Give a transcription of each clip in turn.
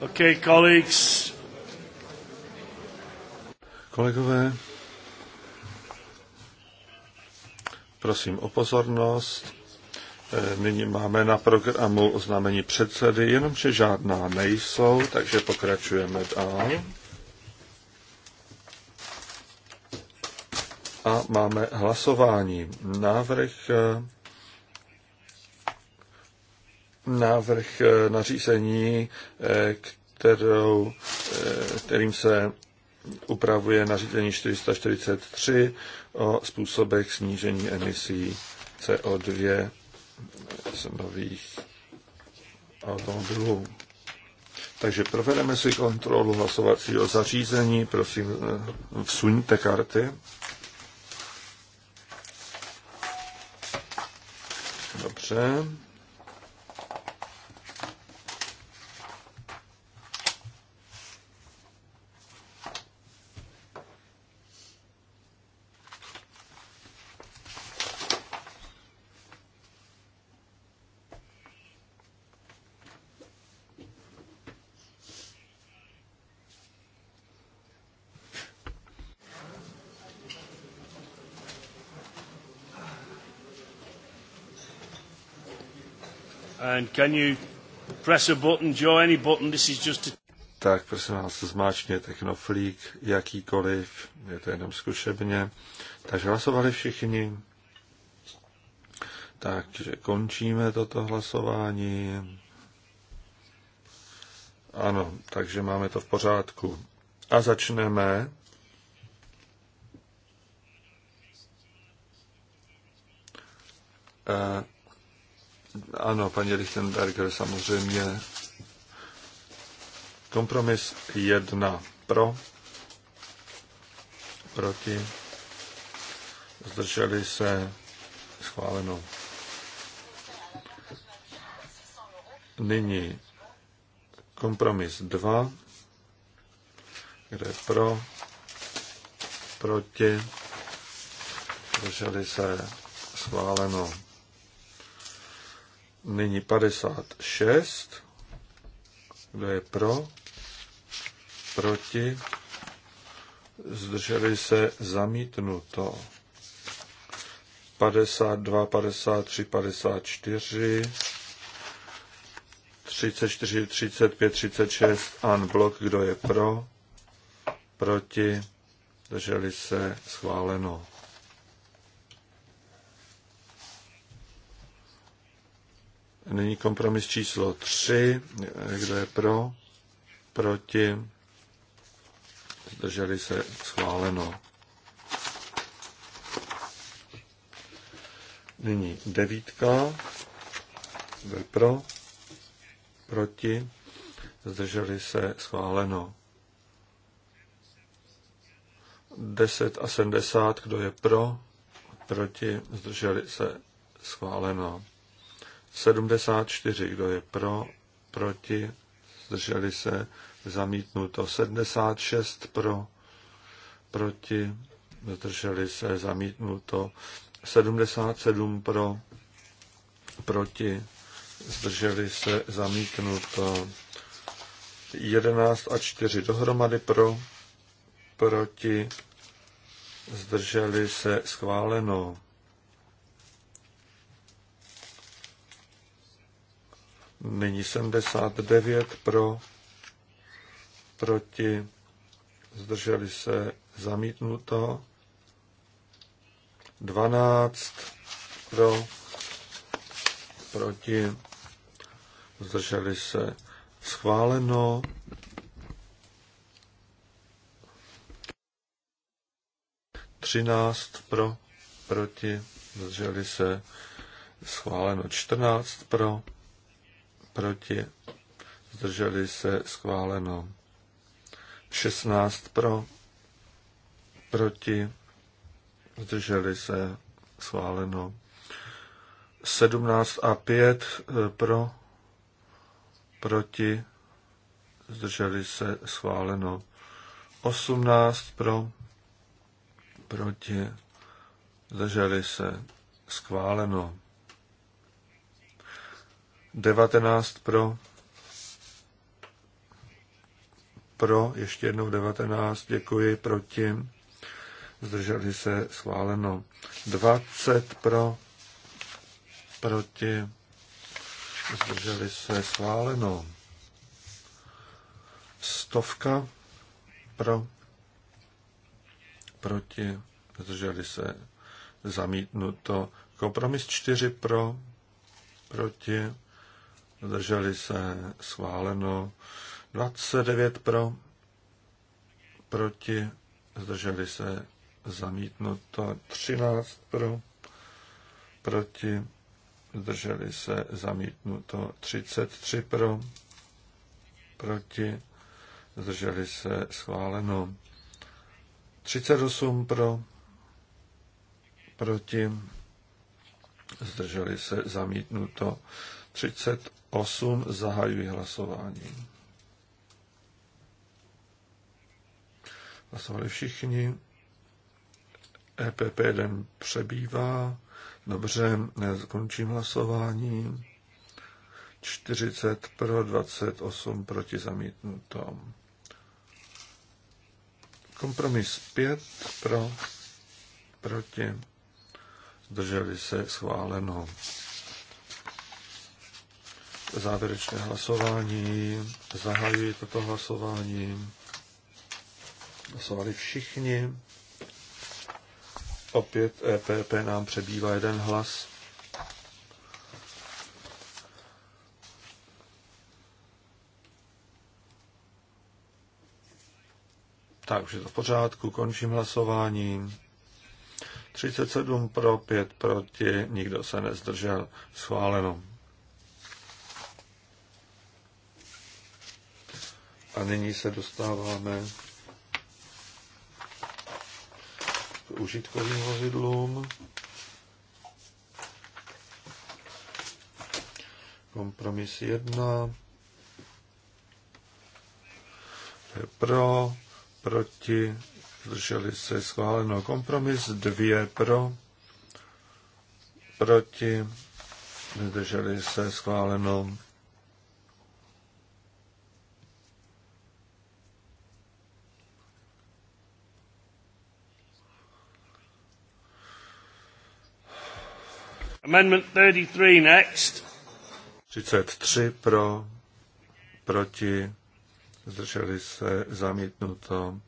Okay, colleagues. Kolegové, prosím o pozornost. Eh, nyní máme na programu oznámení předsedy, jenomže žádná nejsou, takže pokračujeme dál. A máme hlasování. Návrh eh, návrh eh, nařízení, eh, kterou, eh, kterým se upravuje nařízení 443 o způsobech snížení emisí CO2 z nových automobilů. Takže provedeme si kontrolu hlasovacího zařízení. Prosím, vsuňte karty. Dobře. Can you press a button, Joe, any button? This is just a... Tak prosím vás, zmáčněte knoflík, jakýkoliv, je to jenom zkušebně. Takže hlasovali všichni. Takže končíme toto hlasování. Ano, takže máme to v pořádku. A začneme. E, ano, paní Lichtenberger, samozřejmě. Kompromis jedna pro, proti, zdrželi se schváleno. Nyní kompromis 2, kde pro, proti, zdrželi se schváleno. Nyní 56. Kdo je pro? Proti? Zdrželi se zamítnuto. 52, 53, 54, 34, 35, 36, unblock, kdo je pro, proti, drželi se, schváleno. Nyní kompromis číslo 3. Kdo je pro? Proti? Zdrželi se schváleno. Nyní devítka. Kdo je pro? Proti? Zdrželi se schváleno. 10 a 70. Kdo je pro? Proti? Zdrželi se schváleno. 74, kdo je pro, proti, zdrželi se, zamítnuto. 76 pro, proti, zdrželi se, zamítnuto. 77 pro, proti, zdrželi se, zamítnuto. 11 a 4 dohromady pro, proti, zdrželi se, schváleno. Nyní 79 pro, proti, zdrželi se zamítnuto. 12 pro, proti, zdrželi se schváleno. Třináct pro, proti, zdrželi se schváleno. Čtrnáct pro, proti, zdrželi se schváleno. 16 pro, proti, zdrželi se schváleno. 17 a 5 eh, pro, proti, zdrželi se schváleno. 18 pro, proti, zdrželi se schváleno. 19 pro. Pro, ještě jednou 19, děkuji, proti. Zdrželi se, schváleno. 20 pro, proti. Zdrželi se, schváleno. Stovka pro, proti. Zdrželi se, zamítnuto. Kompromis 4 pro, proti zdrželi se, schváleno. 29 pro, proti, zdrželi se, zamítnuto. 13 pro, proti, zdrželi se, zamítnuto. 33 pro, proti, zdrželi se, schváleno. 38 pro, proti, zdrželi se, zamítnuto. 30 8 zahajuji hlasování. Hlasovali všichni. EPP 1 přebývá. Dobře, končím hlasování. 40 pro, 28 proti zamítnuto. Kompromis 5 pro, proti, zdrželi se schváleno závěrečné hlasování. Zahajuji toto hlasování. Hlasovali všichni. Opět EPP nám přebývá jeden hlas. Tak, už je to v pořádku, končím hlasování. 37 pro, 5 proti, nikdo se nezdržel. Schváleno. A nyní se dostáváme k užitkovým vozidlům. Kompromis 1. je Pro, proti, zdrželi se schváleno. Kompromis 2 pro, proti, zdrželi se schváleno. Amendment 33 next. 33 pro, proti, zdrželi se, zamítnuto.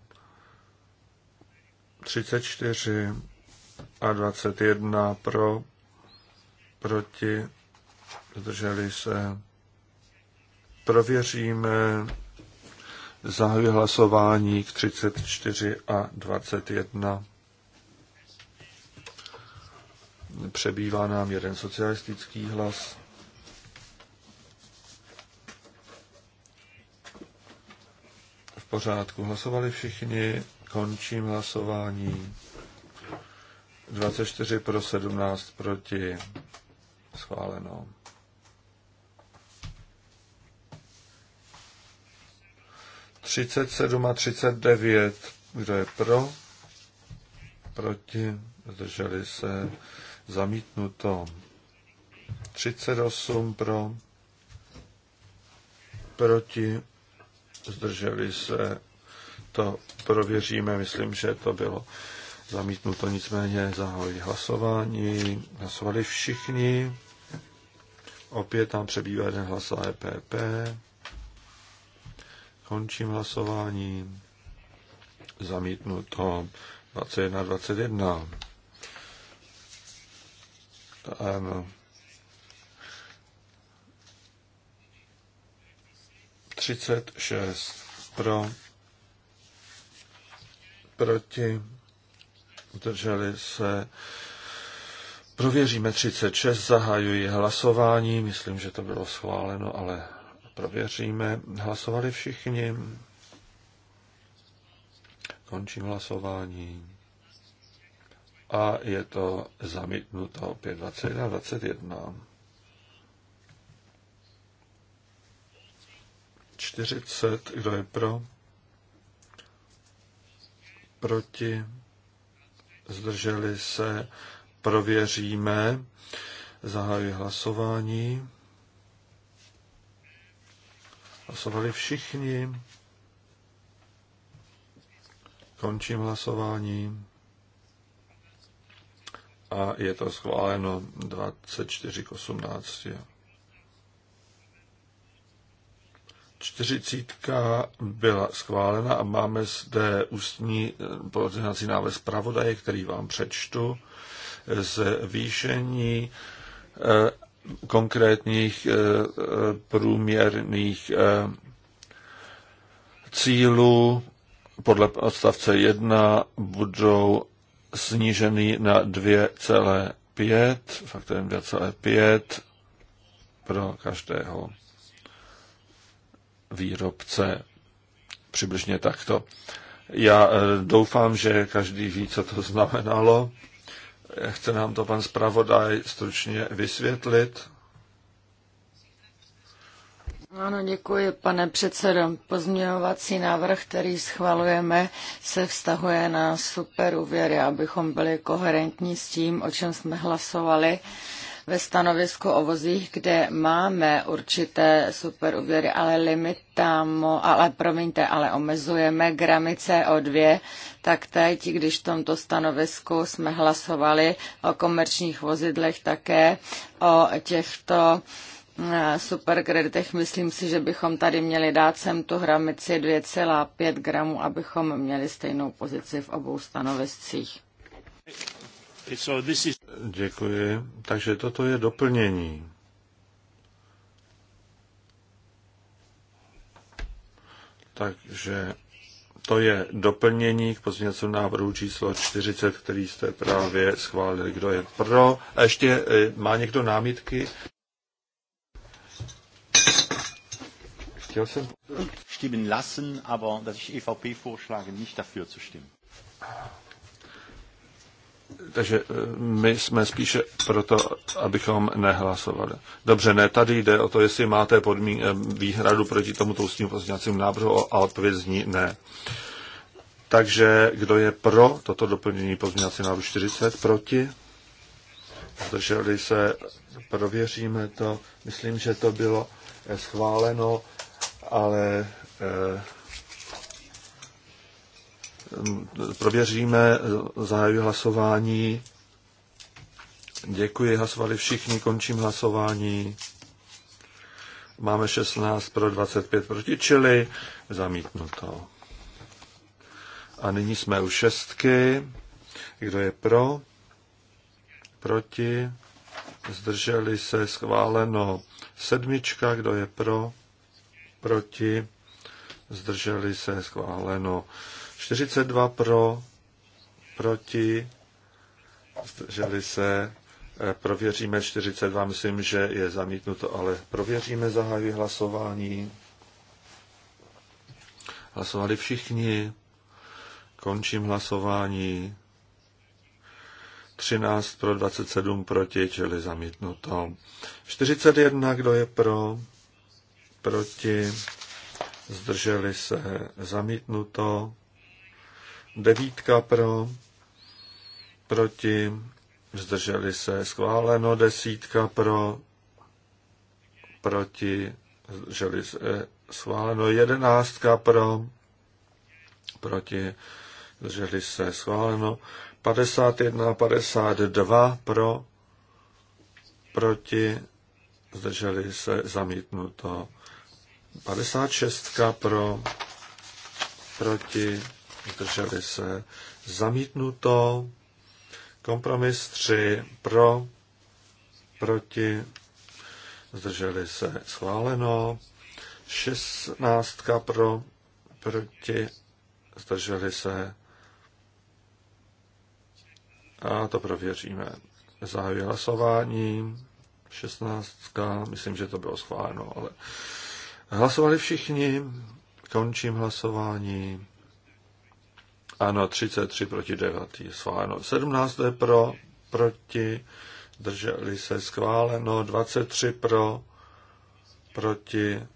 34 a 21 pro, proti, zdrželi se. Prověříme zahajuji hlasování k 34 a 21. Přebývá nám jeden socialistický hlas. V pořádku, hlasovali všichni, končím hlasování. 24 pro 17 proti schváleno. Třicet sedm a třicet devět. Kdo je pro? Proti? Zdrželi se zamítnuto. 38 pro, proti, zdrželi se, to prověříme, myslím, že to bylo zamítnuto, nicméně zahájí hlasování, hlasovali všichni, opět tam přebývá jeden hlas a EPP, končím hlasování, zamítnuto 21 21. Ano. Ehm. Třicet šest pro, proti, drželi se. Prověříme 36, zahajuji hlasování, myslím, že to bylo schváleno, ale prověříme. Hlasovali všichni. Končím hlasování a je to zamítnuto opět 21, 21. 40, kdo je pro? Proti? Zdrželi se? Prověříme. Zahajuji hlasování. Hlasovali všichni. Končím hlasování a je to schváleno 24 k 18. Čtyřicítka byla schválena a máme zde ústní eh, pozměňovací návrh zpravodaje, který vám přečtu. Zvýšení eh, konkrétních eh, průměrných cílů podle odstavce 1 budou snížený na 2,5, faktorem 2,5 pro každého výrobce. Přibližně takto. Já eh, doufám, že každý ví, co to znamenalo. Chce nám to pan zpravodaj stručně vysvětlit? Ano, děkuji, pane předsedo. Pozměňovací návrh, který schvalujeme, se vztahuje na superúvěry, abychom byli koherentní s tím, o čem jsme hlasovali ve stanovisku o vozích, kde máme určité superúvěry, ale limit tam, ale promiňte, ale omezujeme gramy CO2, tak teď, když v tomto stanovisku jsme hlasovali o komerčních vozidlech také, o těchto Eh, superkreditech, myslím si, že bychom tady měli dát sem tu hramici 2,5 gramů, abychom měli stejnou pozici v obou stanoviscích. Děkuji. Takže toto je doplnění. Takže to je doplnění k pozměňovacímu návrhu číslo 40, který jste právě schválili. Kdo je pro? A ještě eh, má někdo námitky? Chtěl jsem... Stimmen lassen, aber dass ich EVP vorschlage, nicht dafür zu stimmen. Takže eh, my jsme spíše proto, abychom nehlasovali. Dobře, ne, tady jde o to, jestli máte podmín, eh, výhradu proti tomuto ústním pozměňovacímu návrhu a odpověď zní ne. Takže kdo je pro toto doplnění pozměňovacího návrhu 40, proti? Zdrželi se, prověříme to. Myslím, že to bylo eh, schváleno ale eh, prověříme, zahajuji hlasování. Děkuji, hlasovali všichni, končím hlasování. Máme 16 pro 25 proti, čili zamítnuto. A nyní jsme u šestky. Kdo je pro? Proti? Zdrželi se schváleno sedmička. Kdo je pro? proti, zdrželi se, schváleno. 42 pro, proti, zdrželi se, e, prověříme 42, myslím, že je zamítnuto, ale prověříme, zahájí hlasování. Hlasovali všichni, končím hlasování. 13 pro 27 proti, čili zamítnuto. 41, kdo je pro? proti, zdrželi se zamítnuto, devítka pro, proti, zdrželi se schváleno, desítka pro, proti, zdrželi se schváleno, jedenáctka pro, proti, zdrželi se schváleno, 51, 52 pro, proti, zdrželi se zamítnuto. 56 pro, proti, drželi se, zamítnuto. Kompromis 3 pro, proti, zdrželi se, schváleno. 16 pro, proti, zdrželi se. A to prověříme. Zahajuji hlasování. 16. Myslím, že to bylo schváleno, ale Hlasovali všichni, končím hlasování. Ano, 33 proti 9 je schváleno. 17 je pro, proti, zdrželi se schváleno. 23 pro, proti,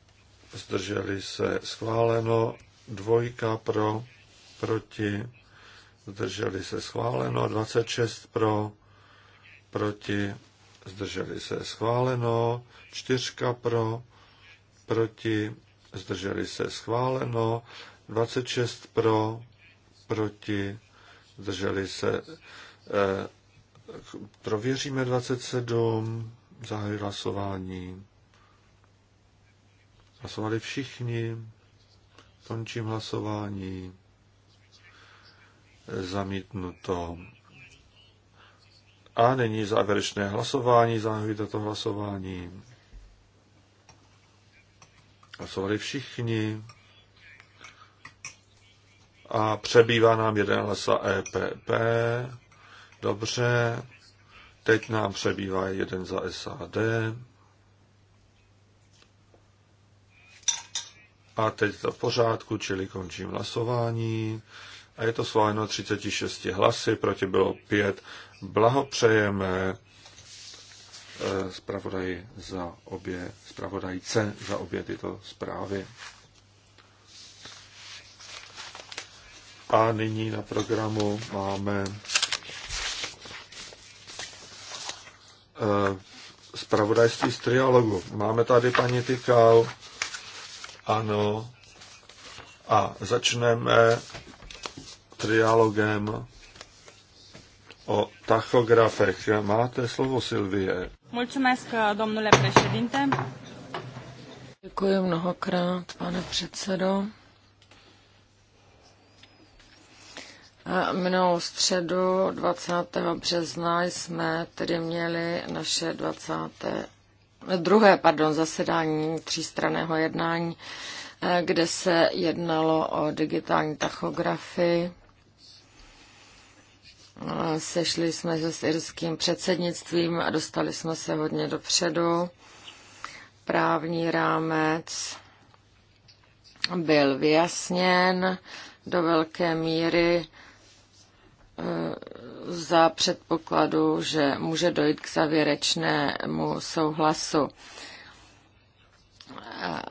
zdrželi se schváleno. Dvojka pro, proti, zdrželi se schváleno. 26 pro, proti, zdrželi se schváleno. Čtyřka pro, proti, zdrželi se schváleno, 26 pro, proti, zdrželi se, eh, prověříme 27, zahajuji hlasování. Hlasovali všichni, končím hlasování, zamítnuto. A nyní závěrečné hlasování, zahajuji toto hlasování. Hlasovali všichni. A přebývá nám jeden hlasa EPP. Dobře. Teď nám přebývá jeden za SAD. A teď to v pořádku, čili končím hlasování. A je to schváleno 36 hlasy, proti bylo 5. Blahopřejeme Eh, zpravodaji za obě, zpravodajce za obě tyto zprávy. A nyní na programu máme eh, zpravodajství z trialogu. Máme tady paní Tykal. Ano. A začneme trialogem o tachografech. Máte slovo, Silvie. Mulțumesc, domnule președinte. Děkuji mnohokrát, pane předsedo. Minulou středu 20. března jsme tedy měli naše 20. druhé pardon, zasedání třístraného jednání, eh, kde se jednalo o digitální tachografii Sešli jsme se s irským předsednictvím a dostali jsme se hodně dopředu. Právní rámec byl vyjasněn do velké míry e, za předpokladu, že může dojít k zavěrečnému souhlasu. E,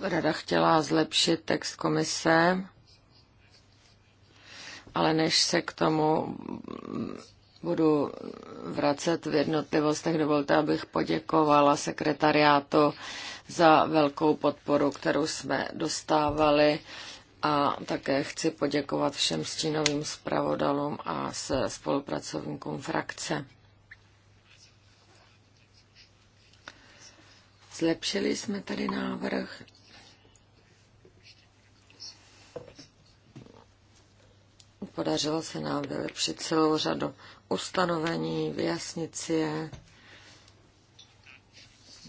Rada chtěla zlepšit text komise ale než se k tomu budu vracet v jednotlivostech, dovolte, abych poděkovala sekretariátu za velkou podporu, kterou jsme dostávali a také chci poděkovat všem stínovým zpravodalům a se spolupracovníkům frakce. Zlepšili jsme tady návrh Podařilo se nám vylepšit celou řadu ustanovení, vyjasnit si je.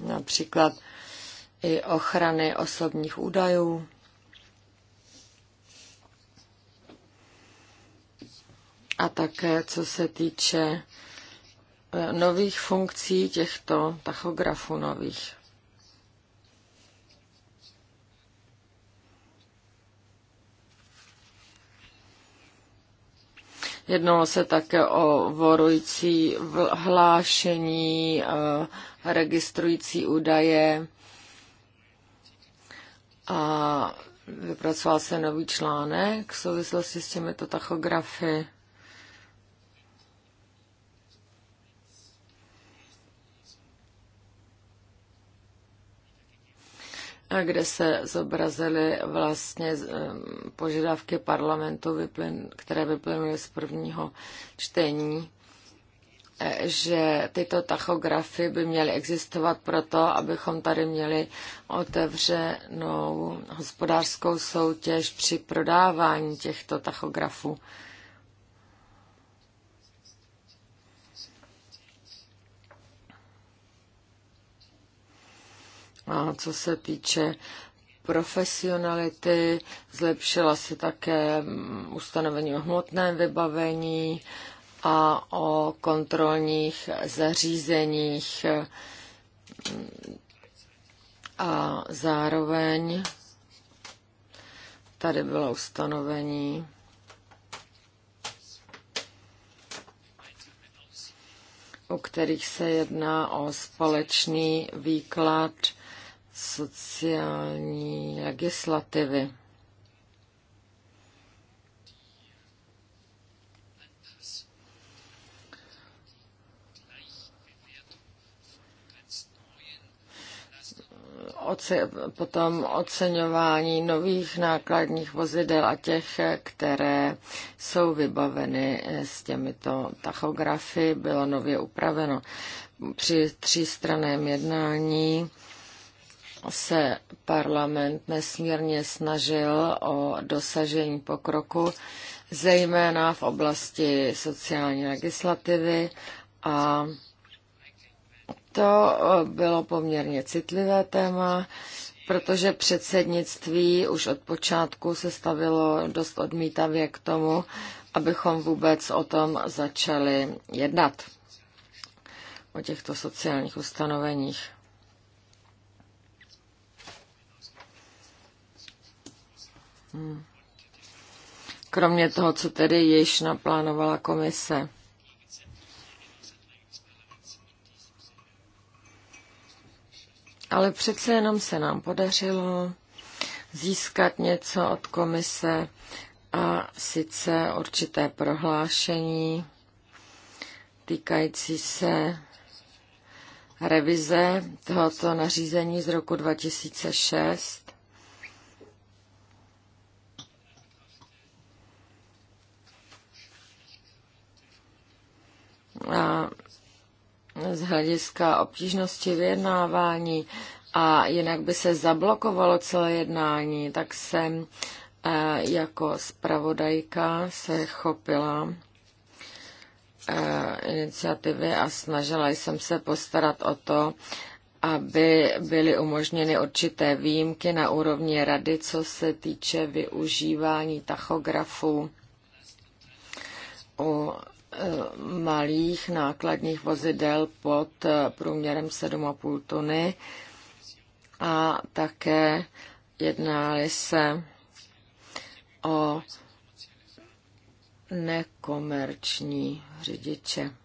Například i ochrany osobních údajů. A také, co se týče eh, nových funkcí těchto tachografů nových. Jednalo se také o vorující hlášení, eh, registrující údaje a vypracoval se nový článek v souvislosti s těmito tachografy. kde se zobrazily vlastně požadavky parlamentu, které vyplynuly z prvního čtení, e, že tyto tachografy by měly existovat proto, abychom tady měli otevřenou hospodářskou soutěž při prodávání těchto tachografů. A co se týče profesionality, zlepšila se také ustanovení o hmotném vybavení a o kontrolních zařízeních a zároveň tady bylo ustanovení u kterých se jedná o společný výklad sociální legislativy. oce, potom oceňování nových nákladních vozidel a těch, které jsou vybaveny eh, s těmito tachografy, bylo nově upraveno. Při třístraném jednání se parlament nesmírně snažil o dosažení pokroku, zejména v oblasti sociální legislativy a to bylo poměrně citlivé téma, protože předsednictví už od počátku se stavilo dost odmítavě k tomu, abychom vůbec o tom začali jednat, o těchto sociálních ustanoveních. Hmm. Kromě toho, co tedy již naplánovala komise. Ale přece jenom se nám podařilo získat něco od komise a sice určité prohlášení týkající se revize tohoto nařízení z roku 2006 z hlediska obtížnosti vyjednávání a jinak by se zablokovalo celé jednání, tak jsem e, jako zpravodajka se chopila e, iniciativy a snažila jsem se postarat o to, aby byly umožněny určité výjimky na úrovni rady, co se týče využívání tachografů u Eh, malých nákladních vozidel pod eh, průměrem 7,5 tuny a také jednali se o nekomerční řidiče.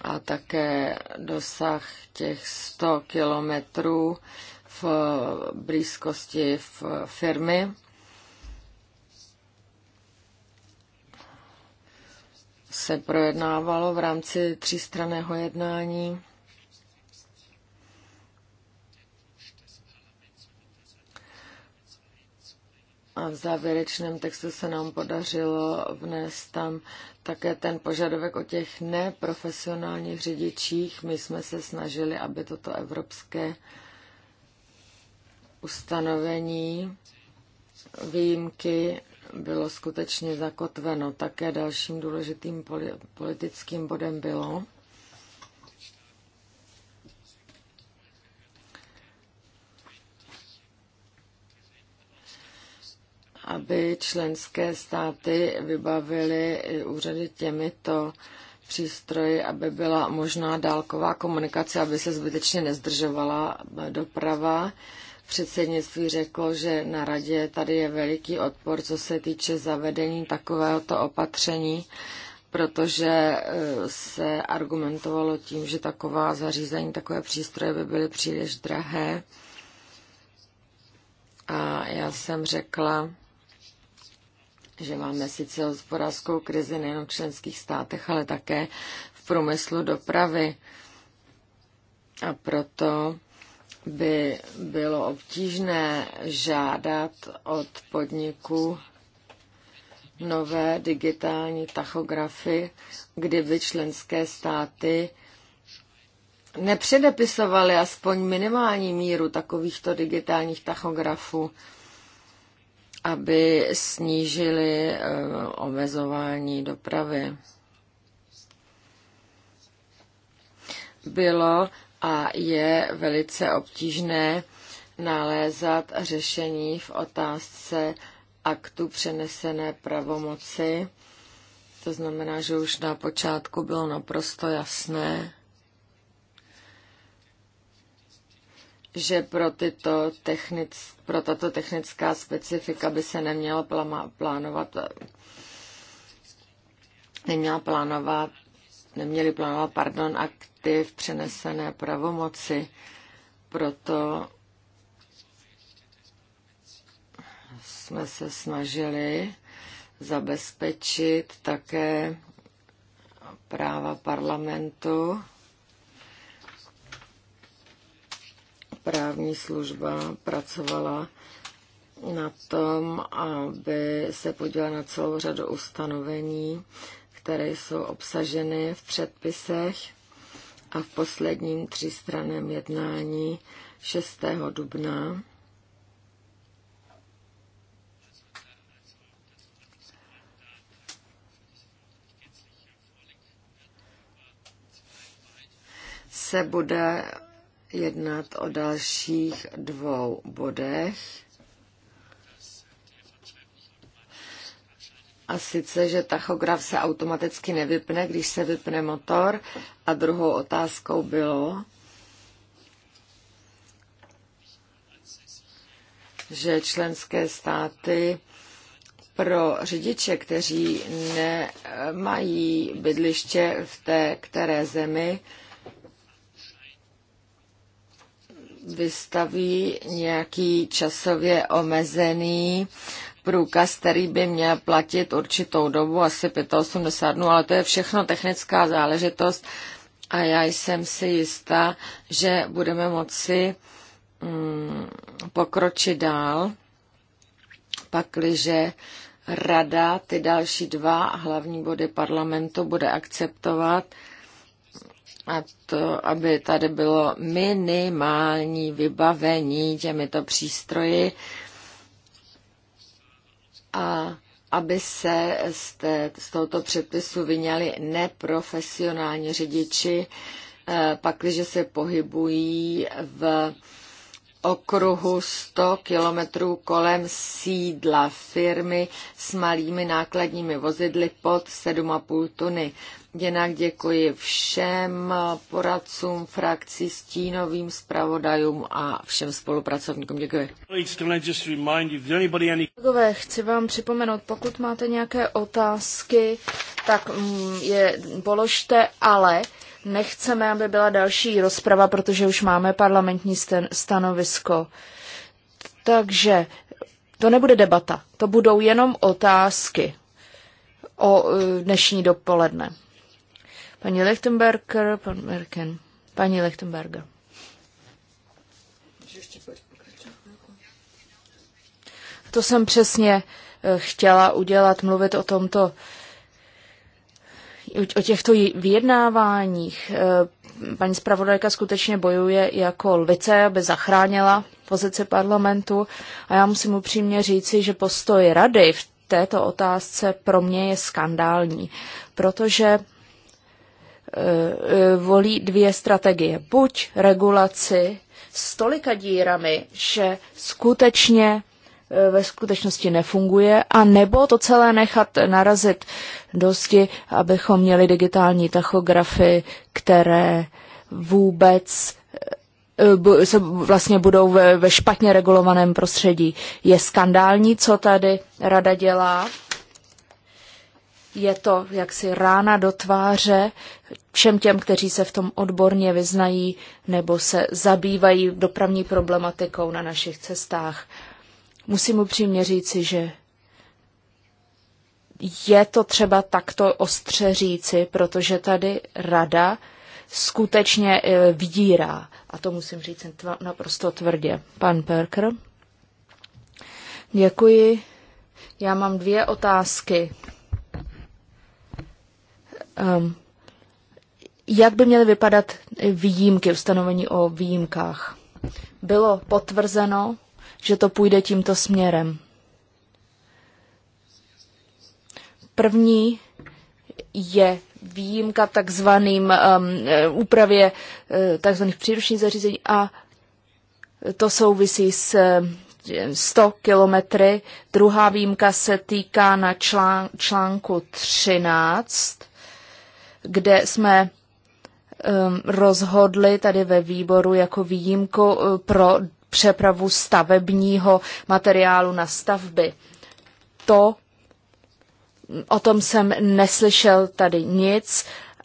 A také dosah těch 100 kilometrů v blízkosti v firmy se projednávalo v rámci třístraného jednání. A v závěrečném textu se nám podařilo vnést tam také ten požadavek o těch neprofesionálních řidičích. My jsme se snažili, aby toto evropské ustanovení výjimky bylo skutečně zakotveno. Také dalším důležitým politickým bodem bylo, aby členské státy vybavily úřady těmito přístroji, aby byla možná dálková komunikace, aby se zbytečně nezdržovala doprava předsednictví řeklo, že na radě tady je veliký odpor, co se týče zavedení takovéhoto opatření, protože eh, se argumentovalo tím, že taková zařízení, takové přístroje by byly příliš drahé. A já jsem řekla, že máme sice hospodářskou krizi nejen v členských státech, ale také v průmyslu dopravy. A proto by bylo obtížné žádat od podniku nové digitální tachografy, kdyby členské státy nepředepisovaly aspoň minimální míru takovýchto digitálních tachografů, aby snížili eh, omezování dopravy. Bylo a je velice obtížné nalézat řešení v otázce aktu přenesené pravomoci. To znamená, že už na počátku bylo naprosto jasné, že pro, tyto technic, pro tato technická specifika by se neměla plánovat, neměla plánovat, neměli plánovat, pardon, akt ty v přenesené pravomoci. Proto jsme se snažili zabezpečit také práva parlamentu. Právní služba pracovala na tom, aby se podívala na celou řadu ustanovení, které jsou obsaženy v předpisech a v posledním třistraném jednání 6. dubna se bude jednat o dalších dvou bodech A sice, že tachograf se automaticky nevypne, když se vypne motor. A druhou otázkou bylo, že členské státy pro řidiče, kteří nemají bydliště v té které zemi, vystaví nějaký časově omezený průkaz, který by měl platit určitou dobu, asi 85 dnů, ale to je všechno technická záležitost a já jsem si jistá, že budeme moci mm, pokročit dál, pakliže rada ty další dva hlavní body parlamentu bude akceptovat a to, aby tady bylo minimální vybavení těmito přístroji, a aby se z, té, z tohoto předpisu vyňali neprofesionální řidiči, eh, pakliže se pohybují v okruhu 100 kilometrů kolem sídla firmy s malými nákladními vozidly pod 7,5 tuny. Jinak děkuji všem poradcům, frakci, stínovým zpravodajům a všem spolupracovníkům. Děkuji. Kolegové, chci vám připomenout, pokud máte nějaké otázky, tak mm, je položte, ale Nechceme, aby byla další rozprava, protože už máme parlamentní stanovisko. Takže to nebude debata, to budou jenom otázky o e, dnešní dopoledne. Paní Lechtenberger, pan Merken. Paní Lechtenberger. To jsem přesně e, chtěla udělat, mluvit o tomto o těchto vyjednáváních eh, paní zpravodajka skutečně bojuje jako lvice, aby zachránila pozici parlamentu a já musím upřímně říci, že postoj rady v této otázce pro mě je skandální, protože eh, eh, volí dvě strategie. Buď regulaci s tolika dírami, že skutečně E, ve skutečnosti nefunguje, a nebo to celé nechat narazit dosti, abychom měli digitální tachografy, které vůbec e, se vlastně budou ve, ve špatně regulovaném prostředí. Je skandální, co tady rada dělá. Je to jaksi rána do tváře všem těm, kteří se v tom odborně vyznají nebo se zabývají dopravní problematikou na našich cestách. Musím upřímně říci, že je to třeba takto ostře říci, protože tady rada skutečně e, vydírá. A to musím říct naprosto tvrdě. Pan Perker. Děkuji. Já mám dvě otázky. Um, jak by měly vypadat výjimky, ustanovení o výjimkách? Bylo potvrzeno, že to půjde tímto směrem. První je výjimka takzvaným um, eh, úpravě eh, takzvaných příručních zařízení a to souvisí s 100 eh, kilometry. Druhá výjimka se týká na člán, článku 13, kde jsme um, rozhodli tady ve výboru jako výjimku pro přepravu stavebního materiálu na stavby. To, o tom jsem neslyšel tady nic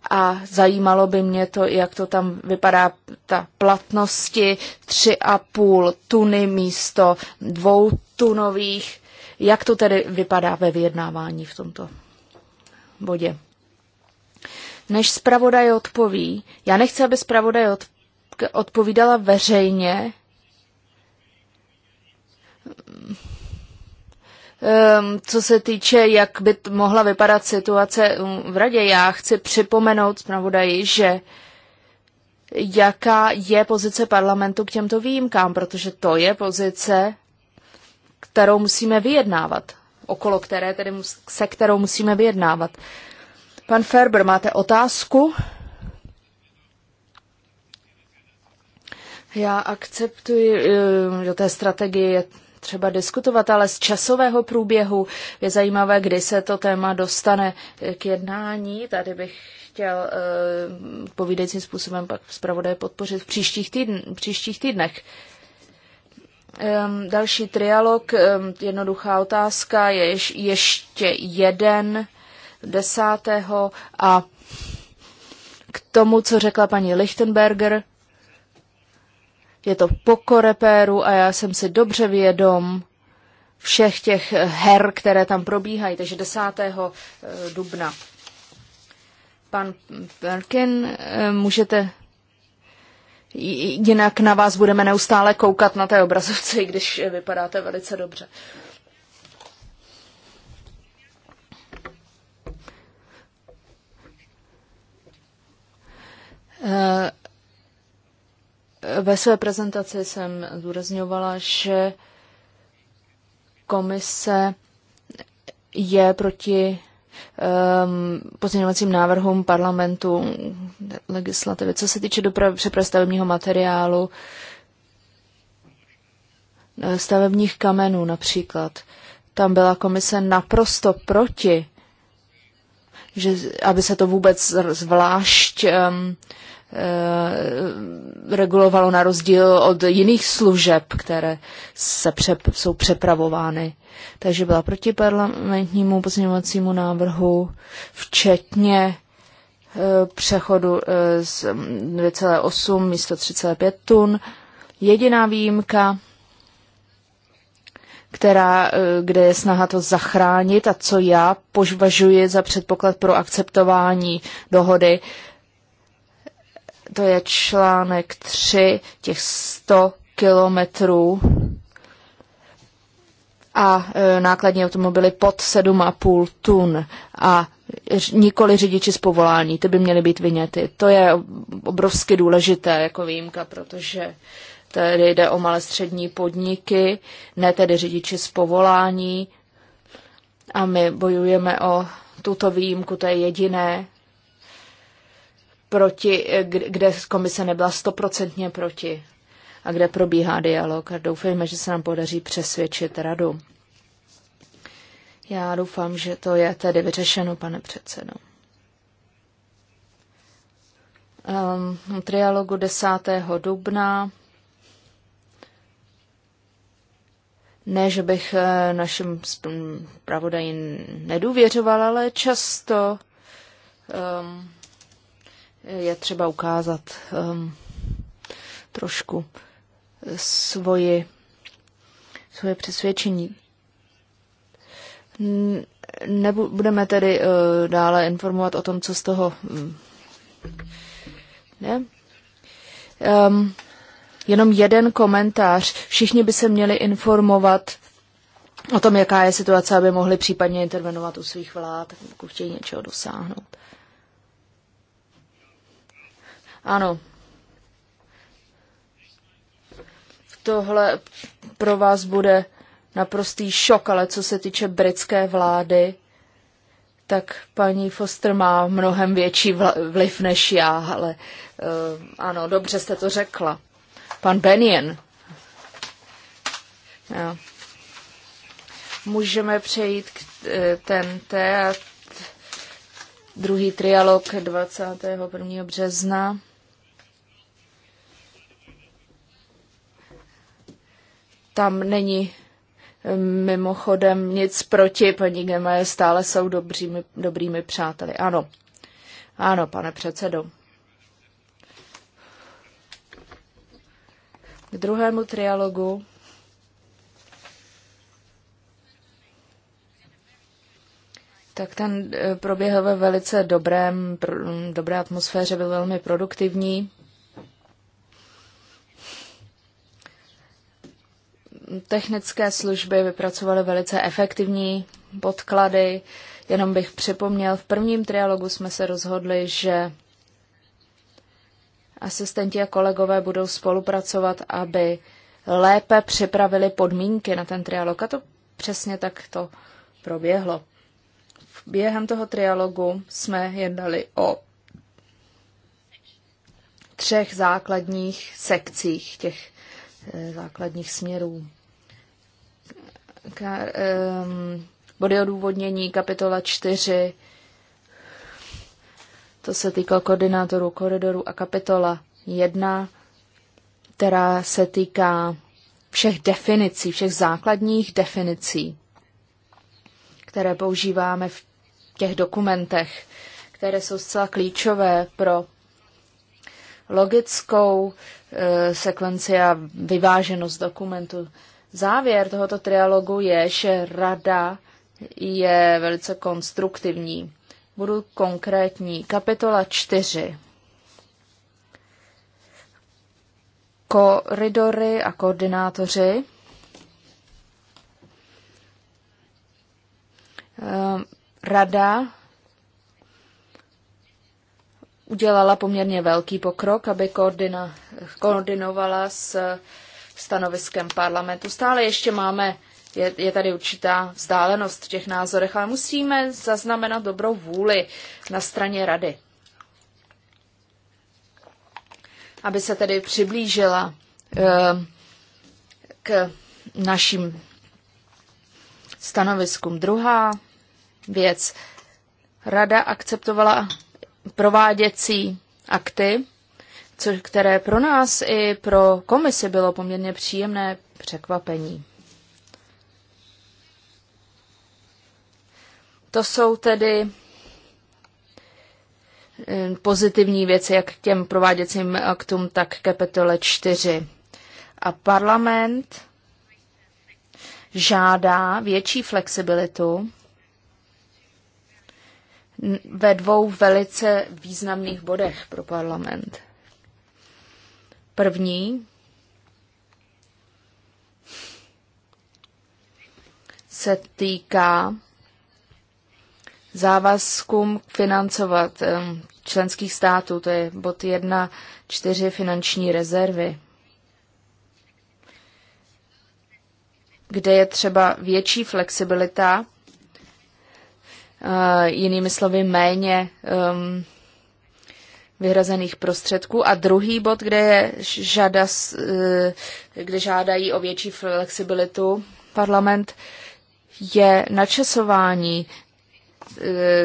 a zajímalo by mě to, jak to tam vypadá, ta platnosti 3,5 tuny místo dvou tunových. Jak to tedy vypadá ve vyjednávání v tomto bodě? Než zpravodaj odpoví, já nechci, aby zpravodaj odpovídala veřejně, Ehm, co se týče, jak by mohla vypadat situace um, v radě, já chci připomenout zpravodaji, že jaká je pozice parlamentu k těmto výjimkám, protože to je pozice, kterou musíme vyjednávat, okolo které tedy se kterou musíme vyjednávat. Pan Ferber, máte otázku? Já akceptuji, že ehm, té strategie třeba diskutovat, ale z časového průběhu je zajímavé, kdy se to téma dostane eh, k jednání. Tady bych chtěl uh, povídajícím způsobem pak zpravodaje podpořit v příštích, týdn, v příštích týdnech. Um, další trialog, um, jednoduchá otázka, je ješ, ještě jeden desátého a k tomu, co řekla paní Lichtenberger, je to po korepéru a já jsem si dobře vědom všech těch her, které tam probíhají, takže 10. Eh, dubna. Pan Perkin, eh, můžete jinak na vás budeme neustále koukat na té obrazovce, i když vypadáte velice dobře. Uh, ve své prezentaci jsem zdůrazňovala, že komise je proti um, pozměňovacím návrhům parlamentu legislativy. Co se týče dopravy stavebního materiálu, e, stavebních kamenů například, tam byla komise naprosto proti, že, aby se to vůbec zvlášť um, Eh, regulovalo na rozdíl od jiných služeb, které se přep, jsou přepravovány. Takže byla proti parlamentnímu pozměňovacímu návrhu, včetně eh, přechodu eh, z 2,8 místo 3,5 tun. Jediná výjimka, která, kde je snaha to zachránit a co já požvažuji za předpoklad pro akceptování dohody, to je článek 3 těch 100 kilometrů a e, nákladní automobily pod 7,5 tun a nikoli řidiči z povolání, ty by měly být vyněty. To je obrovsky důležité jako výjimka, protože tady jde o malé střední podniky, ne tedy řidiči z povolání a my bojujeme o tuto výjimku, to je jediné, proti, kde komise nebyla stoprocentně proti a kde probíhá dialog a doufejme, že se nám podaří přesvědčit radu. Já doufám, že to je tedy vyřešeno, pane předsedo. Um, trialogu 10. dubna. Ne, že bych eh, našim pravodaji nedůvěřovala, ale často um, je třeba ukázat um, trošku svoji, svoje přesvědčení. Nebu, budeme tedy uh, dále informovat o tom, co z toho. Um, ne? Um, jenom jeden komentář. Všichni by se měli informovat o tom, jaká je situace, aby mohli případně intervenovat u svých vlád, pokud chtějí něčeho dosáhnout. Ano. Tohle pro vás bude naprostý šok, ale co se týče britské vlády, tak paní Foster má mnohem větší vliv než já, ale uh, ano, dobře jste to řekla. Pan Benjen. Jo. Můžeme přejít k eh, ten a druhý trialog 21. března. Tam není eh, mimochodem nic proti, paní Gemaje stále jsou dobrými, dobrými přáteli. Ano, ano, pane předsedo. K druhému trialogu Tak ten eh, proběhl ve velice dobrém, dobré atmosféře, byl velmi produktivní. technické služby vypracovaly velice efektivní podklady. Jenom bych připomněl, v prvním trialogu jsme se rozhodli, že asistenti a kolegové budou spolupracovat, aby lépe připravili podmínky na ten trialog. A to přesně tak to proběhlo. Během toho trialogu jsme jednali o třech základních sekcích těch eh, základních směrů. Kar, um, ehm, body odůvodnění, kapitola 4, to se týká koordinátorů koridoru a kapitola 1, která se týká všech definicí, všech základních definicí, které používáme v těch dokumentech, které jsou zcela klíčové pro logickou e, sekvenci a vyváženost dokumentu. Závěr tohoto trialogu je, že rada je velice konstruktivní. Budu konkrétní. Kapitola 4. Koridory a koordinátoři. Ehm, rada udělala poměrně velký pokrok, aby koordina, koordinovala s stanoviskem parlamentu. Stále ještě máme, je, je tady určitá vzdálenost v těch názorech, ale musíme zaznamenat dobrou vůli na straně rady, aby se tedy přiblížila eh, k našim stanoviskům. Druhá věc. Rada akceptovala prováděcí akty co, které pro nás i pro komisi bylo poměrně příjemné překvapení. To jsou tedy eh, pozitivní věci, jak k těm prováděcím aktům, tak petole 4. A parlament žádá větší flexibilitu ve dvou velice významných bodech pro parlament. První se týká závazkům financovat členských států, to je bod 1, 4 finanční rezervy, kde je třeba větší flexibilita, eh, jinými slovy méně um, vyhrazených prostředků a druhý bod, kde, je žada, eh, kde žádají o větší flexibilitu parlament, je načasování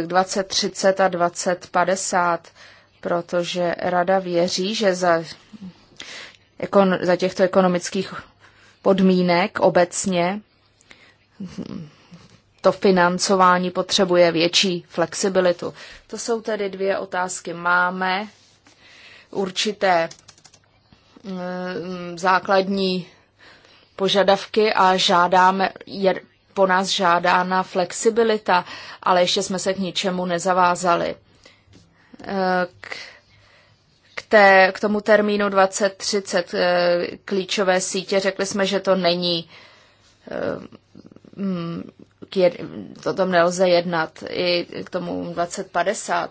2030 eh, a 2050, protože rada věří, že za, za těchto ekonomických podmínek obecně to financování potřebuje větší flexibilitu. To jsou tedy dvě otázky. Máme určité mm, základní požadavky a žádáme, je po nás žádána flexibilita, ale ještě jsme se k ničemu nezavázali. K, k, té, k tomu termínu 2030 eh, klíčové sítě řekli jsme, že to není eh, mm, o tom nelze jednat i k tomu 2050.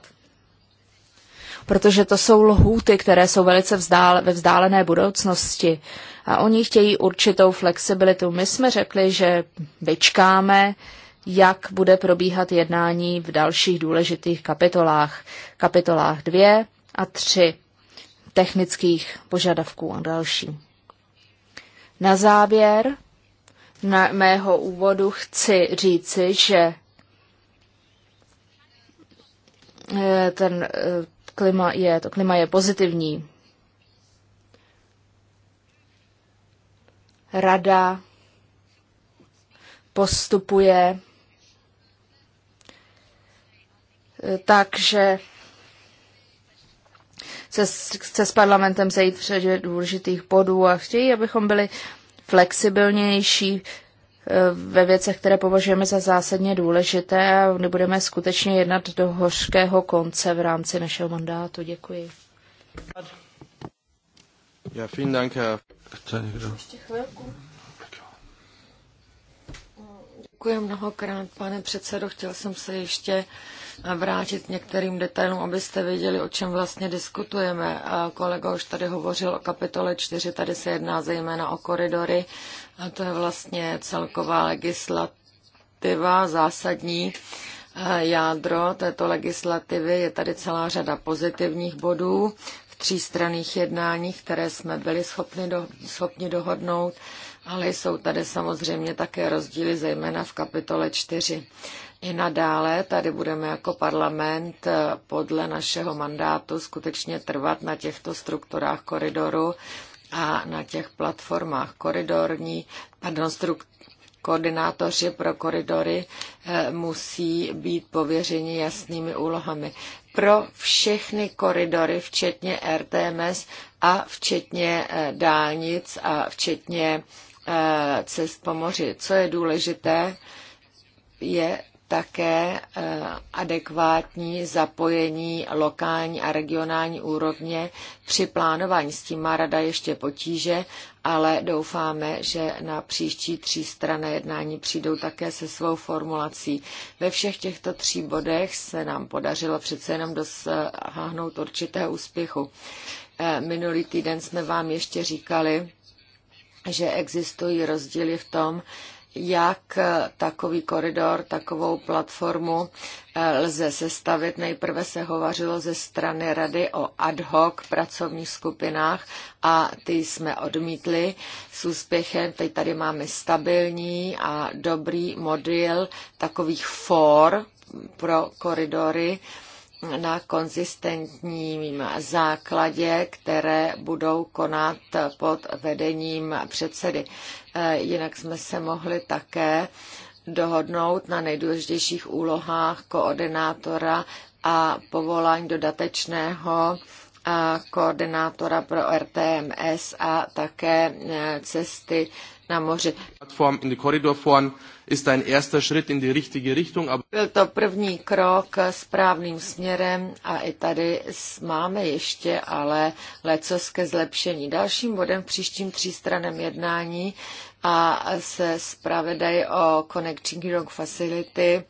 Protože to jsou lhůty, které jsou velice vzdál, ve vzdálené budoucnosti a oni chtějí určitou flexibilitu. My jsme řekli, že vyčkáme, jak bude probíhat jednání v dalších důležitých kapitolách. Kapitolách 2 a 3 technických požadavků a další. Na závěr na mého úvodu chci říci, že eh, ten eh, klima je, to klima je pozitivní. Rada postupuje eh, takže se, se s parlamentem sejít před důležitých bodů a chtějí, abychom byli flexibilnější eh, ve věcech, které považujeme za zásadně důležité a nebudeme skutečně jednat do hořkého konce v rámci našeho mandátu. Děkuji. Ja, vielen Dank, Herr. Chce někdo? Ještě Děkuji mnohokrát, pane předsedo. Chtěl jsem se ještě vrátit některým detailům, abyste věděli, o čem vlastně diskutujeme. Kolega už tady hovořil o kapitole 4, tady se jedná zejména o koridory a to je vlastně celková legislativa zásadní eh, jádro této legislativy. Je tady celá řada pozitivních bodů v třístranných jednáních, které jsme byli schopni, do, schopni dohodnout, ale jsou tady samozřejmě také rozdíly, zejména v kapitole 4. I nadále tady budeme jako parlament eh, podle našeho mandátu skutečně trvat na těchto strukturách koridoru a na těch platformách koridorní, pardon, struktur, koordinátoři pro koridory eh, musí být pověřeni jasnými úlohami. Pro všechny koridory, včetně RTMS a včetně eh, dálnic a včetně cest po moři. Co je důležité, je také eh, adekvátní zapojení lokální a regionální úrovně při plánování. S tím má rada ještě potíže, ale doufáme, že na příští třístrané jednání přijdou také se svou formulací. Ve všech těchto tří bodech se nám podařilo přece jenom dosáhnout určitého úspěchu. Eh, minulý týden jsme vám ještě říkali, že existují rozdíly v tom, jak takový koridor, takovou platformu eh, lze sestavit. Nejprve se hovařilo ze strany rady o ad hoc pracovních skupinách a ty jsme odmítli s úspěchem. Teď tady máme stabilní a dobrý model takových for pro koridory, na konzistentním základě, které budou konat pod vedením předsedy. Eh, jinak jsme se mohli také dohodnout na nejdůležitějších úlohách koordinátora a povolání dodatečného a koordinátora pro RTMS a také e, cesty na moři. Byl to první krok správným směrem a i tady máme ještě ale lecos ke zlepšení. Dalším bodem v příštím třístranem jednání a se zpravedaj o Connecting Europe Facility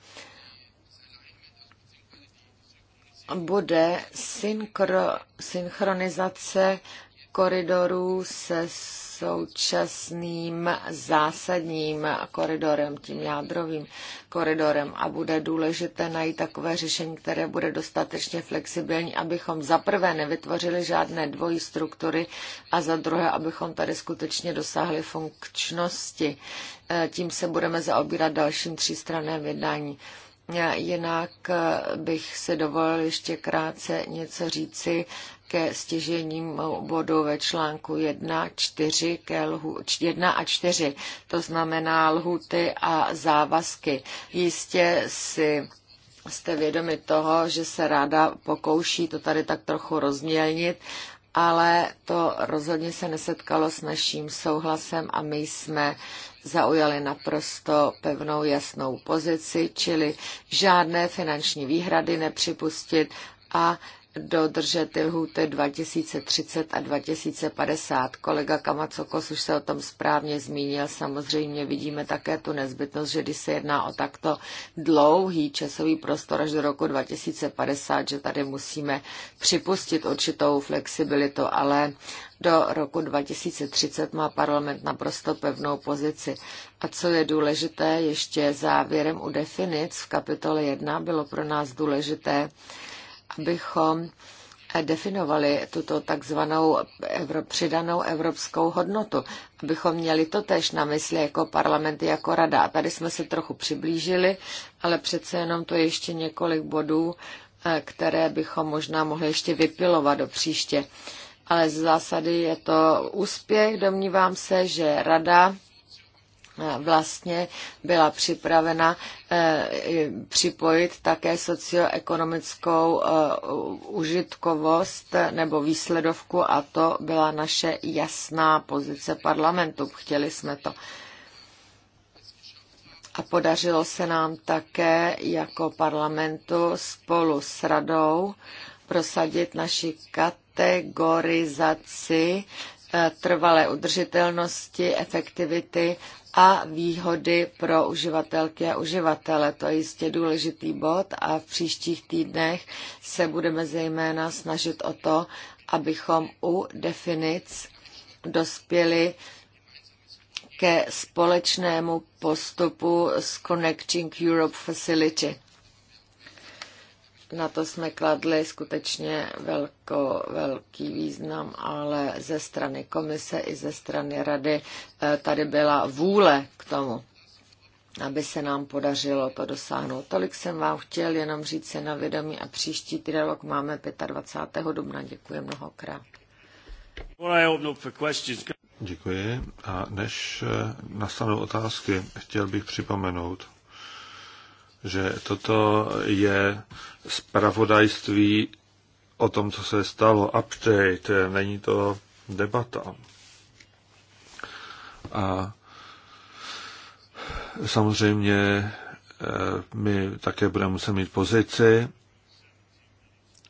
bude synchro, synchronizace koridorů se současným zásadním koridorem, tím jádrovým koridorem a bude důležité najít takové řešení, které bude dostatečně flexibilní, abychom za prvé nevytvořili žádné dvojí struktury a za druhé, abychom tady skutečně dosáhli funkčnosti. E, tím se budeme zaobírat dalším třístranném jednání. Jinak eh, bych si dovolil ještě krátce něco říci ke stěžením bodu ve článku 1, 4, ke lhu, 1 a 4, to znamená lhuty a závazky. Jistě si jste vědomi toho, že se ráda pokouší to tady tak trochu rozmělnit, ale to rozhodně se nesetkalo s naším souhlasem a my jsme zaujali naprosto pevnou jasnou pozici, čili žádné finanční výhrady nepřipustit a dodržet lhůty 2030 a 2050. Kolega Kamacokos už se o tom správně zmínil. Samozřejmě vidíme také tu nezbytnost, že když se jedná o takto dlouhý časový prostor až do roku 2050, že tady musíme připustit určitou flexibilitu, ale do roku 2030 má parlament naprosto pevnou pozici. A co je důležité, ještě závěrem u definic v kapitole 1 bylo pro nás důležité, bychom definovali tuto takzvanou přidanou evropskou hodnotu, abychom měli to tež na mysli jako parlamenty, jako rada. A tady jsme se trochu přiblížili, ale přece jenom to je ještě několik bodů, eh, které bychom možná mohli ještě vypilovat do příště. Ale z zásady je to úspěch. Domnívám se, že rada Eh, vlastně byla připravena eh, připojit také socioekonomickou eh, užitkovost nebo výsledovku a to byla naše jasná pozice parlamentu. Chtěli jsme to. A podařilo se nám také jako parlamentu spolu s radou prosadit naši kategorizaci trvalé udržitelnosti, efektivity a výhody pro uživatelky a uživatele. To je jistě důležitý bod a v příštích týdnech se budeme zejména snažit o to, abychom u definic dospěli ke společnému postupu s Connecting Europe Facility na to jsme kladli skutečně velko, velký význam, ale ze strany komise i ze strany rady eh, tady byla vůle k tomu, aby se nám podařilo to dosáhnout. Tolik jsem vám chtěl jenom říct se na vědomí a příští trilog máme 25. dubna. Děkuji mnohokrát. Děkuji. A než eh, nastanou otázky, chtěl bych připomenout, že toto je spravodajství o tom, co se stalo, update, není to debata. A samozřejmě eh, my také budeme muset mít pozici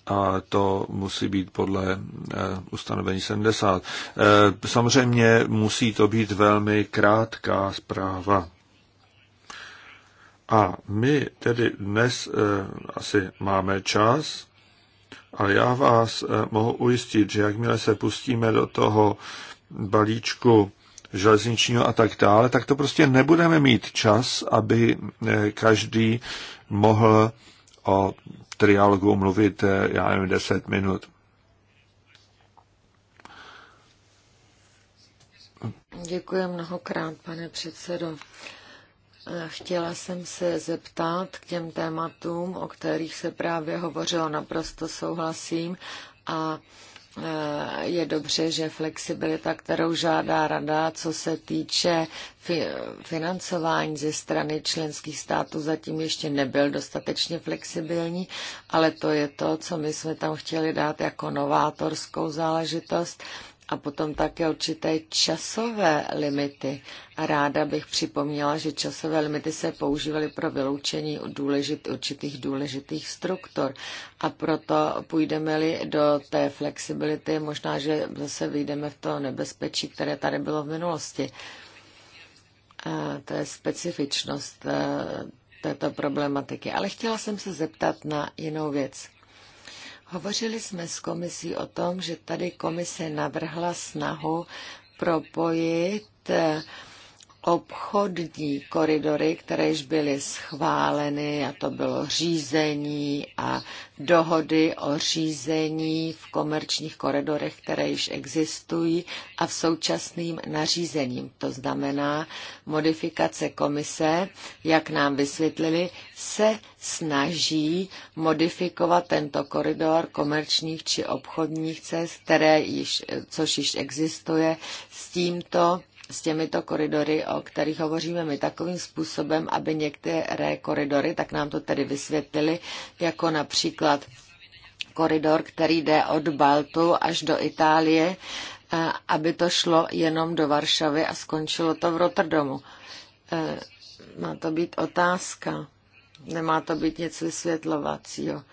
a to musí být podle eh, ustanovení 70. Eh, samozřejmě musí to být velmi krátká zpráva. A my tedy dnes eh, asi máme čas, ale já vás eh, mohu ujistit, že jakmile se pustíme do toho balíčku železničního a tak dále, tak to prostě nebudeme mít čas, aby eh, každý mohl o trialogu mluvit, já nevím, 10 minut. Děkuji mnohokrát, pane předsedo. Chtěla jsem se zeptat k těm tématům, o kterých se právě hovořilo, naprosto souhlasím a eh, je dobře, že flexibilita, kterou žádá rada, co se týče financování ze strany členských států, zatím ještě nebyl dostatečně flexibilní, ale to je to, co my jsme tam chtěli dát jako novátorskou záležitost a potom také určité časové limity. A ráda bych připomněla, že časové limity se používaly pro vyloučení důležit, určitých důležitých struktur. A proto půjdeme-li do té flexibility, možná, že zase vyjdeme v to nebezpečí, které tady bylo v minulosti. A to je specifičnost eh, této problematiky. Ale chtěla jsem se zeptat na jinou věc. Hovořili jsme s komisí o tom, že tady komise navrhla snahu propojit eh, obchodní koridory, které již byly schváleny, a to bylo řízení a dohody o řízení v komerčních koridorech, které již existují a v současným nařízením. To znamená, modifikace komise, jak nám vysvětlili, se snaží modifikovat tento koridor komerčních či obchodních cest, které již, což již existuje, s tímto s těmito koridory, o kterých hovoříme my takovým způsobem, aby některé koridory, tak nám to tedy vysvětlili, jako například koridor, který jde od Baltu až do Itálie, eh, aby to šlo jenom do Varšavy a skončilo to v Rotterdamu. Eh, má to být otázka, nemá to být něco vysvětlovacího.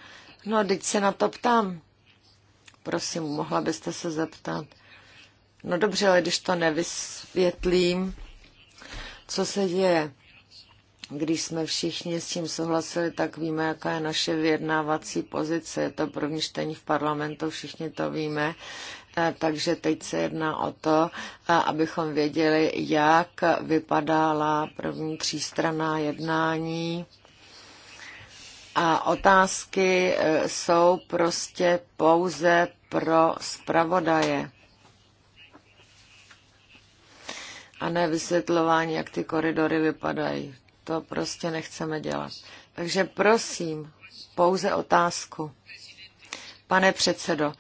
No, teď se na to ptám. Prosím, mohla byste se zeptat. No dobře, ale když to nevysvětlím, co se děje. Když jsme všichni s tím souhlasili, tak víme, jaká je naše vyjednávací pozice. Je to první čtení v parlamentu, všichni to víme. Eh, takže teď se jedná o to, eh, abychom věděli, jak vypadala první třístraná jednání. A otázky eh, jsou prostě pouze pro zpravodaje. a ne vysvětlování, jak ty koridory vypadají. To prostě nechceme dělat. Takže prosím, pouze otázku. Pane předsedo,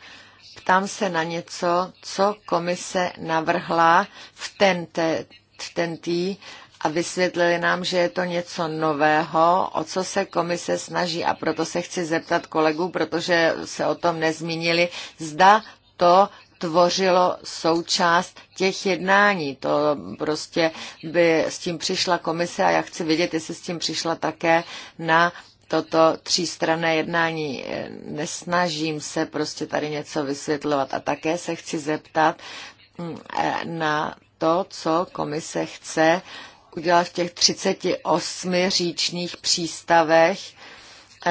ptám se na něco, co komise navrhla v ten, te, v ten tý a vysvětlili nám, že je to něco nového, o co se komise snaží a proto se chci zeptat kolegů, protože se o tom nezmínili, zda to tvořilo součást těch jednání. To prostě by s tím přišla komise a já chci vědět, jestli s tím přišla také na toto třístranné jednání. Nesnažím se prostě tady něco vysvětlovat a také se chci zeptat mm, eh, na to, co komise chce udělat v těch 38 říčních přístavech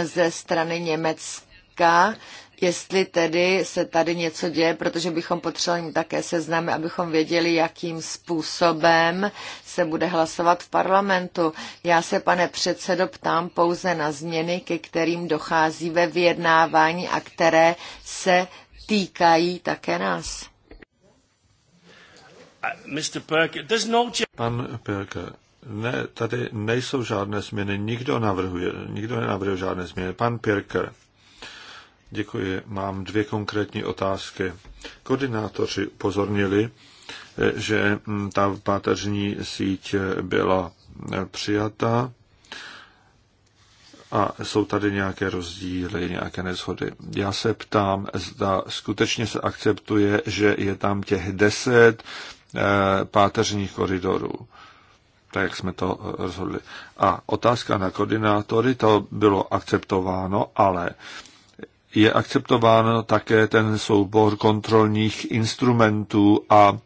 ze strany Německa jestli tedy se tady něco děje, protože bychom potřebovali také seznamy, abychom věděli, jakým způsobem se bude hlasovat v parlamentu. Já se, pane předsedo, ptám pouze na změny, ke kterým dochází ve vyjednávání a které se týkají také nás. No Pan Pirker, ne, tady nejsou žádné změny, nikdo navrhuje, nikdo nenavrhuje žádné změny. Pan Pirker. Děkuji. Mám dvě konkrétní otázky. Koordinátoři upozornili, že ta páteřní síť byla přijata a jsou tady nějaké rozdíly, nějaké nezhody. Já se ptám, zda skutečně se akceptuje, že je tam těch deset eh, páteřních koridorů tak jak jsme to rozhodli. A otázka na koordinátory, to bylo akceptováno, ale je akceptován také ten soubor kontrolních instrumentů a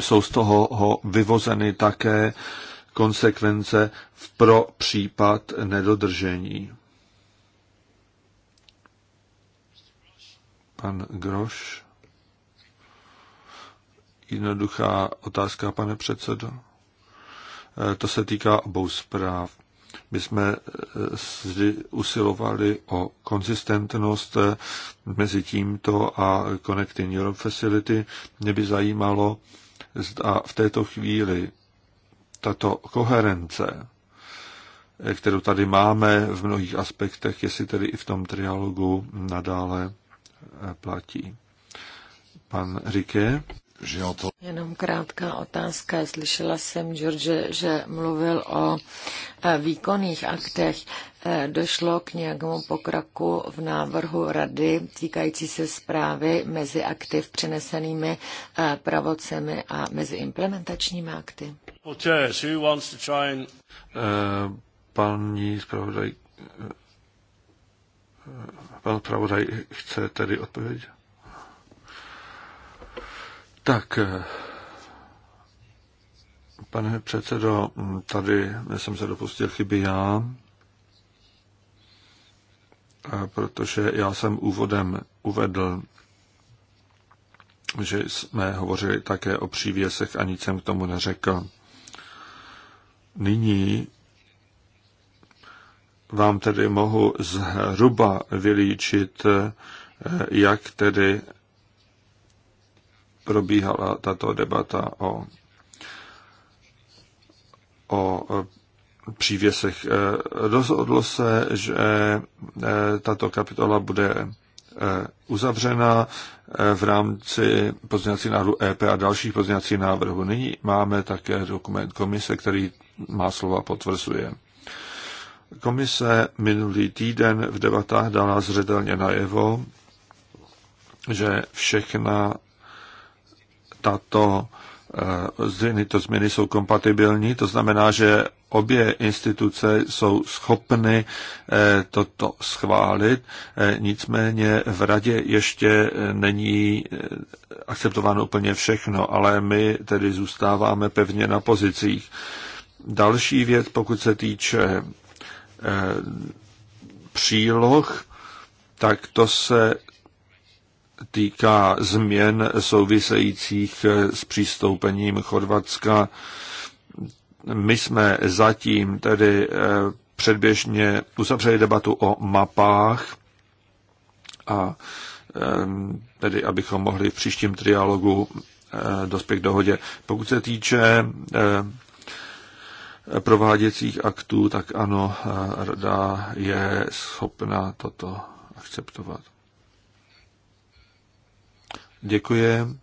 jsou z toho ho vyvozeny také konsekvence pro případ nedodržení. Pan Groš. Jednoduchá otázka, pane předsedo. E, to se týká obou zpráv. My jsme eh, usilovali o konzistentnost eh, mezi tímto a Connecting Europe Facility. Mě by zajímalo, zda v této chvíli tato koherence, eh, kterou tady máme v mnohých aspektech, jestli tedy i v tom trialogu nadále platí. Pan Rike. Jenom krátká otázka. Slyšela jsem, George, že mluvil o e, výkonných aktech. E, došlo k nějakému pokraku v návrhu rady týkající se zprávy mezi aktiv přenesenými e, pravocemi a mezi implementačními akty. Paní zpravodaj, pan zpravodaj chce tedy odpovědět. Tak, eh, pane předsedo, tady jsem se dopustil chyby já, protože já jsem úvodem uvedl, že jsme hovořili také o přívěsech a nic jsem k tomu neřekl. Nyní vám tedy mohu zhruba vylíčit, eh, jak tedy probíhala tato debata o, o přívěsech. Eh, rozhodlo se, že eh, tato kapitola bude eh, uzavřena v rámci pozměňovacích návrhu EP a dalších pozměňovacích návrhů. Nyní máme také dokument komise, který má slova potvrzuje. Komise minulý týden v debatách dala zřetelně najevo, že všechna tato eh, změny, to změny jsou kompatibilní, to znamená, že obě instituce jsou schopny eh, toto schválit, eh, nicméně v radě ještě není akceptováno úplně všechno, ale my tedy zůstáváme pevně na pozicích. Další věc, pokud se týče příloh, tak to se týká změn souvisejících eh, s přistoupením Chorvatska. My jsme zatím tedy eh, předběžně uzavřeli debatu o mapách a ehm, tedy abychom mohli v příštím trialogu eh, dospět k dohodě. Pokud se týče prováděcích aktů, tak ano, rada je schopna toto akceptovat. Děkuji,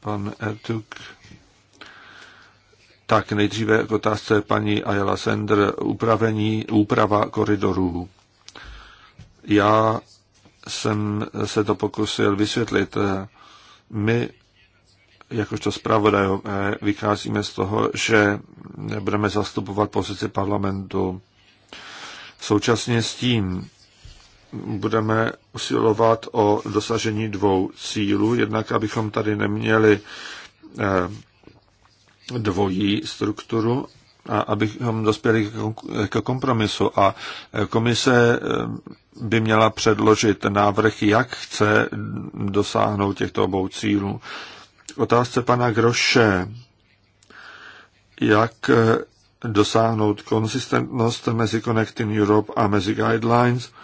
pan Ertuk. Tak nejdříve k otázce paní Ayala Sender, upravení, úprava koridorů. Já jsem se to pokusil vysvětlit. My, jakožto zpravodajové, vycházíme z toho, že budeme zastupovat pozici parlamentu. Současně s tím budeme usilovat o dosažení dvou cílů. Jednak, abychom tady neměli eh, dvojí strukturu a abychom dospěli k kompromisu. A eh, komise eh, by měla předložit návrh, jak chce dosáhnout těchto obou cílů. Otázce pana Groše, jak dosáhnout konsistentnost mezi Connecting Europe a mezi Guidelines –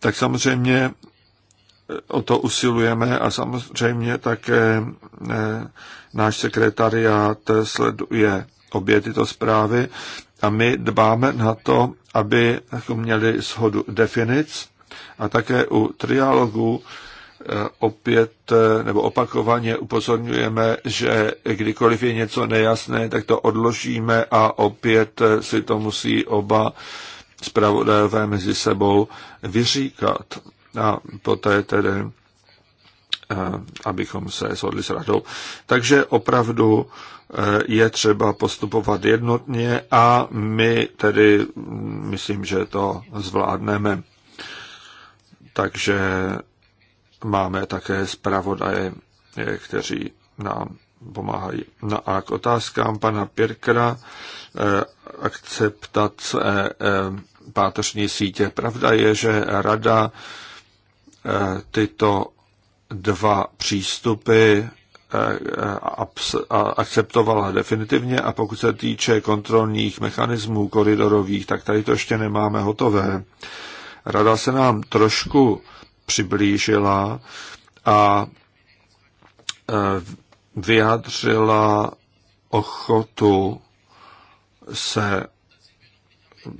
tak samozřejmě eh, o to usilujeme a samozřejmě také eh, náš sekretariát sleduje obě tyto zprávy a my dbáme na to, aby měli shodu definic a také u trialogu eh, opět nebo opakovaně upozorňujeme, že kdykoliv je něco nejasné, tak to odložíme a opět si to musí oba zpravodajové mezi sebou vyříkat a poté tedy, eh, abychom se shodli s radou. Takže opravdu eh, je třeba postupovat jednotně a my tedy mm, myslím, že to zvládneme. Takže máme také zpravodaje, eh, kteří nám pomáhají. No a k otázkám pana Pirkera akceptace eh, eh, páteřní sítě. Pravda je, že rada eh, tyto dva přístupy akceptovala definitivně a pokud se týče kontrolních mechanismů koridorových, tak tady to ještě nemáme hotové. Rada se nám trošku přiblížila a vyjádřila ochotu se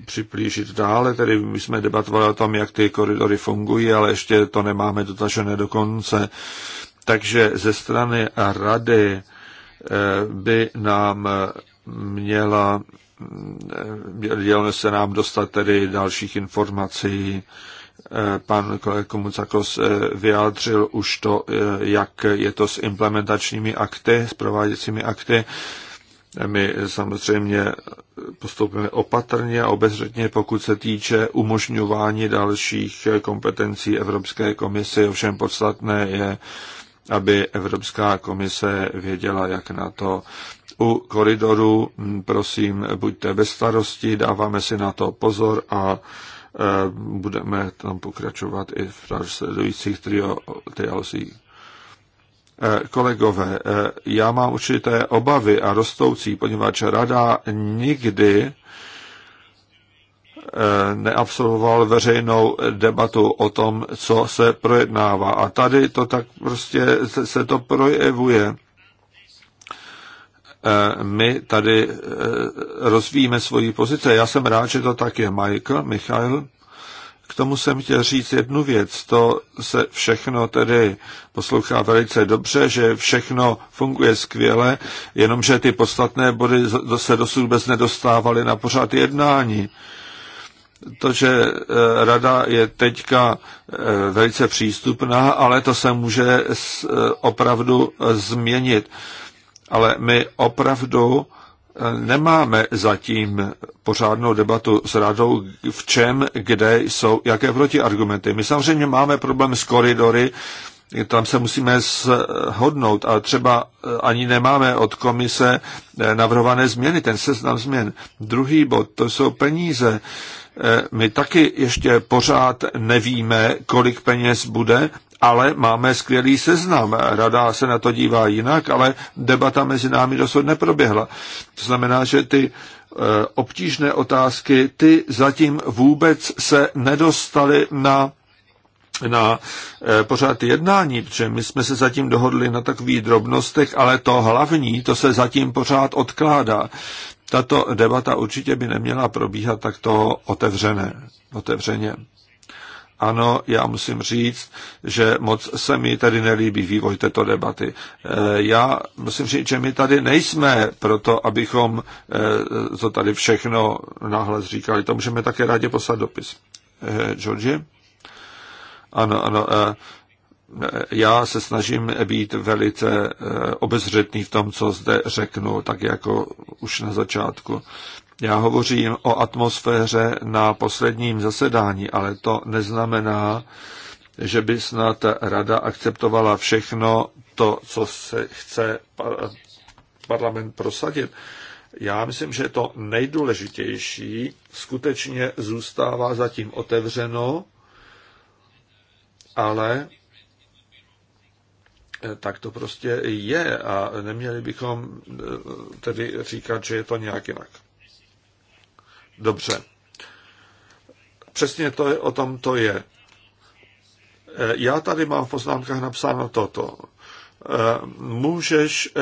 připlížit dále. Tedy my jsme debatovali o tom, jak ty koridory fungují, ale ještě to nemáme dotažené do konce. Takže ze strany rady eh, by nám eh, měla dělne eh, se nám dostat tedy dalších informací. Pan Komucakos vyjádřil už to, jak je to s implementačními akty, s prováděcími akty. My samozřejmě postupujeme opatrně a obezřetně, pokud se týče umožňování dalších kompetencí Evropské komise. Ovšem podstatné je, aby Evropská komise věděla, jak na to. U koridoru, prosím, buďte ve starosti, dáváme si na to pozor a e, budeme tam pokračovat i v následujících trialozích. Eh, kolegové, eh, já mám určité obavy a rostoucí, poněvadž rada nikdy eh, neabsolvoval veřejnou debatu o tom, co se projednává. A tady to tak prostě se to projevuje. My tady rozvíjíme svoji pozice. Já jsem rád, že to tak je. Michael, Michail, k tomu jsem chtěl říct jednu věc. To se všechno tedy poslouchá velice dobře, že všechno funguje skvěle, jenomže ty podstatné body se dosud vůbec nedostávaly na pořád jednání. To, že e, rada je teďka e, velice přístupná, ale to se může e, opravdu změnit. Ale my opravdu nemáme zatím pořádnou debatu s radou, v čem, kde jsou, jaké protiargumenty. My samozřejmě máme problém s koridory, tam se musíme shodnout a třeba ani nemáme od komise navrhované změny, ten seznam změn. Druhý bod, to jsou peníze. My taky ještě pořád nevíme, kolik peněz bude ale máme skvělý seznam. Rada se na to dívá jinak, ale debata mezi námi dosud neproběhla. To znamená, že ty e, obtížné otázky, ty zatím vůbec se nedostaly na na e, pořád jednání, protože my jsme se zatím dohodli na takových drobnostech, ale to hlavní, to se zatím pořád odkládá. Tato debata určitě by neměla probíhat takto otevřené, otevřeně. Ano, já musím říct, že moc se mi tady nelíbí vývoj této debaty. Eh, já musím říct, že my tady nejsme proto, abychom eh, to tady všechno náhle říkali. To můžeme také rádi poslat dopis. Eh, Georgi? Ano, ano. Já se snažím být velice obezřetný v tom, co zde řeknu, tak jako už na začátku. Já hovořím o atmosféře na posledním zasedání, ale to neznamená, že by snad rada akceptovala všechno to, co se chce parlament prosadit. Já myslím, že to nejdůležitější skutečně zůstává zatím otevřeno, ale eh, tak to prostě je a neměli bychom eh, tedy říkat, že je to nějak jinak. Dobře. Přesně to je, o tom to je. Eh, já tady mám v poznámkách napsáno toto. Eh, můžeš eh,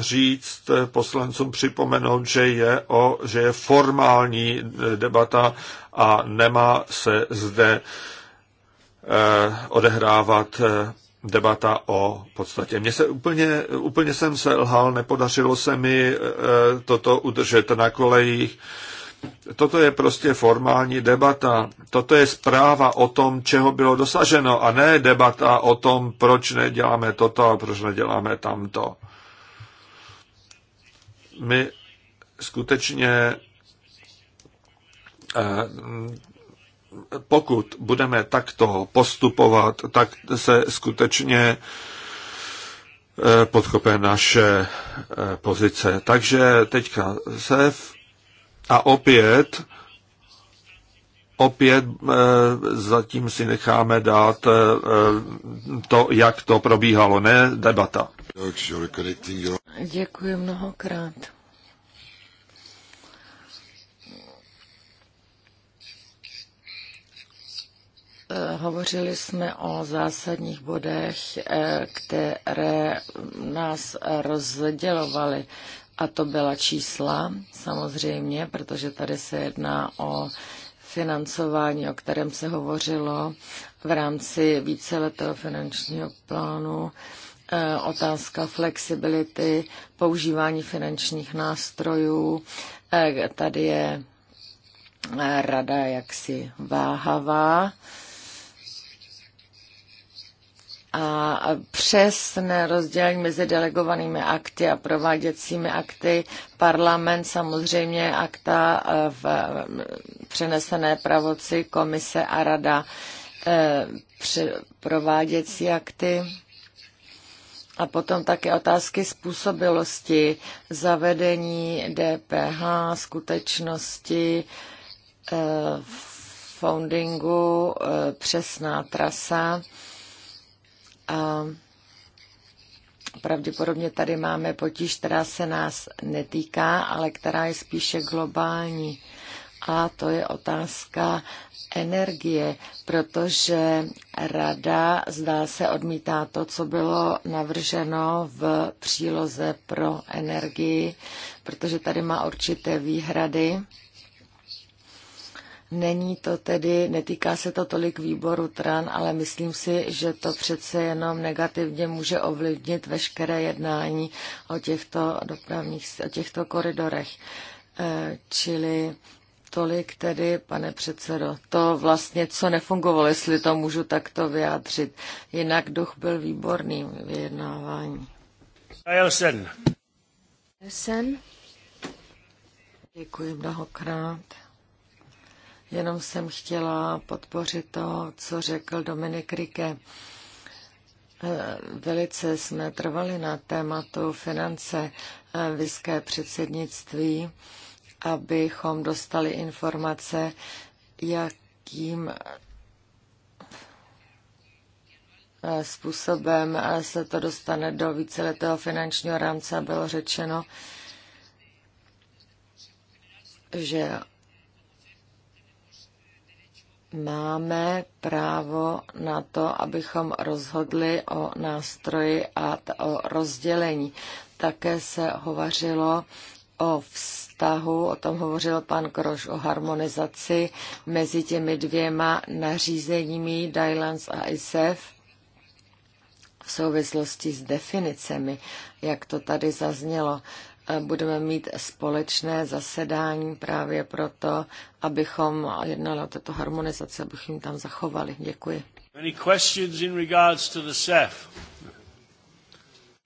říct poslancům připomenout, že je, o, že je formální debata a nemá se zde odehrávat debata o podstatě. Mně se úplně, úplně jsem selhal, nepodařilo se mi toto udržet na kolejích. Toto je prostě formální debata. Toto je zpráva o tom, čeho bylo dosaženo, a ne debata o tom, proč neděláme toto a proč neděláme tamto. My skutečně eh, pokud budeme takto postupovat, tak se skutečně eh, podkope naše eh, pozice. Takže teďka SEF a opět, opět eh, zatím si necháme dát eh, eh, to, jak to probíhalo, ne debata. Děkuji mnohokrát. Hovořili jsme o zásadních bodech, které nás rozdělovaly. A to byla čísla, samozřejmě, protože tady se jedná o financování, o kterém se hovořilo v rámci víceletého finančního plánu, e, otázka flexibility, používání finančních nástrojů. E, tady je e, rada jaksi váhavá a přesné rozdělení mezi delegovanými akty a prováděcími akty. Parlament samozřejmě akta e, v e, přenesené pravoci, komise a rada e, prováděcí akty. A potom také otázky způsobilosti, zavedení DPH, skutečnosti, foundingu, přesná trasa a pravděpodobně tady máme potíž, která se nás netýká, ale která je spíše globální. A to je otázka energie, protože rada zdá se odmítá to, co bylo navrženo v příloze pro energii, protože tady má určité výhrady Není to tedy, netýká se to tolik výboru TRAN, ale myslím si, že to přece jenom negativně může ovlivnit veškeré jednání o těchto dopravních, o těchto koridorech. E, čili tolik tedy, pane předsedo, to vlastně, co nefungovalo, jestli to můžu takto vyjádřit. Jinak duch byl výborný vyjednávání. Nielsen. Nielsen. Děkuji mnohokrát. Jenom jsem chtěla podpořit to, co řekl Dominik Rike. Eh, velice jsme trvali na tématu finance eh, vyské předsednictví, abychom dostali informace, jakým eh, způsobem se to dostane do víceletého finančního rámce. Bylo řečeno, že máme právo na to, abychom rozhodli o nástroji a o rozdělení. Také se hovařilo o vztahu, o tom hovořil pan Kroš, o harmonizaci mezi těmi dvěma nařízeními Dylans a ISEF v souvislosti s definicemi, jak to tady zaznělo budeme mít společné zasedání právě proto, abychom jednali o této harmonizaci, abychom tam zachovali. Děkuji. E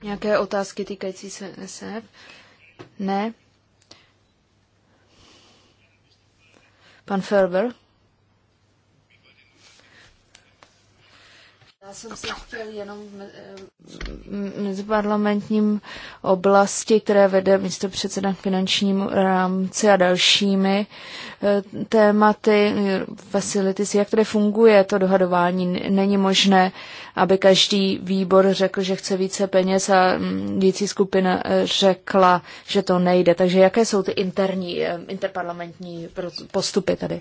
Nějaké otázky týkající se SF? E ne. Pan Ferber? Já jsem se chtěl jenom v eh, parlamentním oblasti, které vede místo předseda finančním rámci a dalšími eh, tématy, facilities, jak tady funguje to dohadování. Není možné, aby každý výbor řekl, že chce více peněz a dící mm, skupina eh, řekla, že to nejde. Takže jaké jsou ty interní, interparlamentní postupy tady?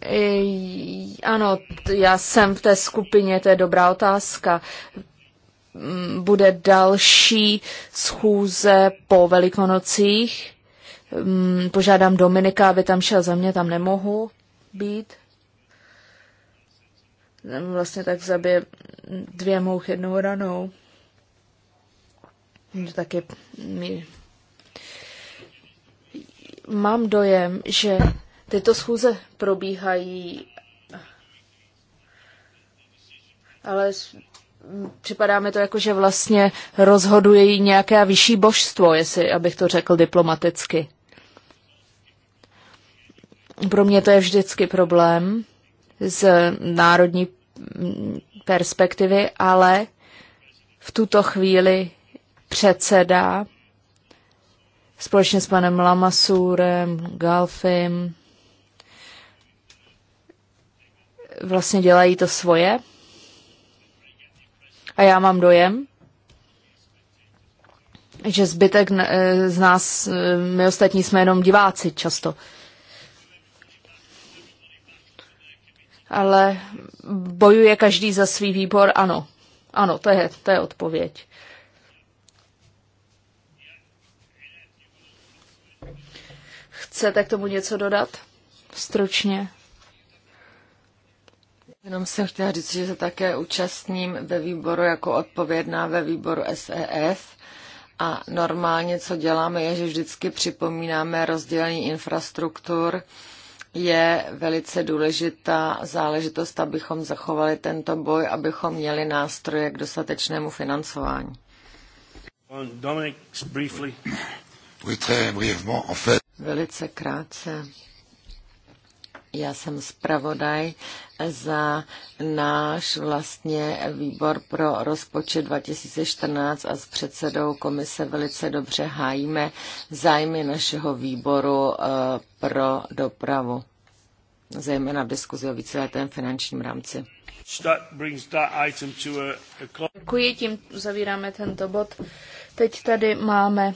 Eh, ano, já jsem v té skupině, to je dobrá otázka. Mm, bude další schůze po Velikonocích. Mm, požádám Dominika, aby tam šel za mě, tam nemohu být. Vlastně tak zabije dvě mouch jednou ranou. Taky mám dojem, že Tyto schůze probíhají, ale připadá mi to jako, že vlastně rozhoduje nějaké vyšší božstvo, jestli abych to řekl diplomaticky. Pro mě to je vždycky problém z národní perspektivy, ale v tuto chvíli předseda společně s panem Lamasurem, Galfim, vlastně dělají to svoje. A já mám dojem, že zbytek eh, z nás, eh, my ostatní jsme jenom diváci často. Ale bojuje každý za svý výbor, ano. Ano, to je, to je odpověď. Chcete k tomu něco dodat? Stručně. Jenom jsem chtěla říct, že se také účastním ve výboru jako odpovědná ve výboru SEF. A normálně, co děláme, je, že vždycky připomínáme rozdělení infrastruktur. Je velice důležitá záležitost, abychom zachovali tento boj, abychom měli nástroje k dostatečnému financování. Dominic, briefly. Velice krátce. Já jsem zpravodaj za náš vlastně výbor pro rozpočet 2014 a s předsedou komise velice dobře hájíme zájmy našeho výboru eh, pro dopravu, zejména v diskuzi o víceletém finančním rámci. Děkuji, tím zavíráme tento bod. Teď tady máme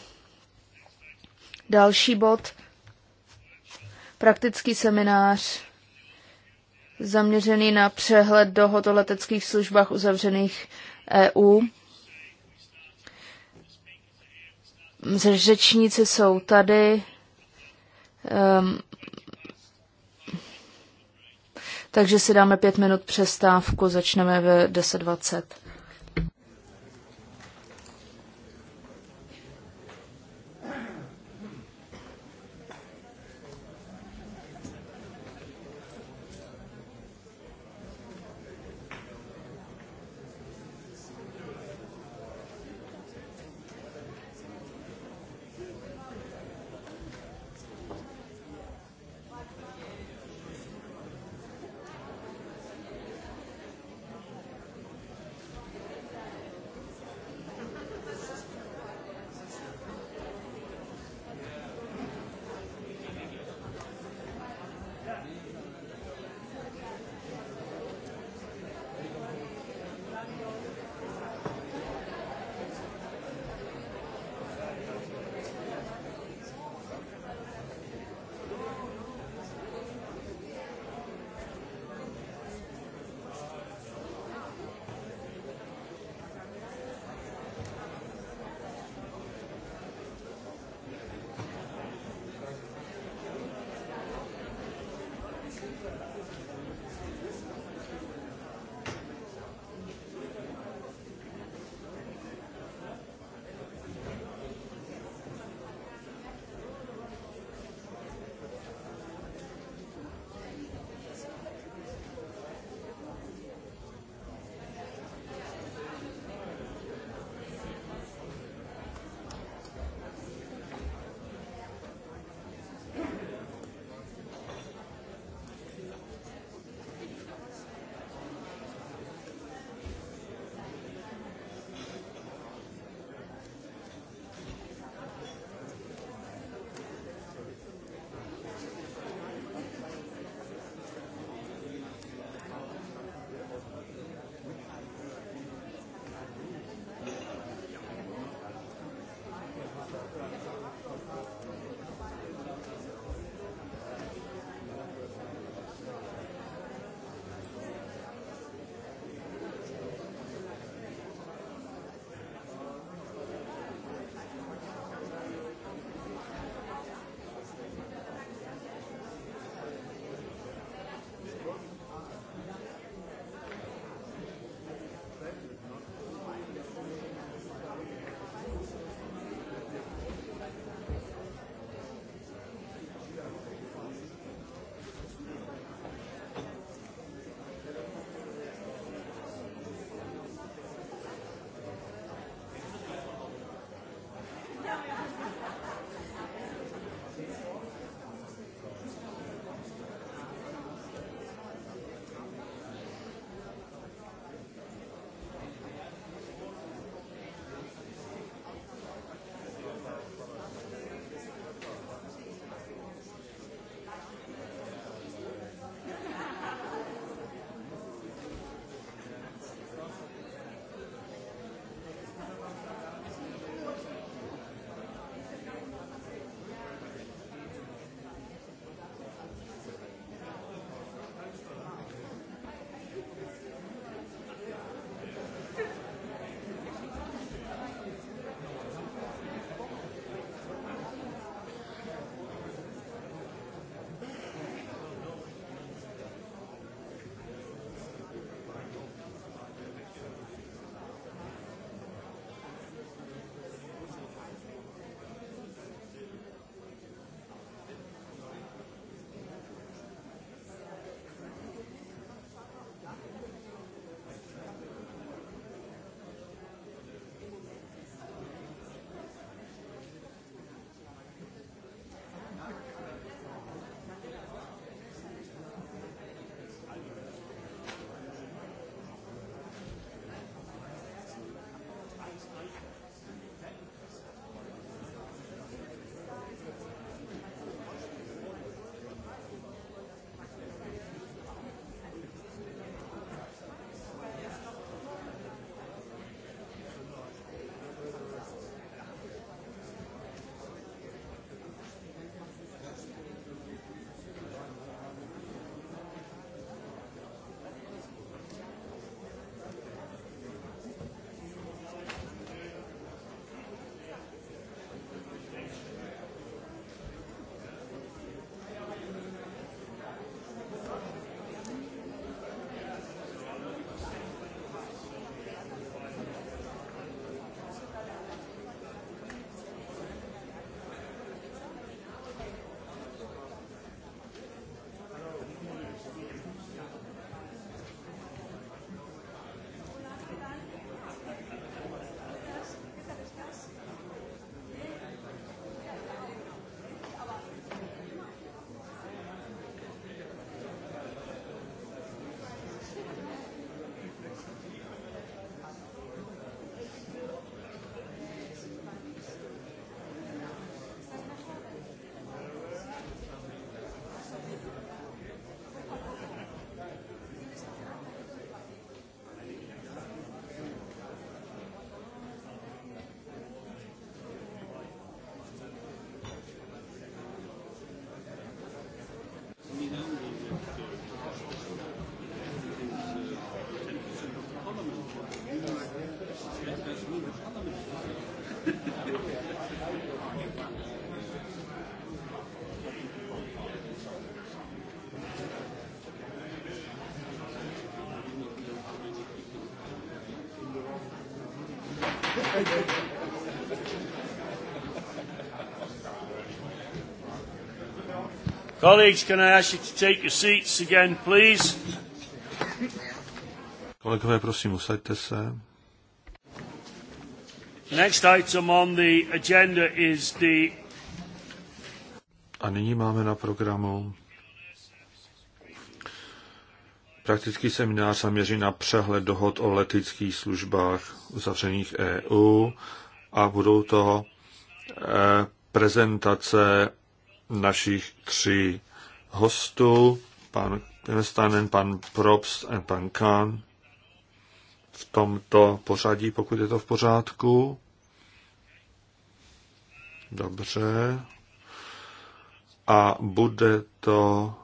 další bod praktický seminář zaměřený na přehled dohod o leteckých službách uzavřených EU. Řečníci jsou tady. Um, takže si dáme pět minut přestávku, začneme ve 10.20. Colleagues, can I ask you to take your seats again, please? Kolegové, prosím, usaďte se. Next item on the agenda is the A nyní máme na programu praktický seminář zaměří na přehled dohod o letických službách uzavřených EU a budou to eh, prezentace našich tři hostů, pan Penstanen, pan Probst a pan Kahn v tomto pořadí, pokud je to v pořádku. Dobře. A bude to,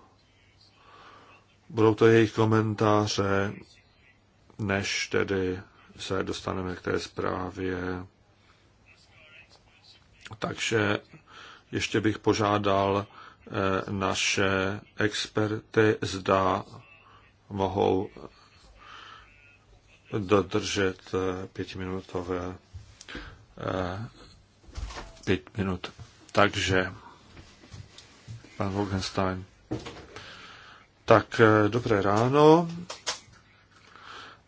budou to jejich komentáře, než tedy se dostaneme k té zprávě. Takže ještě bych požádal Eh, naše experty, zda mohou dodržet eh, pětiminutové eh, pět minut. Takže, pan Wolkenstein. Tak, dobré ráno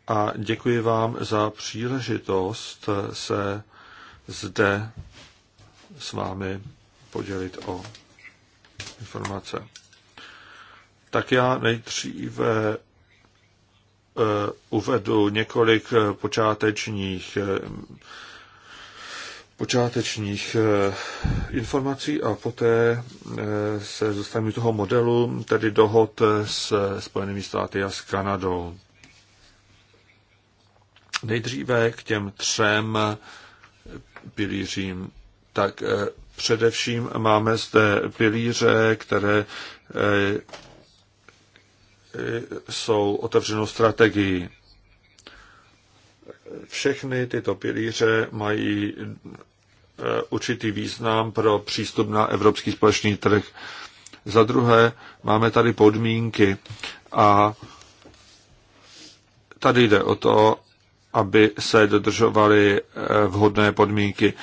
a děkuji vám za příležitost se zde s vámi podělit o informace. Tak já nejdříve eh, uvedu několik eh, počátečních eh, počátečních informací a poté se zastavím toho modelu, tedy dohod s Spojenými státy a s Kanadou. Nejdříve k těm třem pilířím. Tak Především máme zde pilíře, které eh, jsou otevřenou strategií. Všechny tyto pilíře mají eh, určitý význam pro přístup na evropský společný trh. Za druhé, máme tady podmínky a tady jde o to, aby se dodržovaly eh, vhodné podmínky.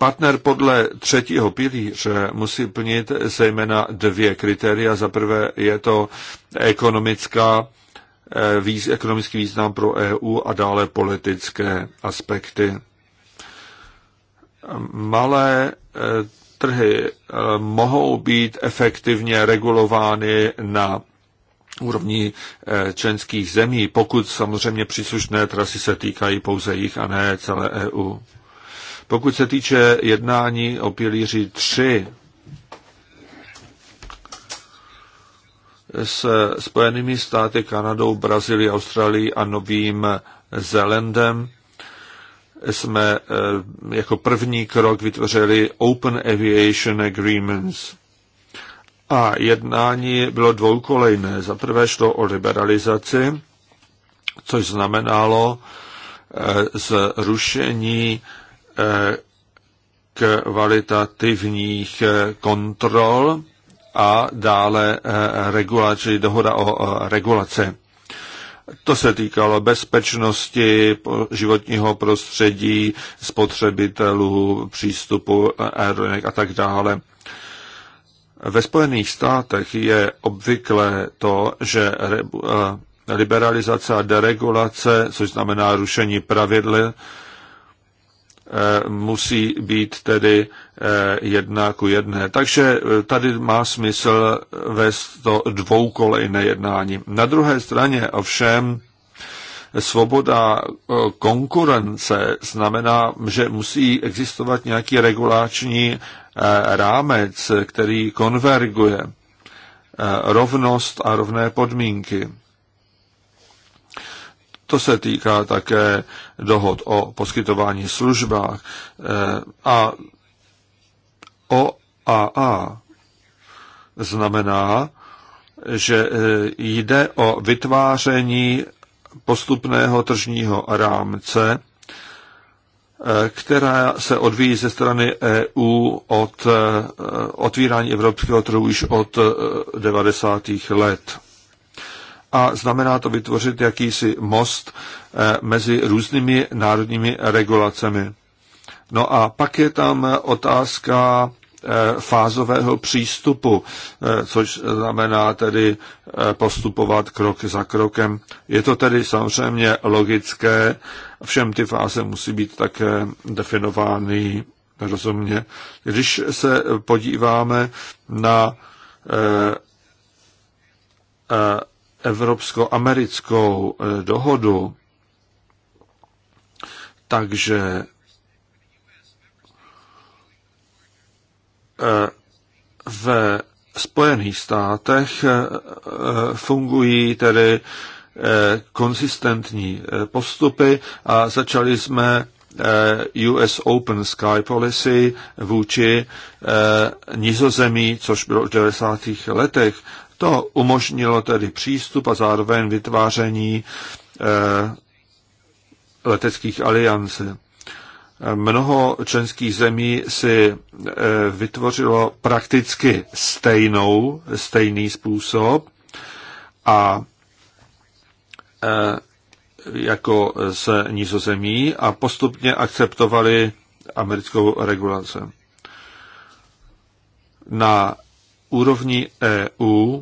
Partner podle třetího pilíře musí plnit zejména dvě kritéria. Za prvé je to ekonomická, eh, víz, ekonomický význam pro EU a dále politické aspekty. Malé eh, trhy eh, mohou být efektivně regulovány na úrovni členských zemí, pokud samozřejmě příslušné trasy se týkají pouze jich a ne celé EU. Pokud se týče jednání o pilíři 3 s Spojenými státy, Kanadou, Brazílií, Austrálií a Novým Zélandem, jsme eh, jako první krok vytvořili Open Aviation Agreements. A jednání bylo dvoukolejné. Za prvé šlo o liberalizaci, což znamenalo eh, zrušení kvalitativních eh, kontrol a dále eh, regulace, dohoda o regulaci. To se týkalo bezpečnosti, životního prostředí, spotřebitelů, přístupu eh, aeronek a tak dále. Ve Spojených státech je obvykle to, že liberalizace a deregulace, což znamená rušení pravidel, Eh, musí být tedy eh, jedna ku jedné. Takže eh, tady má smysl vést to dvoukolejné jednání. Na druhé straně ovšem svoboda konkurence znamená, že musí existovat nějaký regulační rámec, který konverguje rovnost a rovné podmínky. To se týká také dohod o poskytování službách eh, a OAA znamená, že eh, jde o vytváření postupného tržního rámce, eh, která se odvíjí ze strany EU od otvírání evropského trhu již od 90. let a znamená to vytvořit jakýsi most eh, mezi různými národními regulacemi. No a pak je tam otázka eh, fázového přístupu, eh, což znamená tedy postupovat krok za krokem. Je to tedy samozřejmě logické, všem ty fáze musí být také definovány rozumně. Když se podíváme na evropsko-americkou eh, dohodu, takže eh, ve Spojených státech eh, fungují tedy konsistentní postupy a začali jsme US Open Sky Policy vůči nizozemí, což bylo v 90. letech to umožnilo tedy přístup a zároveň vytváření eh, leteckých aliancí. Mnoho členských zemí si eh, vytvořilo prakticky stejnou, stejný způsob a eh, jako se nízozemí a postupně akceptovali americkou regulaci. Na úrovni EU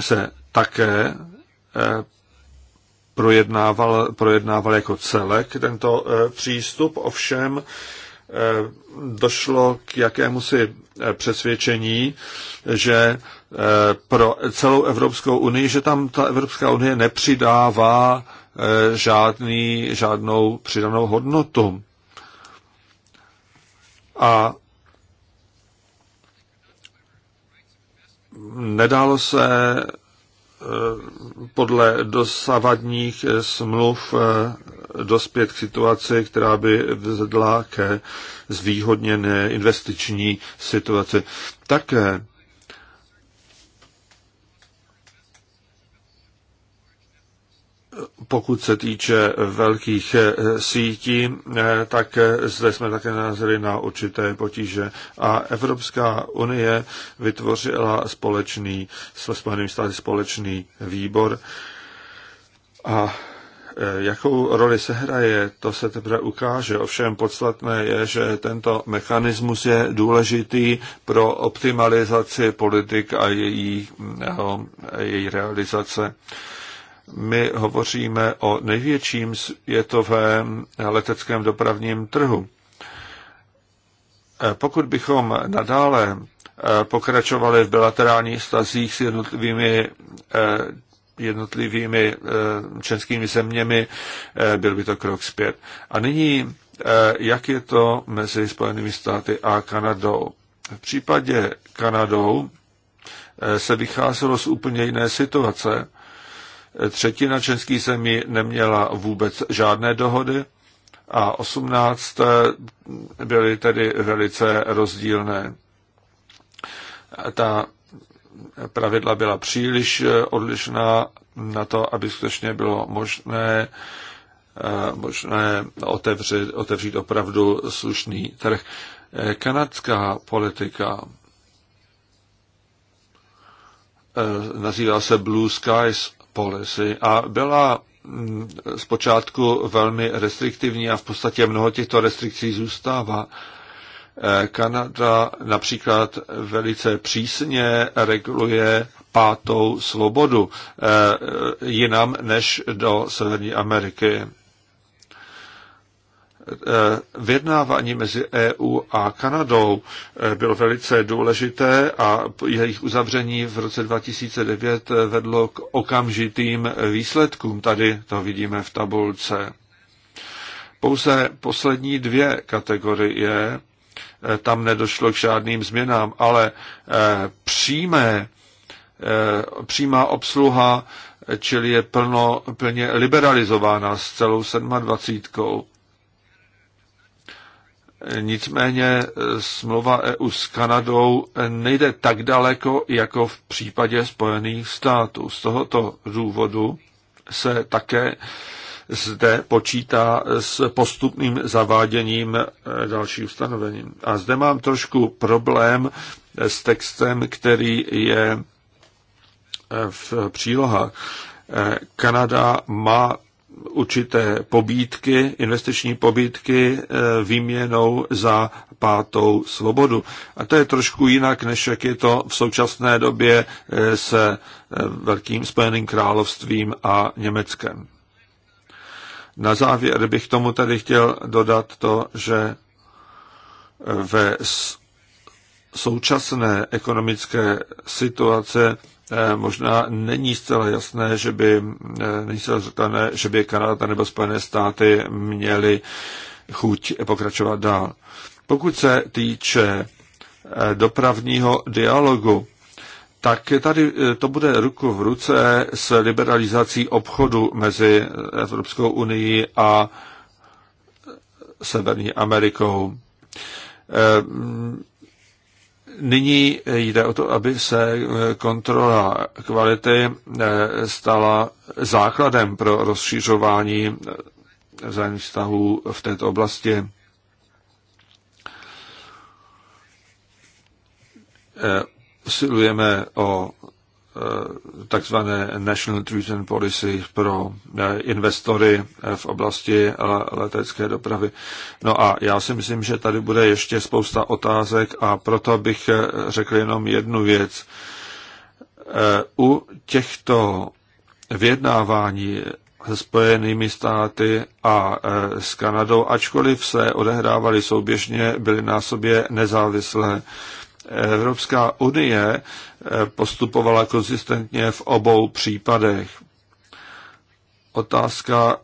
se také e, projednával, projednával jako celek tento e, přístup, ovšem e, došlo k jakémusi přesvědčení, že pro celou Evropskou unii, že tam ta Evropská unie nepřidává žádný, žádnou přidanou hodnotu. A Nedalo se eh, podle dosavadních smluv eh, dospět k situaci, která by vzedla ke zvýhodněné investiční situaci. Také pokud se týče velkých eh, sítí, eh, tak eh, zde jsme také narazili na určité potíže. A Evropská unie vytvořila společný, s Spojeným státy společný výbor. A jakou roli se hraje, to se teprve ukáže. Ovšem podstatné je, že tento mechanismus je důležitý pro optimalizaci politik a její, jeho, její realizace my hovoříme o největším světovém leteckém dopravním trhu. E, pokud bychom nadále e, pokračovali v bilaterálních stazích s jednotlivými e, jednotlivými českými zeměmi, byl by to krok zpět. A nyní, jak je to mezi Spojenými státy a Kanadou? V případě Kanadou se vycházelo z úplně jiné situace Třetina českých zemí neměla vůbec žádné dohody a 18 eh, byly tedy velice rozdílné. Ta pravidla byla příliš eh, odlišná na to, aby skutečně bylo možné eh, možné otevřít, otevřít opravdu slušný trh. Kanadská politika nazývá se Blue Skies policy a byla mm, zpočátku velmi restriktivní a v podstatě mnoho těchto restrikcí zůstává. E, Kanada například velice přísně reguluje pátou svobodu, e, jinam než do Severní Ameriky. Eh, vyjednávání mezi EU a Kanadou eh, bylo velice důležité a jejich uzavření v roce 2009 eh, vedlo k okamžitým výsledkům. Tady to vidíme v tabulce. Pouze poslední dvě kategorie, tam nedošlo k žádným změnám, ale přímé, přímá obsluha čili je plno, plně liberalizována s celou 27. Nicméně smlouva EU s Kanadou nejde tak daleko, jako v případě Spojených států. Z tohoto důvodu se také zde počítá s postupným zaváděním eh, dalších ustanovení. A zde mám trošku problém s textem, který je eh, v přílohách. Eh, Kanada má určité pobídky, investiční pobídky eh, výměnou za pátou svobodu. A to je trošku jinak, než jak je to v současné době eh, se eh, Velkým spojeným královstvím a Německem. Na závěr bych tomu tady chtěl dodat to, že ve současné ekonomické situace Eh, možná není zcela jasné, že by, eh, není zcela zřetelné, že by Kanada nebo Spojené státy měly chuť pokračovat dál. Pokud se týče eh, dopravního dialogu, tak tady to bude ruku v ruce s liberalizací obchodu mezi Evropskou unii a Severní Amerikou. Nyní jde o to, aby se eh, kontrola kvality eh, stala základem pro rozšířování eh, vzájemných vztahů v této oblasti. Usilujeme o Eh, takzvané National Treatment Policy pro eh, investory eh, v oblasti letecké dopravy. No a já si myslím, že tady bude ještě spousta otázek a proto bych řekl jenom jednu věc. U těchto vyjednávání se Spojenými státy a s Kanadou, ačkoliv se odehrávaly souběžně, byly na sobě nezávislé Evropská unie eh, postupovala konzistentně v obou případech. Otázka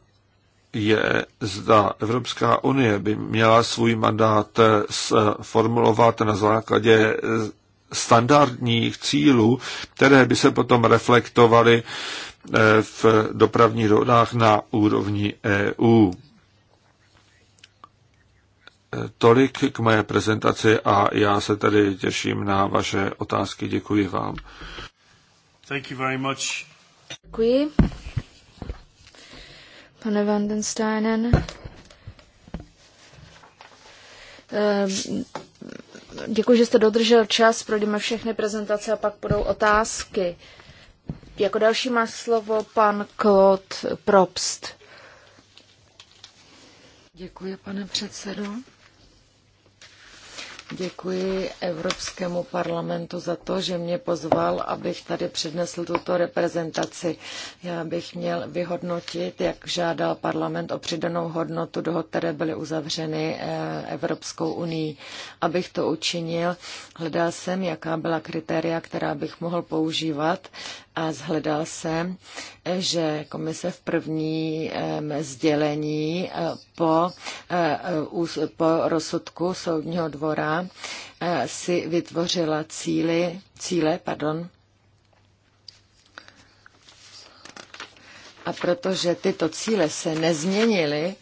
je, zda Evropská unie by měla svůj mandát eh, sformulovat na základě eh, standardních cílů, které by se potom reflektovaly v dopravních rodách na úrovni EU. Tolik k mé prezentaci a já se tady těším na vaše otázky. Děkuji vám. Thank you very much. Děkuji. Pane Vandensteinen. Ehm, děkuji, že jste dodržel čas. Projdeme všechny prezentace a pak budou otázky. Jako další má slovo pan Claude Probst. Děkuji, pane předsedo. Děkuji Evropskému parlamentu za to, že mě pozval, abych tady přednesl tuto reprezentaci. Já bych měl vyhodnotit, jak žádal parlament o přidanou hodnotu dohod, které byly uzavřeny eh, Evropskou unii. Abych to učinil, hledal jsem, jaká byla kritéria, která bych mohl používat a zhledal jsem, že komise v první sdělení e, po, e, po rozsudku soudního dvora e, si vytvořila cíly, cíle, pardon, a protože tyto cíle se nezměnily,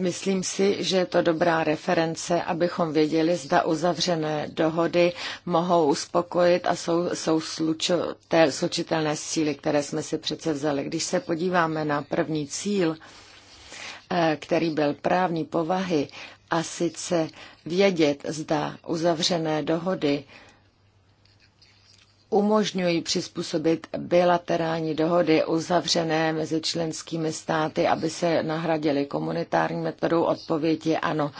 Myslím si, že je to dobrá reference, abychom věděli, zda uzavřené dohody mohou uspokojit a jsou, jsou té slučitelné cíly, které jsme si přece vzali. Když se podíváme na první cíl, eh, který byl právní povahy, a sice vědět, zda uzavřené dohody umožňují přizpůsobit bilaterální dohody uzavřené mezi členskými státy, aby se nahradily komunitární metodou odpovědi. Ano,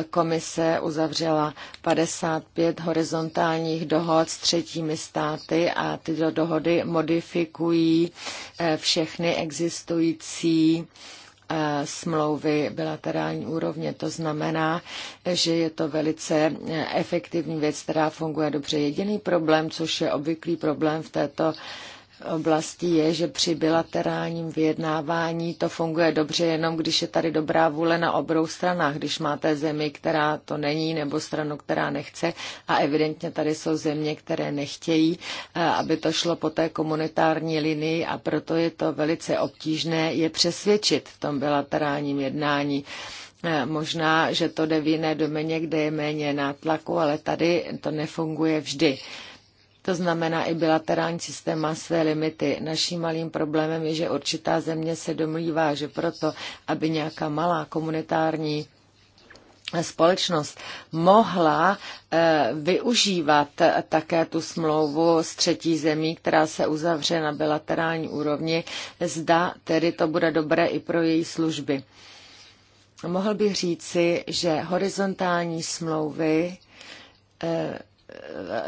e, komise uzavřela 55 horizontálních dohod s třetími státy a tyto dohody modifikují e, všechny existující Eh, smlouvy bilaterální úrovně. To znamená, že je to velice eh, efektivní věc, která funguje dobře. Jediný problém, což je obvyklý problém v této oblastí je, že při bilaterálním vyjednávání to funguje dobře jenom, když je tady dobrá vůle na obou stranách. Když máte zemi, která to není, nebo stranu, která nechce a evidentně tady jsou země, které nechtějí, eh, aby to šlo po té komunitární linii a proto je to velice obtížné je přesvědčit v tom bilaterálním jednání. Eh, možná, že to jde v jiné domeně, kde je méně nátlaku, ale tady to nefunguje vždy. To znamená, i bilaterální systém má své limity. Naším malým problémem je, že určitá země se domlívá, že proto, aby nějaká malá komunitární společnost mohla eh, využívat eh, také tu smlouvu s třetí zemí, která se uzavře na bilaterální úrovni, zda tedy to bude dobré i pro její služby. Mohl bych říci, že horizontální smlouvy eh,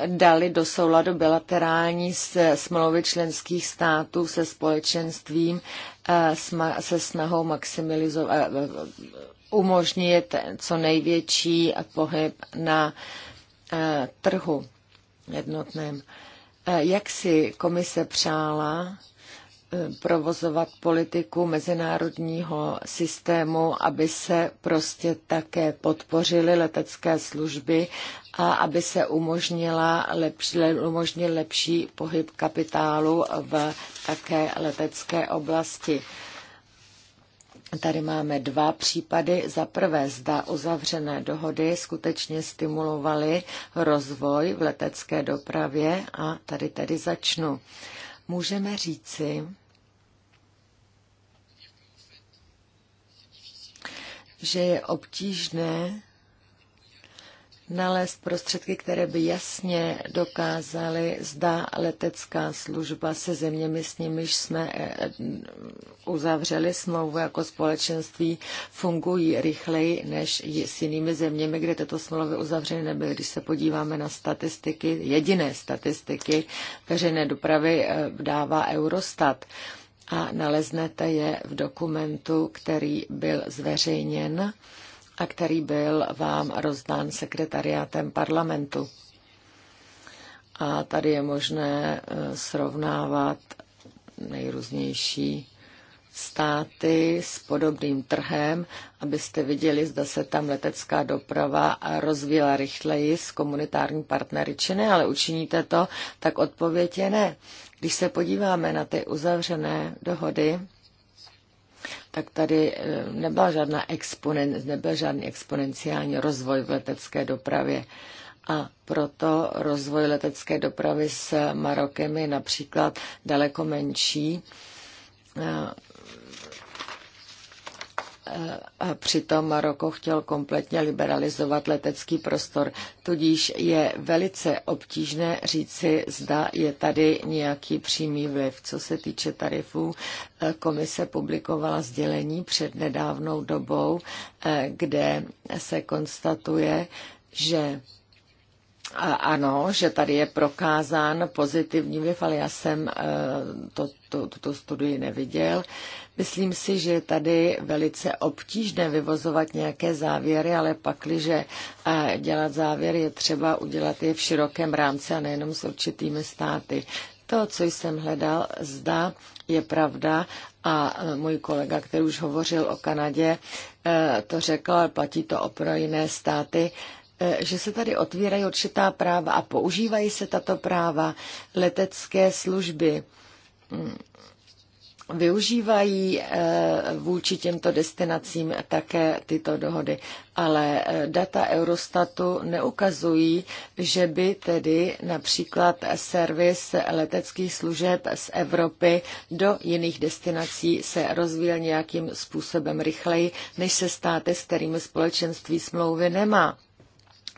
dali do souladu bilaterální smlouvy členských států se společenstvím eh, se snahou maximalizovat, eh, eh, umožnit co největší pohyb na trhu jednotném. Jak si komise přála provozovat politiku mezinárodního systému, aby se prostě také podpořily letecké služby a aby se umožnila lepší, umožnil lepší pohyb kapitálu v také letecké oblasti. Tady máme dva případy. Za prvé, zda uzavřené dohody skutečně stimulovaly rozvoj v letecké dopravě a tady tedy začnu. Můžeme říci, že je obtížné nalézt prostředky, které by jasně dokázaly, zda letecká služba se zeměmi, s nimiž jsme eh, uzavřeli smlouvu jako společenství, fungují rychleji než s jinými zeměmi, kde tyto smlouvy uzavřeny nebyly. Když se podíváme na statistiky, jediné statistiky veřejné dopravy eh, dává Eurostat a naleznete je v dokumentu, který byl zveřejněn a který byl vám rozdán sekretariátem parlamentu. A tady je možné eh, srovnávat nejrůznější státy s podobným trhem, abyste viděli, zda se tam letecká doprava rozvíjela rychleji s komunitární partnery, či ne, ale učiníte to, tak odpověď je ne. Když se podíváme na ty uzavřené dohody, tak tady eh, nebyla žádná exponen, nebyl žádný exponenciální rozvoj v letecké dopravě. A proto rozvoj letecké dopravy s Marokem je například daleko menší eh, Přitom Maroko chtěl kompletně liberalizovat letecký prostor, tudíž je velice obtížné říci, zda je tady nějaký přímý vliv. Co se týče tarifů, eh, komise publikovala sdělení před nedávnou dobou, eh, kde se konstatuje, že ano, že tady je prokázán pozitivní vliv, ale já jsem eh, to, to, tuto studii neviděl. Myslím si, že je tady velice obtížné vyvozovat nějaké závěry, ale pakliže eh, dělat závěry je třeba udělat je v širokém rámci a nejenom s určitými státy. To, co jsem hledal, zda je pravda a eh, můj kolega, který už hovořil o Kanadě, to řekl, ale platí to o pro jiné státy Eh, že se tady otvírají určitá práva a používají se tato práva letecké služby mm. využívají eh, vůči těmto destinacím také tyto dohody. Ale eh, data Eurostatu neukazují, že by tedy například servis leteckých služeb z Evropy do jiných destinací se rozvíjel nějakým způsobem rychleji, než se státy, s kterými společenství smlouvy nemá.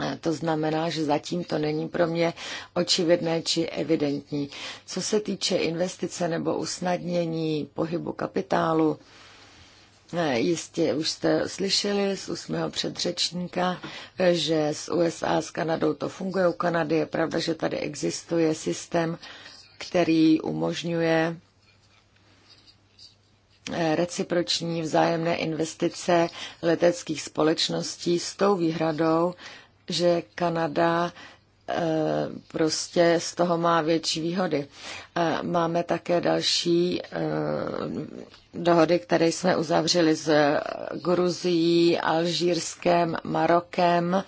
Eh, to znamená, že zatím to není pro mě očividné či evidentní. Co se týče investice nebo usnadnění pohybu kapitálu, eh, Jistě už jste slyšeli z úsmého předřečníka, eh, že s USA, s Kanadou to funguje. U Kanady je pravda, že tady existuje systém, který umožňuje reciproční vzájemné investice leteckých společností s tou výhradou, že Kanada eh, prostě z toho má větší výhody. Eh, máme také další eh, dohody, které jsme uzavřeli s Gruzií, Alžírskem, Marokem,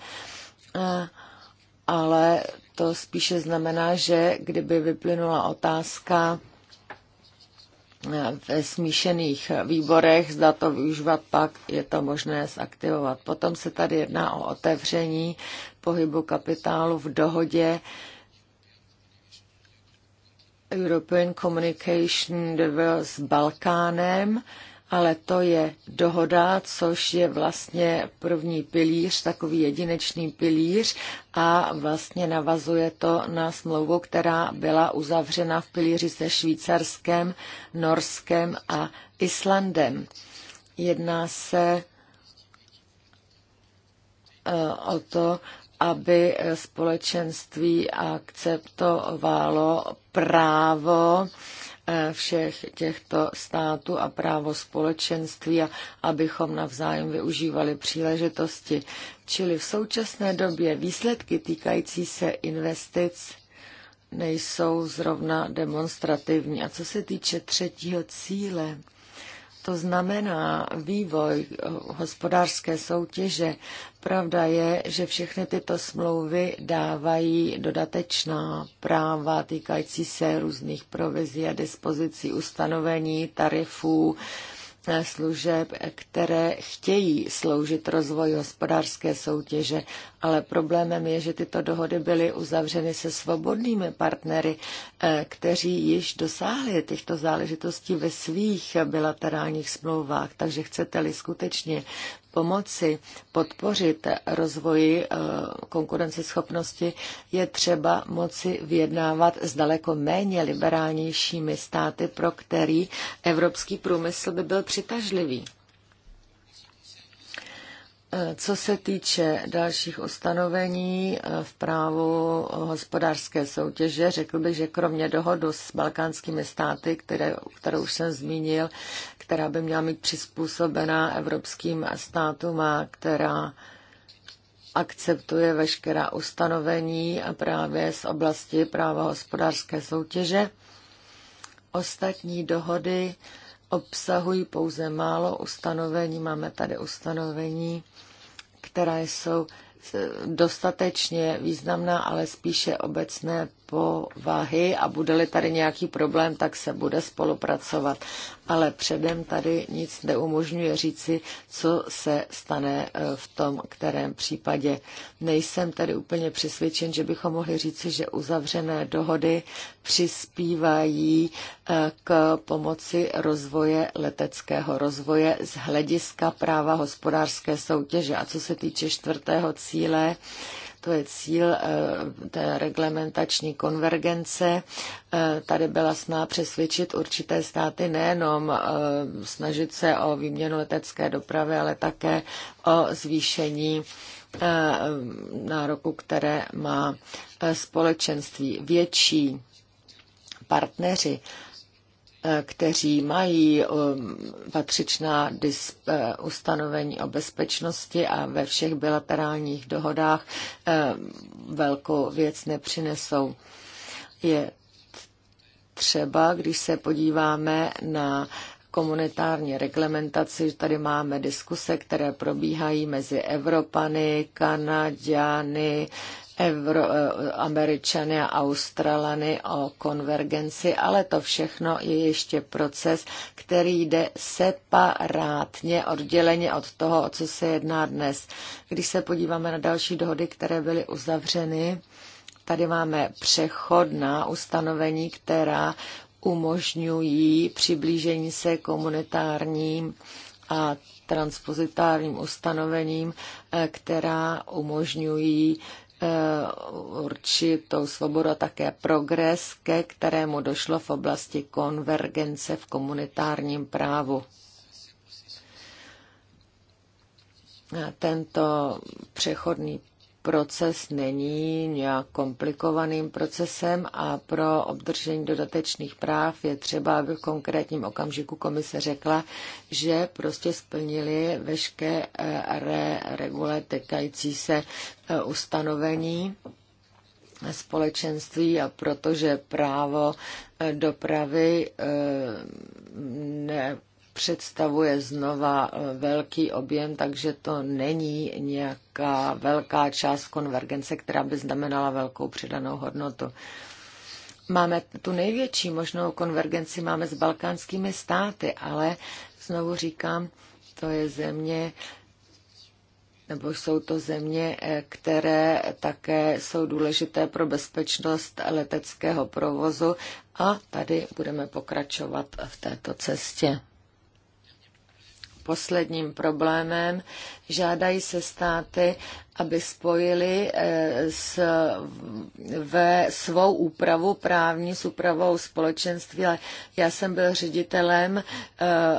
ale to spíše znamená, že kdyby vyplynula otázka ve smíšených výborech, zda to využívat, pak je to možné zaktivovat. Potom se tady jedná o otevření pohybu kapitálu v dohodě European Communication Deal s Balkánem ale to je dohoda, což je vlastně první pilíř, takový jedinečný pilíř a vlastně navazuje to na smlouvu, která byla uzavřena v pilíři se Švýcarskem, Norskem a Islandem. Jedná se eh, o to, aby společenství akceptovalo právo Eh, všech těchto států a právo společenství, a abychom navzájem využívali příležitosti. Čili v současné době výsledky týkající se investic nejsou zrovna demonstrativní. A co se týče třetího cíle, to znamená vývoj eh, hospodářské soutěže. Pravda je, že všechny tyto smlouvy dávají dodatečná práva týkající se různých provizí a dispozicí ustanovení, tarifů, eh, služeb, které chtějí sloužit rozvoji hospodářské soutěže ale problémem je, že tyto dohody byly uzavřeny se svobodnými partnery, eh, kteří již dosáhli těchto záležitostí ve svých bilaterálních smlouvách. Takže chcete-li skutečně pomoci podpořit rozvoji eh, konkurenceschopnosti, je třeba moci vyjednávat s daleko méně liberálnějšími státy, pro který evropský průmysl by byl přitažlivý. Co se týče dalších ustanovení eh, v právu hospodářské soutěže, řekl bych, že kromě dohodu s balkánskými státy, které, kterou už jsem zmínil, která by měla mít přizpůsobená evropským státům a která akceptuje veškerá ustanovení a právě z oblasti práva hospodářské soutěže, ostatní dohody obsahují pouze málo ustanovení. Máme tady ustanovení, která jsou dostatečně významná, ale spíše obecné povahy a bude-li tady nějaký problém, tak se bude spolupracovat. Ale předem tady nic neumožňuje říci, co se stane eh, v tom kterém případě. Nejsem tedy úplně přesvědčen, že bychom mohli říci, že uzavřené dohody přispívají eh, k pomoci rozvoje leteckého rozvoje z hlediska práva hospodářské soutěže. A co se týče čtvrtého cíle, to je cíl eh, té reglementační konvergence. Eh, tady byla sná přesvědčit určité státy nejenom eh, snažit se o výměnu letecké dopravy, ale také o zvýšení nároku, které má společenství. Větší partneři kteří mají um, patřičná eh, ustanovení o bezpečnosti a ve všech bilaterálních dohodách eh, velkou věc nepřinesou. Je třeba, když se podíváme na komunitární reglementaci. Tady máme diskuse, které probíhají mezi Evropany, Kanaďany, Evro, eh, Američany a Australany o konvergenci, ale to všechno je ještě proces, který jde separátně, odděleně od toho, o co se jedná dnes. Když se podíváme na další dohody, které byly uzavřeny, tady máme přechodná ustanovení, která umožňují přiblížení se komunitárním a transpozitárním ustanovením, eh, která umožňují Eh, určitou svobodu a také progres, ke kterému došlo v oblasti konvergence v komunitárním právu. Tento přechodný proces není nějak komplikovaným procesem a pro obdržení dodatečných práv je třeba, aby v konkrétním okamžiku komise řekla, že prostě splnili veškeré eh, regule týkající se eh, ustanovení společenství a protože právo eh, dopravy ne představuje znova eh, velký objem, takže to není nějaká velká část konvergence, která by znamenala velkou přidanou hodnotu. Máme tu největší možnou konvergenci máme s balkánskými státy, ale znovu říkám, to je země, nebo jsou to země, eh, které také jsou důležité pro bezpečnost leteckého provozu a tady budeme pokračovat v této cestě posledním problémem. Žádají se státy, aby spojili eh, s, ve svou úpravu právní s úpravou společenství. já jsem byl ředitelem eh,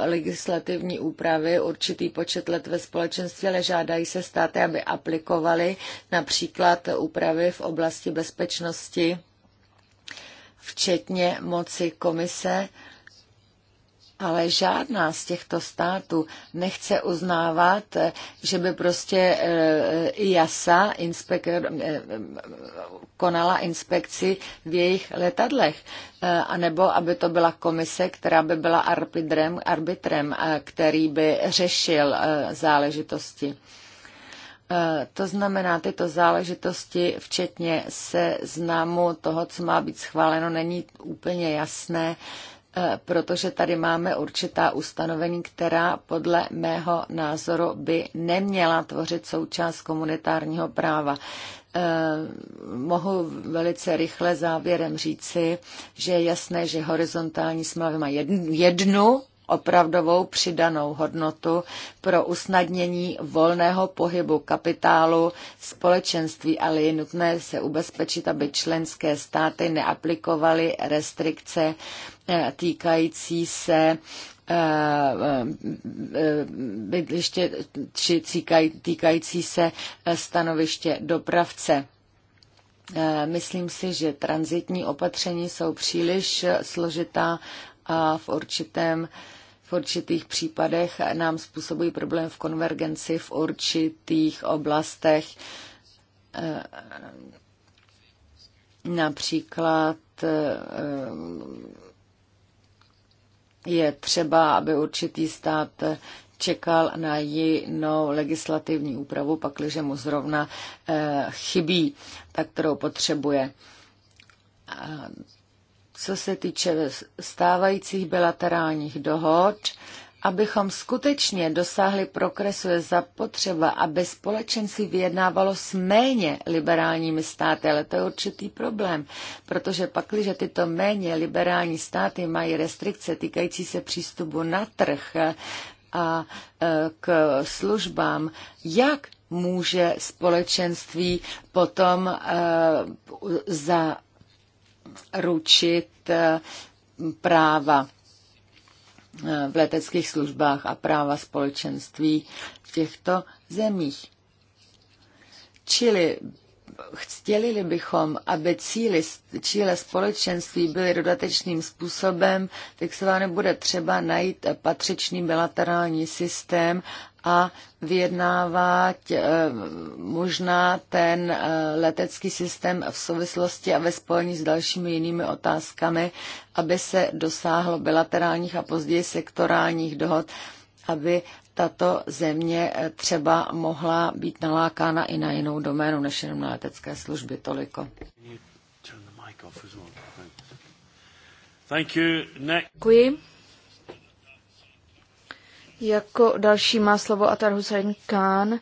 legislativní úpravy určitý počet let ve společenství, ale žádají se státy, aby aplikovali například úpravy v oblasti bezpečnosti, včetně moci komise ale žádná z těchto států nechce uznávat, eh, že by prostě eh, IASA inspektor, eh, konala inspekci v jejich letadlech. A nebo aby to byla komise, která by byla arbitrem, arbitrem který by řešil záležitosti. To znamená, tyto záležitosti, včetně se známu toho, co má být schváleno, není úplně jasné, Eh, protože tady máme určitá ustanovení, která podle mého názoru by neměla tvořit součást komunitárního práva. Eh, mohu velice rychle závěrem říci, že je jasné, že horizontální smlouvy má jednu opravdovou přidanou hodnotu pro usnadnění volného pohybu kapitálu společenství, ale je nutné se ubezpečit, aby členské státy neaplikovaly restrikce eh, týkající se eh, eh, bydliště či týkající se stanoviště dopravce. Myslím si, že transitní opatření jsou příliš složitá a v určitém uh, v určitých případech nám způsobují problém v konvergenci v určitých oblastech, eh, například eh, je třeba, aby určitý stát čekal na jinou legislativní úpravu, pakliže mu zrovna eh, chybí, tak kterou potřebuje co se týče stávajících bilaterálních dohod, abychom skutečně dosáhli progresu, je zapotřeba, aby společenství vyjednávalo s méně liberálními státy, ale to je určitý problém, protože pakliže tyto méně liberální státy mají restrikce týkající se přístupu na trh a e, k službám, jak může společenství potom e, za ručit eh, práva eh, v leteckých službách a práva společenství v těchto zemích. Čili chtěli bychom, aby cíly, cíle společenství byly dodatečným způsobem, tak se vám nebude třeba najít patřičný bilaterální systém a vyjednávat eh, možná ten eh, letecký systém v souvislosti a ve spojení s dalšími jinými otázkami, aby se dosáhlo bilaterálních a později sektorálních dohod, aby tato země eh, třeba mohla být nalákána i na jinou doménu než jenom na letecké služby. Toliko. Děkuji. Jako další má slovo Atar Hussein Khan,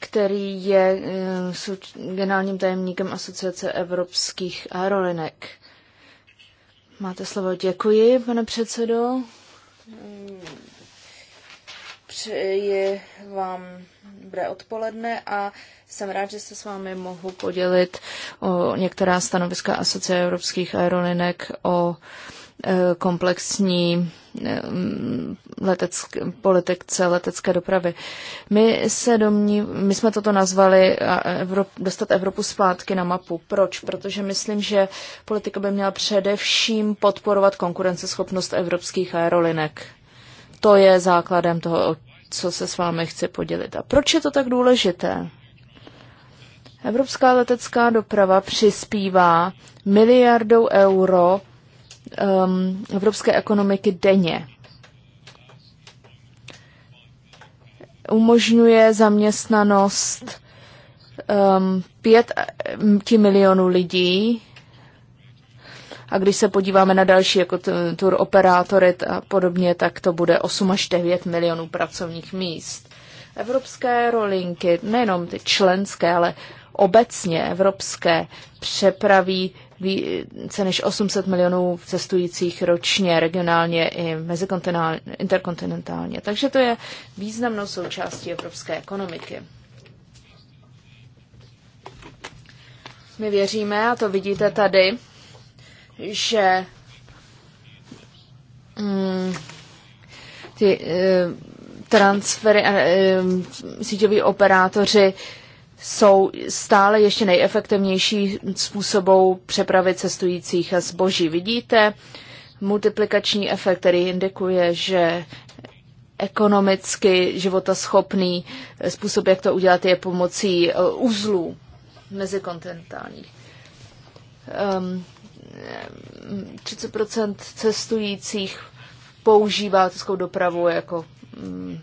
který je eh, generálním tajemníkem Asociace evropských aerolinek. Máte slovo. Děkuji, pane předsedo. Přeji vám dobré odpoledne a jsem rád, že se s vámi mohu podělit o některá stanoviska Asociace evropských aerolinek o Eh, komplexní eh, letecké, politice letecké dopravy. My, se domní, my jsme toto nazvali Evrop, dostat Evropu zpátky na mapu. Proč? Protože myslím, že politika by měla především podporovat konkurenceschopnost evropských aerolinek. To je základem toho, co se s vámi chci podělit. A proč je to tak důležité? Evropská letecká doprava přispívá miliardou euro um, evropské ekonomiky denně. Umožňuje zaměstnanost um, pěti milionů lidí. A když se podíváme na další, jako tur operátory a podobně, tak to bude 8 až 9 milionů pracovních míst. Evropské rolinky, nejenom ty členské, ale obecně evropské, přepraví více než 800 milionů cestujících ročně, regionálně i interkontinentálně. Takže to je významnou součástí evropské ekonomiky. My věříme, a to vidíte tady, že mm, ty e, transfery, e, síťoví operátoři e, jsou stále ještě nejefektivnější způsobou přepravy cestujících a zboží. Vidíte multiplikační efekt, který indikuje, že ekonomicky životaschopný způsob, jak to udělat, je pomocí eh, uzlů mezikontinentálních. Um, ehm, 30 ehm, cestujících používá českou dopravu jako um,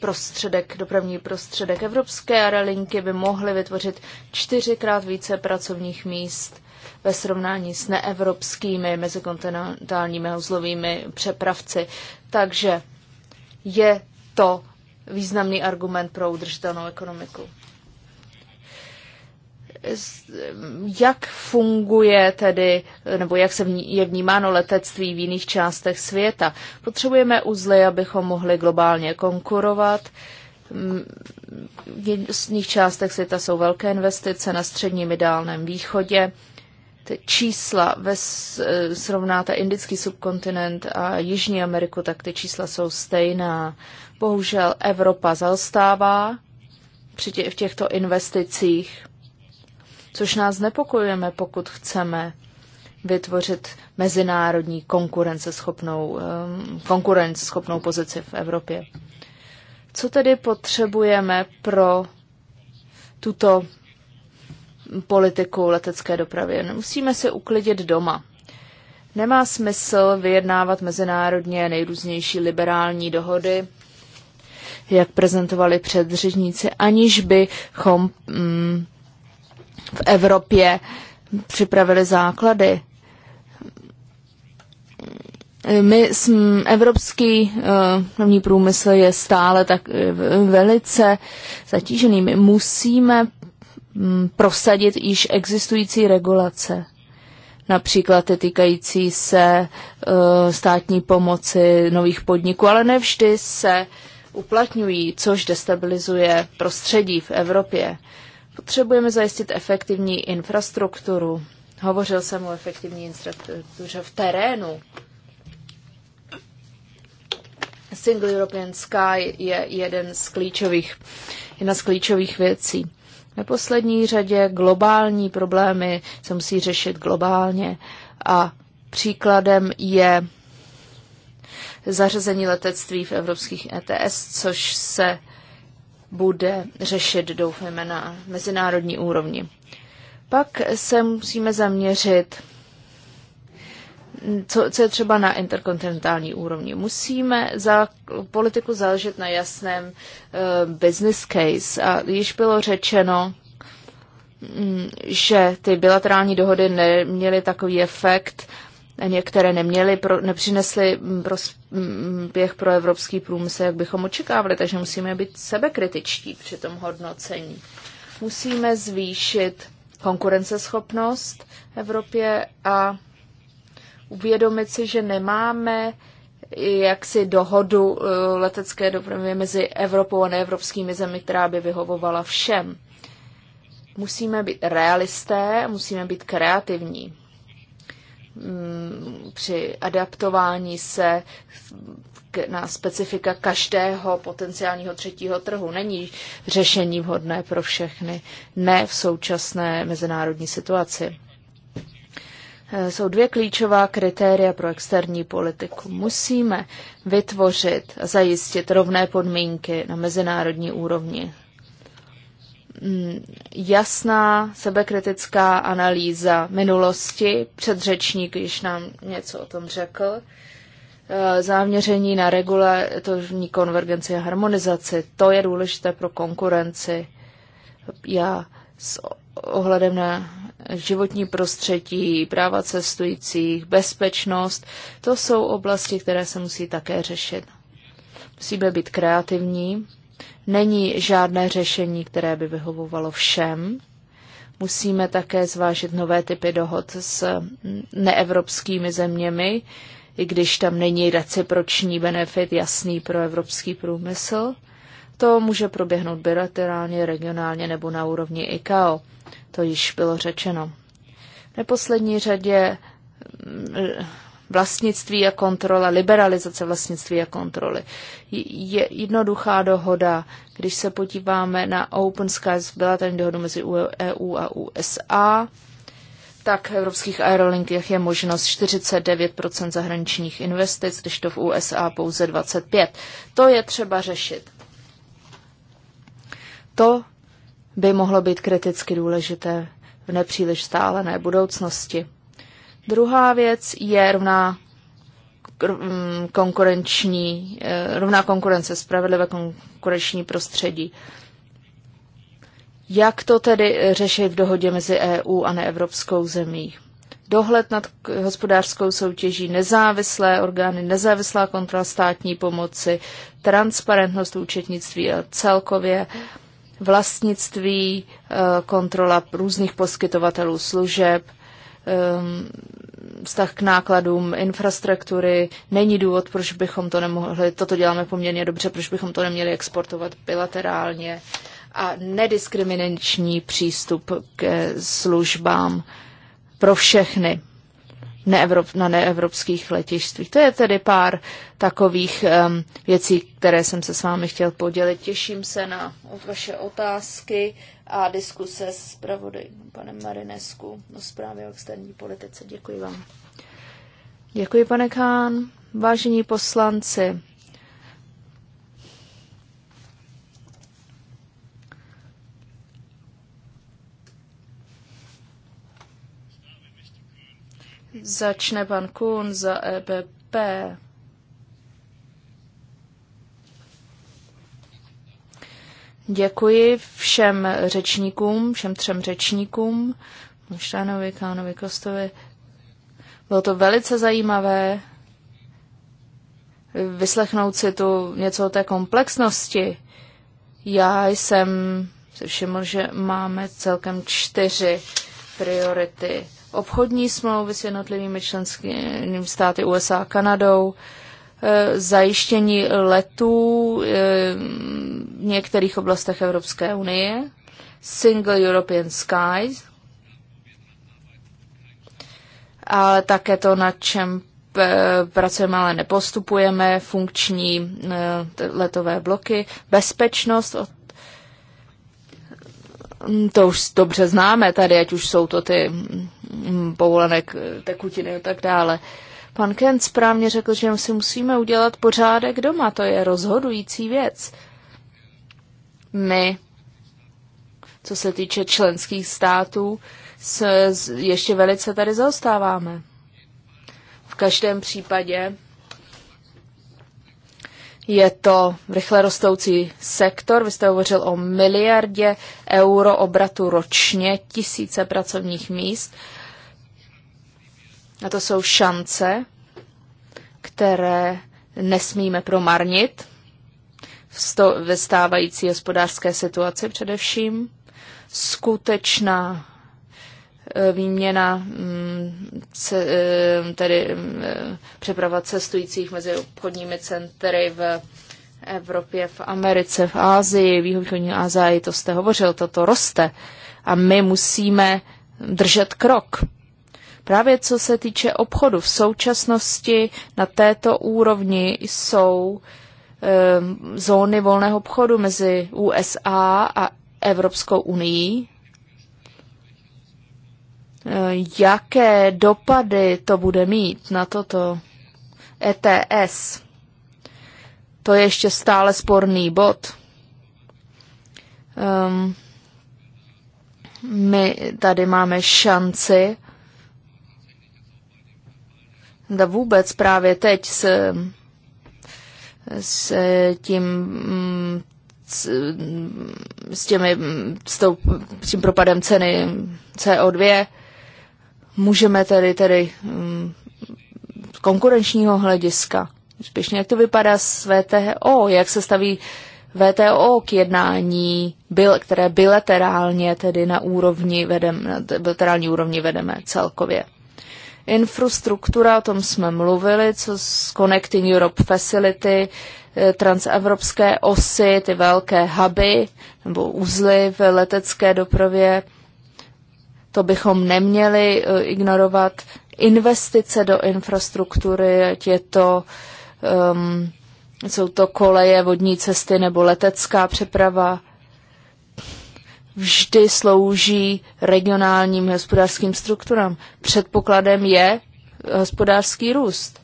prostředek, dopravní prostředek. Evropské aerolinky by mohly vytvořit čtyřikrát více pracovních míst ve srovnání s neevropskými mezikontinentálními uzlovými přepravci. Takže je to významný argument pro udržitelnou ekonomiku jak funguje tedy, nebo jak se vní, je vnímáno letectví v jiných částech světa. Potřebujeme uzly, abychom mohli globálně konkurovat. V jiných částech světa jsou velké investice na středním i dálném východě. Ty čísla, ve, srovnáte indický subkontinent a Jižní Ameriku, tak ty čísla jsou stejná. Bohužel Evropa zaostává při tě, v těchto investicích což nás nepokojujeme, pokud chceme vytvořit mezinárodní konkurenceschopnou, konkurenceschopnou pozici v Evropě. Co tedy potřebujeme pro tuto politiku letecké dopravy? Musíme se uklidit doma. Nemá smysl vyjednávat mezinárodně nejrůznější liberální dohody, jak prezentovali předřečníci, aniž bychom mm, v Evropě připravili základy. My, jsme evropský eh, hlavní průmysl je stále tak eh, velice zatížený. My musíme mm, prosadit již existující regulace, například ty týkající se eh, státní pomoci nových podniků, ale nevždy se uplatňují, což destabilizuje prostředí v Evropě. Potřebujeme zajistit efektivní infrastrukturu. Hovořil jsem o efektivní infrastruktuře v terénu. Single European Sky je jeden z klíčových, jedna z klíčových věcí. V poslední řadě globální problémy se musí řešit globálně a příkladem je zařazení letectví v evropských ETS, což se bude řešit, doufejme, na mezinárodní úrovni. Pak se musíme zaměřit, co, co je třeba na interkontinentální úrovni. Musíme za politiku založit na jasném uh, business case. A již bylo řečeno, mm, že ty bilaterální dohody neměly takový efekt, Některé neměly, pro, nepřinesly mm, prospěch mm, pro evropský průmysl, jak bychom očekávali, takže musíme být sebekritičtí při tom hodnocení. Musíme zvýšit konkurenceschopnost v Evropě a uvědomit si, že nemáme jaksi dohodu eh, letecké dopravy mezi Evropou a neevropskými zemi, která by vyhovovala všem. Musíme být realisté, musíme být kreativní. Mm, při adaptování se na specifika každého potenciálního třetího trhu. Není řešení vhodné pro všechny, ne v současné mezinárodní situaci. Eh, jsou dvě klíčová kritéria pro externí politiku. Musíme vytvořit a zajistit rovné podmínky na mezinárodní úrovni Mm, jasná sebekritická analýza minulosti. Předřečník již nám něco o tom řekl. E, záměření na regulatorní konvergenci a harmonizaci, to je důležité pro konkurenci. Já s ohledem na životní prostředí, práva cestujících, bezpečnost, to jsou oblasti, které se musí také řešit. Musíme být kreativní, Není žádné řešení, které by vyhovovalo všem. Musíme také zvážit nové typy dohod s neevropskými zeměmi, i když tam není reciproční benefit jasný pro evropský průmysl. To může proběhnout bilaterálně, regionálně nebo na úrovni ICAO. To již bylo řečeno. V neposlední řadě mm, vlastnictví a kontrola, liberalizace vlastnictví a kontroly. Je jednoduchá dohoda, když se podíváme na Open Skies, byla bilaterální dohodu mezi EU e a USA, tak v evropských aerolinkách je možnost 49% zahraničních investic, když to v USA pouze 25%. To je třeba řešit. To by mohlo být kriticky důležité v nepříliš stálené budoucnosti. Druhá věc je rovná mm, konkurenční, eh, rovná konkurence, spravedlivé konkurenční prostředí. Jak to tedy řešit v dohodě mezi EU a neevropskou zemí? Dohled nad hospodářskou soutěží, nezávislé orgány, nezávislá kontrola státní pomoci, transparentnost účetnictví a celkově vlastnictví, eh, kontrola různých poskytovatelů služeb, Ehm, vztah k nákladům, infrastruktury. Není důvod, proč bychom to nemohli, toto děláme poměrně dobře, proč bychom to neměli exportovat bilaterálně. A nediskriminační přístup k službám pro všechny neevrop, na neevropských letištích. To je tedy pár takových um, věcí, které jsem se s vámi chtěl podělit. Těším se na vaše otázky a diskuse s pravodajím panem Marinesku o zprávě o externí politice. Děkuji vám. Děkuji, pane Kán. Vážení poslanci, začne pan Kuhn za EPP. Děkuji všem řečníkům, všem třem řečníkům, Monštánovi, Kánovi, Kostovi. Bylo to velice zajímavé vyslechnout si tu něco o té komplexnosti. Já jsem si všiml, že máme celkem čtyři priority. Obchodní smlouvy s jednotlivými členskými státy USA a Kanadou, Eh, zajištění letů eh, v některých oblastech Evropské unie, Single European Skies, ale také to, na čem eh, pracujeme, ale nepostupujeme, funkční letové bloky, bezpečnost, mm, to už dobře známe tady, ať už jsou to ty mm, mm, povolené tekutiny a tak dále. Uh, Pan Kent správně řekl, že si musíme udělat pořádek doma, to je rozhodující věc. My, co se týče členských států, se ještě velice tady zaostáváme. V každém případě je to rychle rostoucí sektor. Vy jste hovořil o miliardě euro obratu ročně, tisíce pracovních míst. Uh, a to jsou šance, které nesmíme promarnit ve stávající hospodářské situaci především. Skutečná e, výměna, mm, e, tedy mm, e, přeprava cestujících mezi obchodními centry v Evropě, v Americe, v Ázii, v východní Ázii, to jste hovořil, toto roste. A my musíme držet krok Právě co se týče obchodu, v současnosti na této úrovni jsou e, zóny volného obchodu mezi USA a Evropskou unii. Eh, jaké dopady to bude mít na toto ETS? To je ještě stále sporný bod. Um, my tady máme šanci da vůbec právě teď s, s tím s, těmi, s, tou, s tím propadem ceny CO2 můžeme tedy, tedy mm, z konkurenčního hlediska úspěšně. Jak to vypadá s VTO? Jak se staví VTO k jednání, byl které bilaterálně, tedy na úrovni vedeme, bilaterální úrovni vedeme celkově? Infrastruktura, o tom jsme mluvili, co z Connecting Europe Facility, eh, transevropské osy, ty velké huby nebo uzly v letecké dopravě, to bychom neměli eh, ignorovat. Investice do infrastruktury, ať je to, um, jsou to koleje, vodní cesty nebo letecká přeprava, vždy slouží regionálním hospodářským strukturám. Předpokladem je eh, hospodářský růst.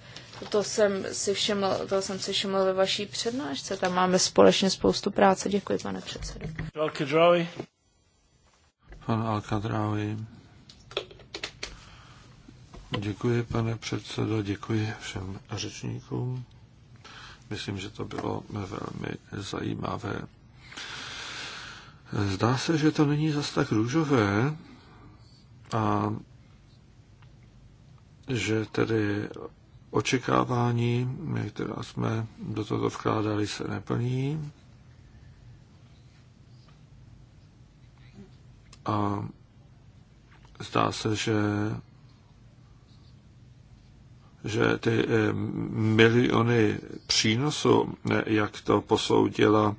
To jsem si všiml, to jsem si všiml ve vaší přednášce. Tam máme společně spoustu práce. Děkuji, pane předsedo. Pan Alkadraoui. Děkuji, pane předsedo, děkuji všem řečníkům. Myslím, že to bylo velmi zajímavé. Zdá se, že to není zas tak růžové a že tedy očekávání, která jsme do toho vkládali, se neplní. A zdá se, že že ty eh, miliony přínosu, eh, jak to posoudila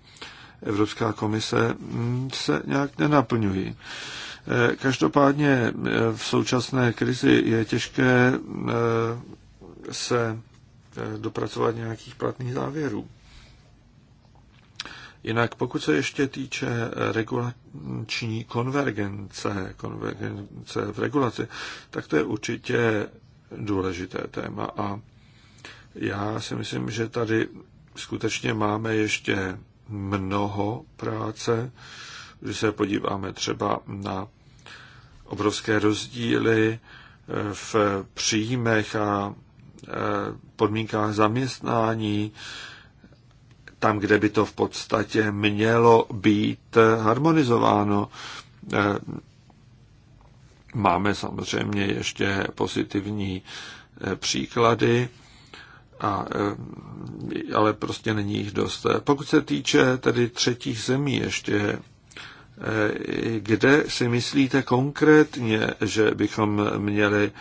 Evropská komise, mm, se nějak nenaplňují. E, každopádně e, v současné krizi je těžké e, se dopracovat nějakých platných závěrů. Jinak pokud se ještě týče regulační konvergence, konvergence v regulaci, tak to je určitě důležité téma a já si myslím, že tady skutečně máme ještě mnoho práce. Když se podíváme třeba na obrovské rozdíly eh, v příjmech a eh, podmínkách zaměstnání, tam, kde by to v podstatě mělo být eh, harmonizováno. Máme samozřejmě ještě pozitivní příklady a, eh, ale prostě není jich dost. Pokud se týče tedy třetích zemí ještě, eh, kde si myslíte konkrétně, že bychom měli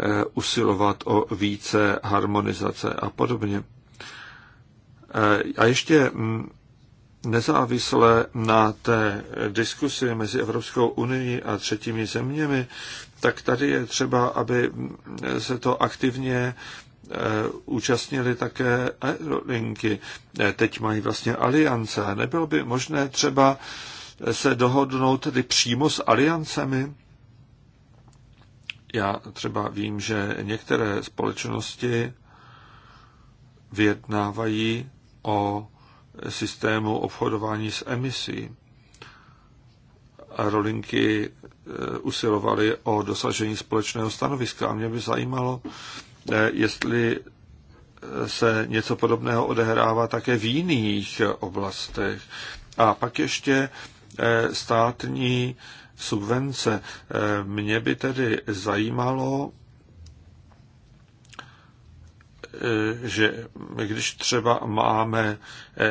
eh, usilovat o více harmonizace a podobně? A ještě mm, nezávisle na té diskusi mezi Evropskou unii a třetími zeměmi, tak tady je třeba, aby mm, se to aktivně Eh, účastnili také aerolinky. Eh, teď mají vlastně aliance. Nebylo by možné třeba se dohodnout tedy přímo s aliancemi? Já třeba vím, že některé společnosti vyjednávají o systému obchodování s emisí. Aerolinky eh, usilovali o dosažení společného stanoviska. A mě by zajímalo, Eh, jestli eh, se něco podobného odehrává také v jiných eh, oblastech. A pak ještě státní subvence. Mě by tedy zajímalo, že když třeba máme,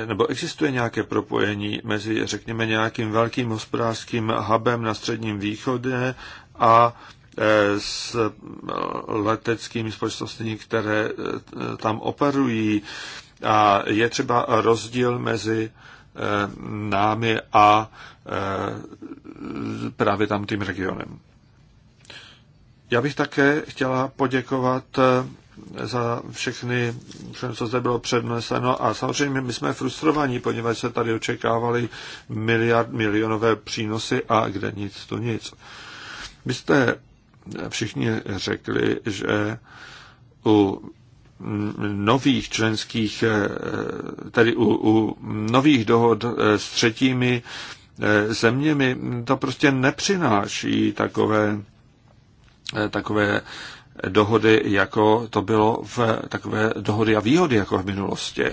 nebo existuje nějaké propojení mezi, řekněme, nějakým velkým hospodářským hubem na středním východě a Eh, s eh, leteckými společnostmi, které eh, tam operují. A je třeba rozdíl mezi námi a právě tam tím regionem. Já bych také chtěla poděkovat za všechny, všechno, co zde bylo předneseno. A samozřejmě my jsme frustrovaní, poněvadž se tady očekávali miliard, milionové přínosy a kde nic, to nic. Vy jste všichni řekli, že u nových členských, eh, tedy u, u nových dohod eh, s třetími eh, zeměmi, to prostě nepřináší takové, takové dohody, jako to bylo v takové dohody a výhody, jako v minulosti.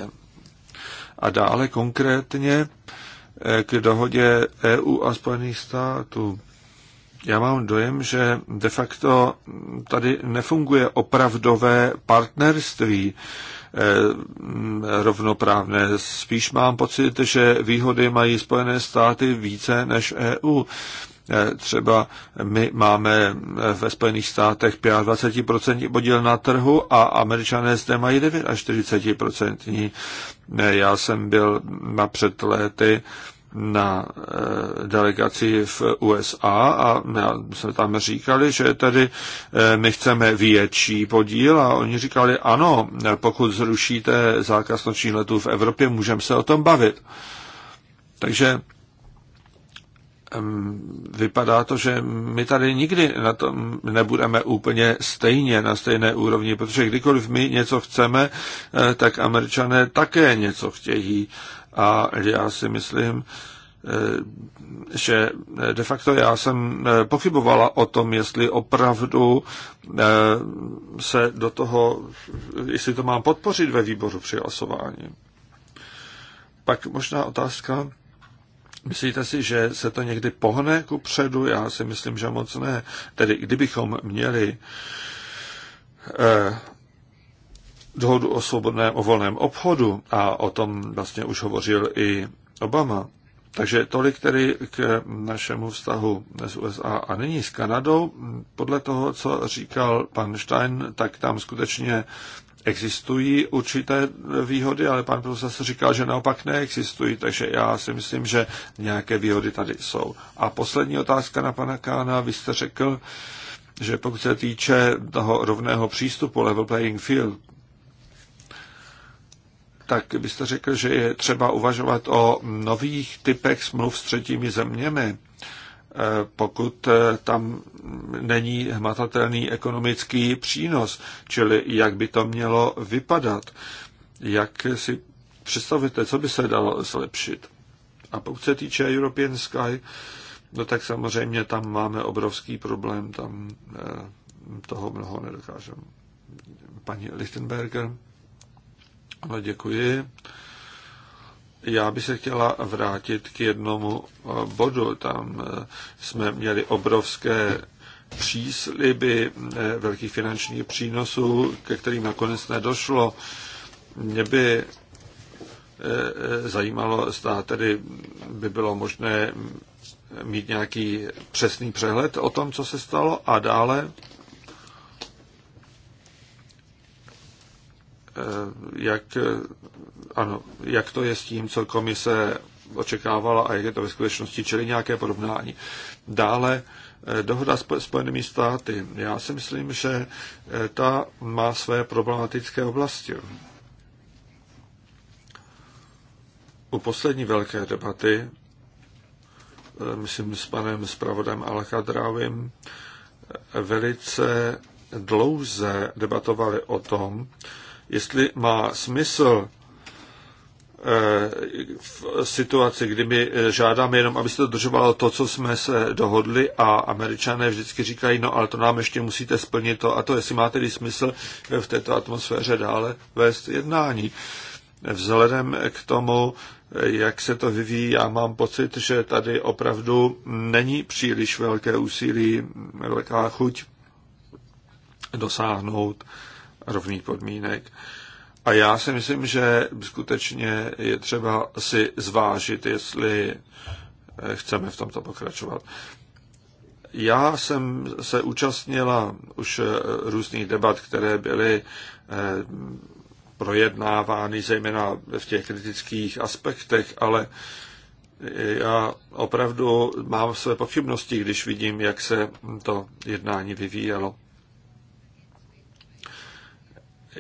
A dále konkrétně k dohodě EU a Spojených států já mám dojem, že de facto tady nefunguje opravdové partnerství eh, rovnoprávné. Spíš mám pocit, že výhody mají Spojené státy více než EU. Eh, třeba my máme eh, ve Spojených státech 25% podíl na trhu a američané zde mají 49%. Já jsem byl na před lety na eh, delegaci v USA a my jsme tam říkali, že tedy eh, my chceme větší podíl a oni říkali, ano, pokud zrušíte zákaz nočních letů v Evropě, můžeme se o tom bavit. Takže vypadá to, že my tady nikdy na tom nebudeme úplně stejně, na stejné úrovni, protože kdykoliv my něco chceme, eh, tak američané také něco chtějí. A já si myslím, eh, že eh, de facto já jsem eh, pochybovala o tom, jestli opravdu se do toho, jestli to mám podpořit ve výboru při hlasování. Pak možná otázka, myslíte si, že se to někdy pohne ku předu? Já si myslím, že moc ne. Tedy kdybychom měli dohodu o svobodném, o volném obchodu a o tom vlastně už hovořil i Obama. Takže tolik tedy k našemu vztahu s USA a nyní s Kanadou. Podle toho, co říkal pan Stein, tak tam skutečně existují určité výhody, ale pan profesor říkal, že naopak neexistují, takže já si myslím, že nějaké výhody tady jsou. A poslední otázka na pana Kána. Vy jste řekl, že pokud se týče toho rovného přístupu, level playing field, tak byste řekl, že je třeba uvažovat o nových typech smluv s třetími zeměmi, eh, pokud eh, tam není hmatatelný ekonomický přínos, čili jak by to mělo vypadat, jak si představujete, co by se dalo zlepšit. A pokud se týče European Sky, no tak samozřejmě tam máme obrovský problém, tam eh, toho mnoho nedokážeme. Pani Lichtenberger. Ale děkuji. Já bych se chtěla vrátit k jednomu eh, bodu. Tam eh, jsme měli obrovské přísliby eh, velkých finančních přínosů, ke kterým nakonec nedošlo. Mě by zajímalo, zda tedy by bylo možné mít nějaký přesný přehled o tom, co se stalo a dále Eh, jak, eh, ano, jak to je s tím, co komise očekávala a jak je to ve skutečnosti, čili nějaké porovnání. Dále eh, dohoda s Spojenými státy. Já si myslím, že ta má své problematické oblasti. U poslední velké debaty, myslím s panem zpravodem Alchadrávim, velice dlouze debatovali o tom, jestli má smysl eh, v situaci, kdy my eh, žádáme jenom, aby se dodržovalo to, co jsme se dohodli a američané vždycky říkají, no ale to nám ještě musíte splnit to a to, jestli má tedy smysl eh, v této atmosféře dále vést jednání. Vzhledem k tomu, jak se to vyvíjí, já mám pocit, že tady opravdu není příliš velké úsilí, velká chuť dosáhnout rovných podmínek. A já si myslím, že skutečně je třeba si zvážit, jestli eh, chceme v tomto pokračovat. Já jsem se účastnila už eh, různých debat, které byly eh, projednávány, zejména v těch kritických aspektech, ale já opravdu mám své pochybnosti, když vidím, jak se to jednání vyvíjelo.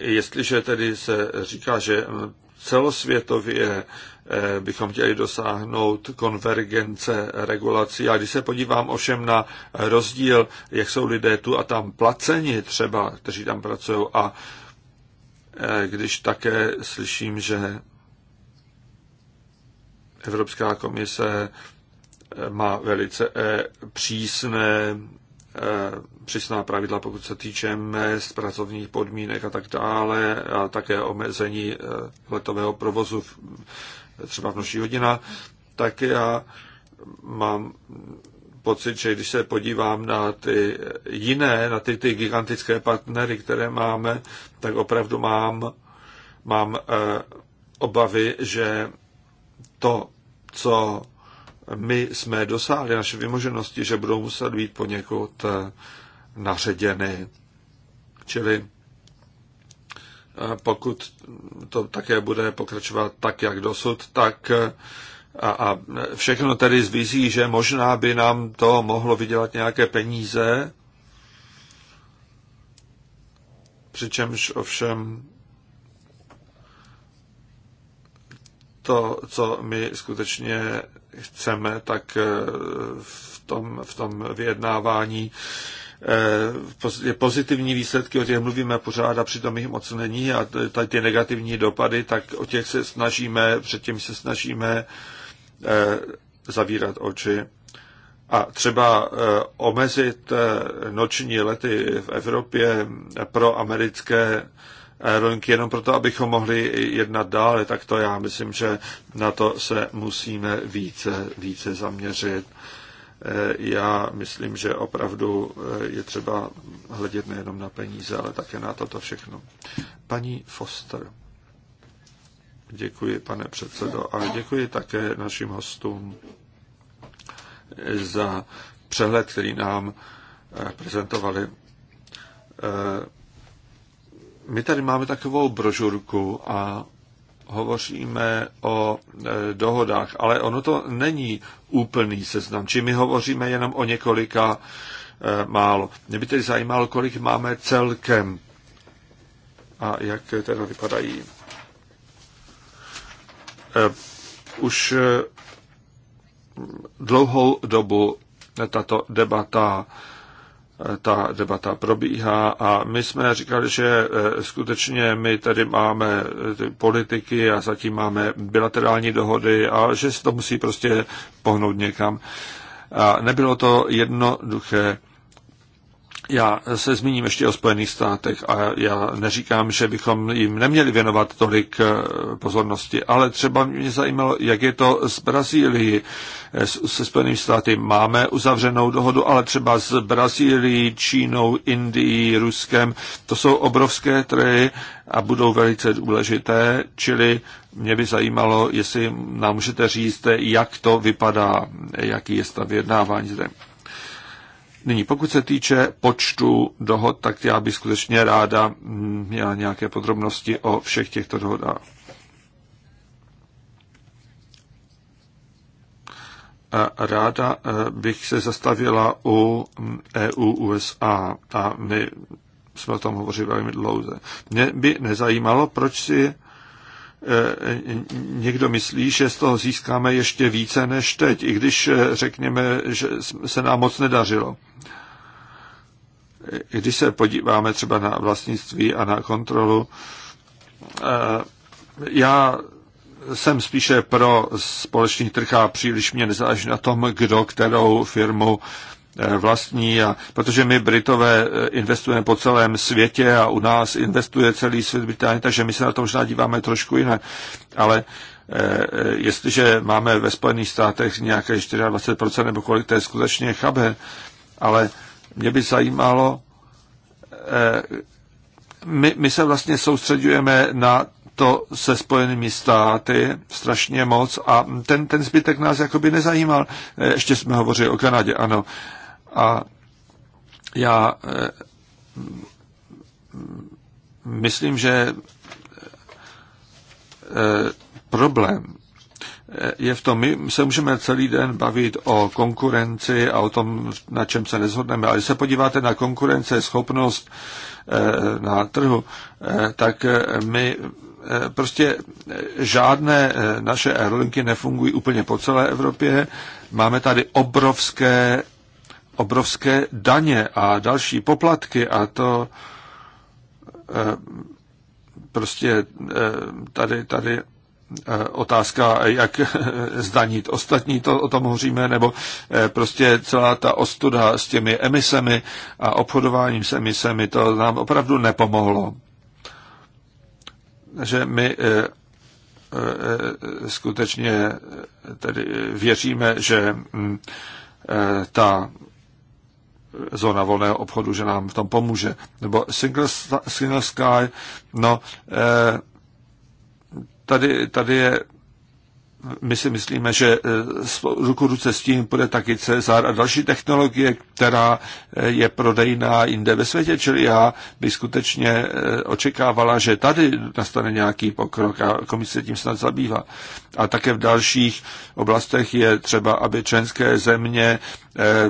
Jestliže tedy se říká, že celosvětově eh, bychom chtěli dosáhnout konvergence regulací. A když se podívám ovšem na rozdíl, jak jsou lidé tu a tam placeni třeba, kteří tam pracují a eh, když také slyším, že Evropská komise eh, má velice přísné Eh, přísná pravidla, pokud se týče mest, pracovních podmínek a tak dále, a také omezení eh, letového provozu v, třeba v noční hodina, tak já mám pocit, že když se podívám na ty jiné, na ty, ty gigantické partnery, které máme, tak opravdu mám, mám eh, obavy, že to, co my jsme dosáhli naše vymoženosti, že budou muset být poněkud eh, naředěny. Čili eh, pokud to také bude pokračovat tak, jak dosud, tak eh, a, a všechno tedy zvízí, že možná by nám to mohlo vydělat nějaké peníze, přičemž ovšem to, co my skutečně chceme, tak eh, v tom, v tom vyjednávání eh, je pozitivní výsledky, o těch mluvíme pořád a přitom jich moc není a tady ty negativní dopady, tak o těch se snažíme, předtím se snažíme eh, zavírat oči. A třeba omezit noční lety v Evropě pro americké aerolinky jenom proto, abychom mohli jednat dále, tak to já myslím, že na to se musíme více, více zaměřit. Eh, já myslím, že opravdu eh, je třeba hledět nejenom na peníze, ale také na toto všechno. Paní Foster. Děkuji, pane předsedo, a děkuji také našim hostům za přehled, který nám eh, prezentovali my tady máme takovou brožurku a hovoříme o e, dohodách, ale ono to není úplný seznam, či my hovoříme jenom o několika e, málo. Mě by tedy zajímalo, kolik máme celkem a jak teda vypadají. E, už dlouhou dobu tato debata ta debata probíhá a my jsme říkali, že eh, skutečně my tady máme eh, ty politiky a zatím máme bilaterální dohody a že se to musí prostě pohnout někam. A nebylo to jednoduché. Já se zmíním ještě o Spojených státech a já neříkám, že bychom jim neměli věnovat tolik eh, pozornosti, ale třeba mě zajímalo, jak je to s Brazílií. Se Spojenými státy máme uzavřenou dohodu, ale třeba s Brazílií, Čínou, Indií, Ruskem, to jsou obrovské trhy a budou velice důležité, čili mě by zajímalo, jestli nám můžete říct, jak to vypadá, jaký je stav vyjednávání zde. Nyní, pokud se týče počtu dohod, tak já bych skutečně ráda mm, měla nějaké podrobnosti o všech těchto dohodách. Ráda eh, bych se zastavila u mm, EU-USA a my jsme o tom hovořili velmi dlouze. Mě by nezajímalo, proč si Eh, někdo myslí, že z toho získáme ještě více než teď, i když eh, řekněme, že se nám moc nedařilo. Eh, když se podíváme třeba na vlastnictví a na kontrolu, já jsem spíše pro společný trh a příliš mě nezáleží na tom, kdo kterou firmu E, vlastní, a, protože my Britové e, investujeme po celém světě a u nás investuje celý svět Británie, takže my se na to možná díváme trošku jinak. Ale e, jestliže máme ve Spojených státech nějaké 24% nebo kolik, to je skutečně chabé, ale mě by zajímalo, my, my se vlastně soustředujeme na to se spojenými státy strašně moc a ten, ten zbytek nás jakoby nezajímal. Ještě jsme hovořili o Kanadě, ano. A já eh, myslím, že eh, problém eh, je v tom, my se můžeme celý den bavit o konkurenci a o tom, na čem se nezhodneme, ale když se podíváte na konkurence, schopnost na trhu, tak my prostě žádné naše aerolinky nefungují úplně po celé Evropě. Máme tady obrovské obrovské daně a další poplatky a to eh, prostě eh, tady, tady eh, otázka, jak zdanit ostatní, to o tom hovoříme, nebo prostě celá ta ostuda s těmi emisemi a obchodováním s emisemi, to nám opravdu nepomohlo. Že my skutečně tedy věříme, že mm, ta zóna volného obchodu, že nám v tom pomůže. Nebo single, single sky, no, eh, tady, tady je my si myslíme, že eh, ruku ruce s tím bude taky Cezar a další technologie, která eh, je prodejná jinde ve světě, čili já bych skutečně eh, očekávala, že tady nastane nějaký pokrok a komise tím snad zabývá. A také v dalších oblastech je třeba, aby členské země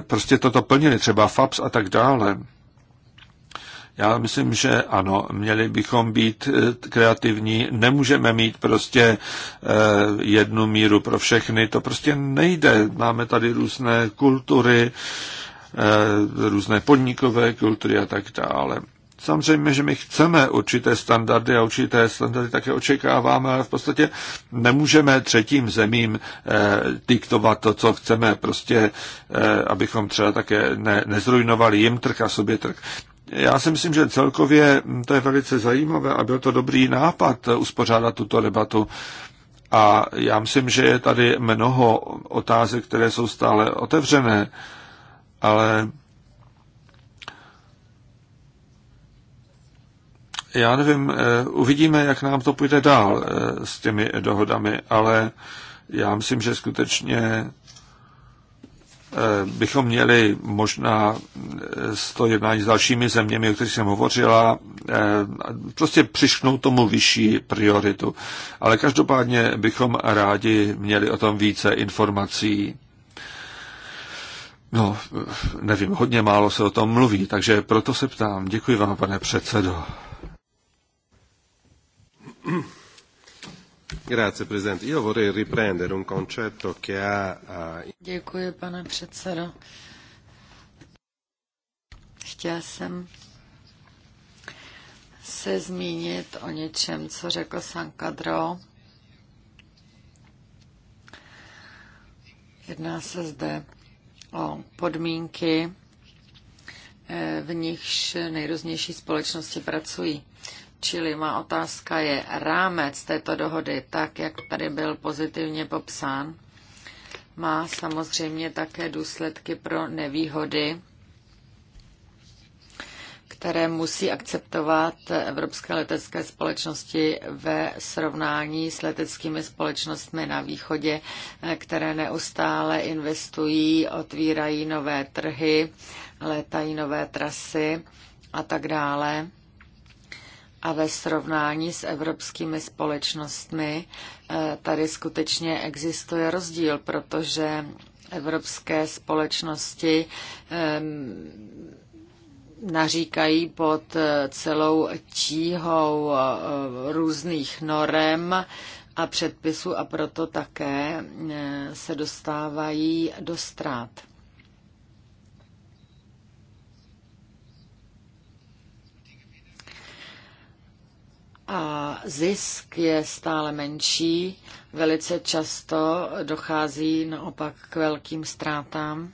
prostě toto plnily, třeba FAPS a tak dále. Já myslím, že ano, měli bychom být eh, kreativní, nemůžeme mít prostě eh, jednu míru pro všechny, to prostě nejde. Máme tady různé kultury, eh, různé podnikové kultury a tak dále. Samozřejmě, že my chceme určité standardy a určité standardy také očekáváme, ale v podstatě nemůžeme třetím zemím eh, diktovat to, co chceme, prostě eh, abychom třeba také ne, nezrujnovali jim trh a sobě trh. Já si myslím, že celkově to je velice zajímavé a byl to dobrý nápad uspořádat tuto debatu. A já myslím, že je tady mnoho otázek, které jsou stále otevřené, ale já nevím, eh, uvidíme, jak nám to půjde dál eh, s těmi dohodami, ale já myslím, že skutečně Eh, bychom měli možná eh, z toho jednání s dalšími zeměmi, o kterých jsem hovořila, eh, prostě přišknout tomu vyšší prioritu. Ale každopádně bychom rádi měli o tom více informací. No, nevím, hodně málo se o tom mluví, takže proto se ptám. Děkuji vám, pane předsedo. Grazie, Presidente. Io vorrei riprendere un concetto che ha... Děkuji, pane předsedo. Chtěl jsem se zmínit o něčem, co řekl Sankadro. Jedná se zde o podmínky, eh, v nichž nejrůznější společnosti pracují. Čili má otázka je rámec této dohody, tak jak tady byl pozitivně popsán, má samozřejmě také důsledky pro nevýhody, které musí akceptovat evropské letecké společnosti ve srovnání s leteckými společnostmi na východě, které neustále investují, otvírají nové trhy, létají nové trasy a tak dále. A ve srovnání s evropskými společnostmi eh, tady skutečně existuje rozdíl, protože evropské společnosti ehm, naříkají pod eh, celou tíhou eh, různých norem a předpisů a proto také se dostávají do ztrát. a zisk je stále menší. Velice často dochází naopak k velkým ztrátám.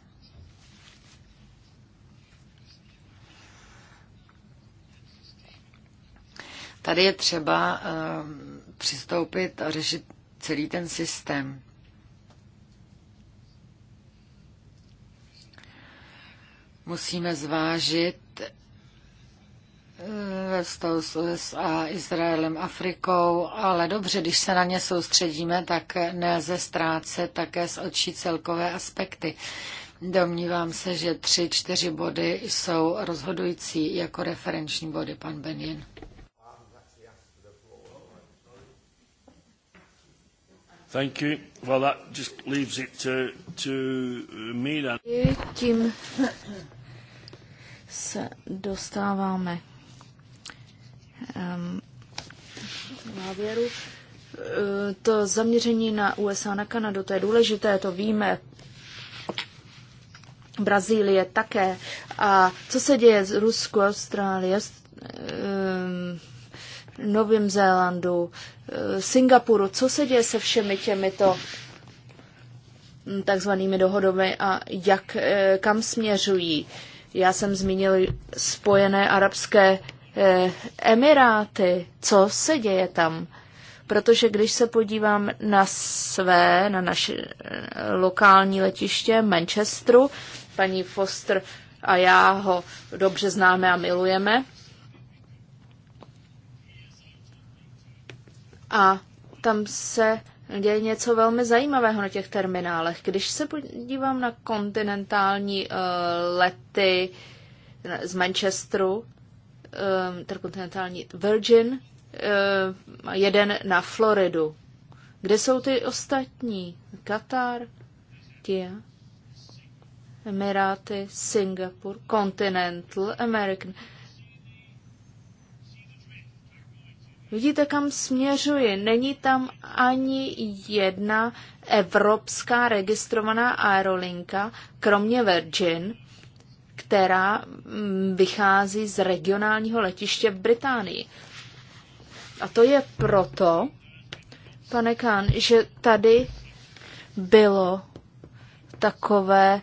Tady je třeba ehm, přistoupit a řešit celý ten systém. Musíme zvážit ve s USA, Izraelem, Afrikou, ale dobře, když se na ně soustředíme, tak nelze ztrácet také z očí celkové aspekty. Domnívám se, že tři, čtyři body jsou rozhodující jako referenční body, pan Benin. Thank you. Well, that just leaves it to, to me then. Tím se dostáváme Um, závěru. Eh, to zaměření na USA, na Kanadu, to je důležité, to víme. Brazílie také. A co se děje z Rusku, Austrálie, eh, Novým Zélandu, eh, Singapuru, co se děje se všemi těmito hm, takzvanými dohodami a jak, kam směřují. Já jsem zmínil Spojené arabské Eh, Emiráty, co se děje tam? Protože když se podívám na své, na naše eh, lokální letiště Manchesteru, paní Foster a já ho dobře známe a milujeme. A tam se děje něco velmi zajímavého na těch terminálech. Když se podívám na kontinentální uh, lety z Manchesteru, interkontinentální um, Virgin, um, jeden na Floridu. Kde jsou ty ostatní? Katar, Kia, Emiráty, Singapur, Continental, American. Vidíte, kam směřuji. Není tam ani jedna evropská registrovaná aerolinka, kromě Virgin která mm, vychází z regionálního letiště v Británii. A to je proto, pane Kán, že tady bylo takové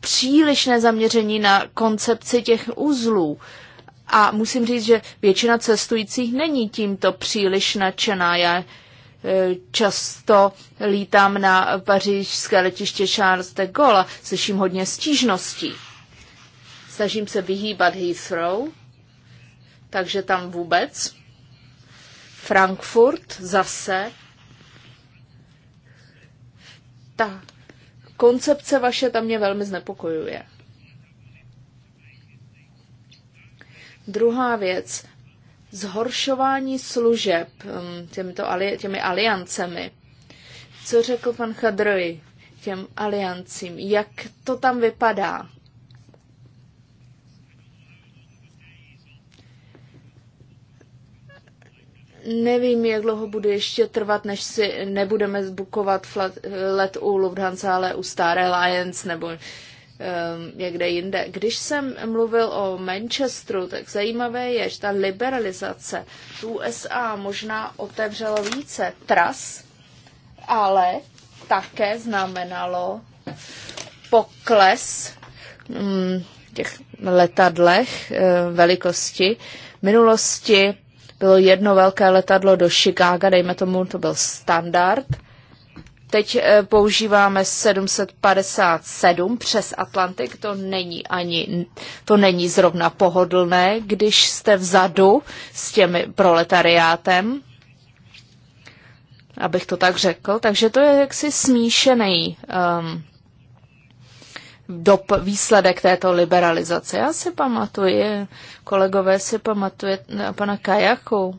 přílišné zaměření na koncepci těch uzlů. A musím říct, že většina cestujících není tímto příliš nadšená. Já e, často lítám na pařížské letiště Charles de Gaulle a slyším hodně stížností. Snažím se vyhýbat Heathrow, takže tam vůbec. Frankfurt zase. Ta koncepce vaše tam mě velmi znepokojuje. Druhá věc. Zhoršování služeb um, těmito, těmi aliancemi. Co řekl pan Chadroj těm aliancím? Jak to tam vypadá? Nevím, jak dlouho bude ještě trvat, než si nebudeme zbukovat let u Lufthansa, ale u Star Alliance nebo um, někde jinde. Když jsem mluvil o Manchesteru, tak zajímavé je, že ta liberalizace USA možná otevřela více tras, ale také znamenalo pokles mm, těch letadlech eh, velikosti. V minulosti bylo jedno velké letadlo do Chicaga, dejme tomu, to byl standard. Teď eh, používáme 757 přes Atlantik, to není ani, to není zrovna pohodlné, když jste vzadu s těmi proletariátem, abych to tak řekl. Takže to je jaksi smíšený um, dop, výsledek této liberalizace. Já si pamatuji, kolegové si pamatuje eh, pana Kajaku,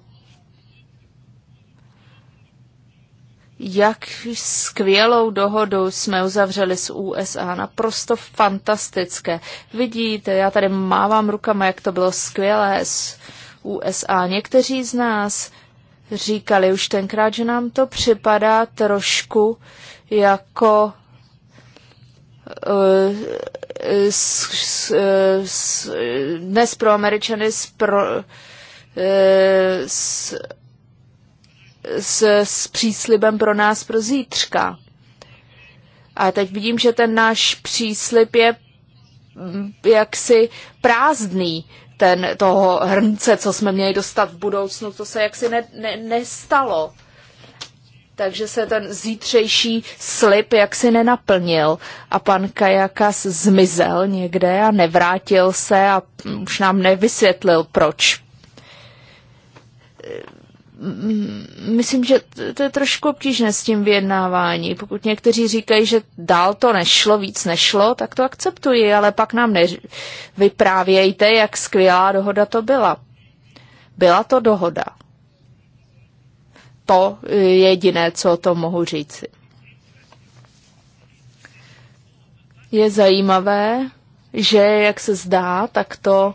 jak skvělou dohodu jsme uzavřeli s USA, naprosto fantastické. Vidíte, já tady mávám rukama, jak to bylo skvělé s USA. Někteří z nás říkali už tenkrát, že nám to připadá trošku jako Eh, s, s, eh, s, dnes pro Američany s, pro, eh, s, s, s příslibem pro nás pro zítřka. A teď vidím, že ten náš příslib je mm, jaksi prázdný, ten toho hrnce, co jsme měli dostat v budoucnu, to se jaksi ne, ne, nestalo takže se ten zítřejší slib jaksi nenaplnil a pan Kajakas zmizel někde a nevrátil se a už nám nevysvětlil, proč. Myslím, že to je trošku obtížné s tím vyjednávání. Pokud někteří říkají, že dál to nešlo, víc nešlo, tak to akceptuji, ale pak nám nevyprávějte, jak skvělá dohoda to byla. Byla to dohoda to je jediné, co o tom mohu říci. Je zajímavé, že jak se zdá, tak to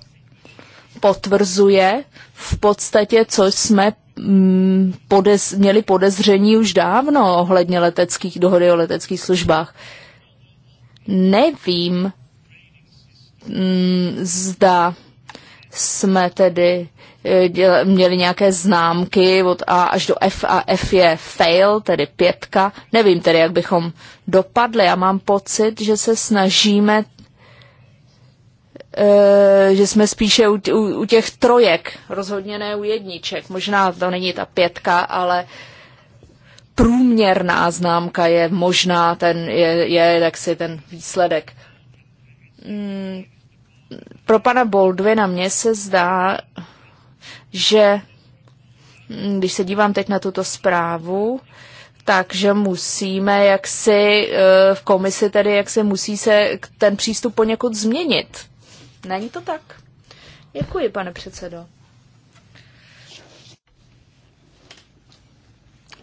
potvrzuje v podstatě, co jsme mm, podez, měli podezření už dávno ohledně leteckých dohody o leteckých službách. Nevím, mm, zda jsme tedy Eh, měli nějaké známky od A až do F a F je fail, tedy pětka. Nevím tedy, jak bychom dopadli. Já mám pocit, že se snažíme eh, že jsme spíše u, u, u těch trojek, rozhodně ne u jedniček. Možná to není ta pětka, ale průměrná známka je možná ten, je, je tak si ten výsledek. Mm, pro pana Boldvina mně se zdá, že mm, když se dívám teď na tuto zprávu, takže musíme jak si eh, v komisi tedy se musí se ten přístup poněkud změnit. Není to tak? Děkuji, pane předsedo.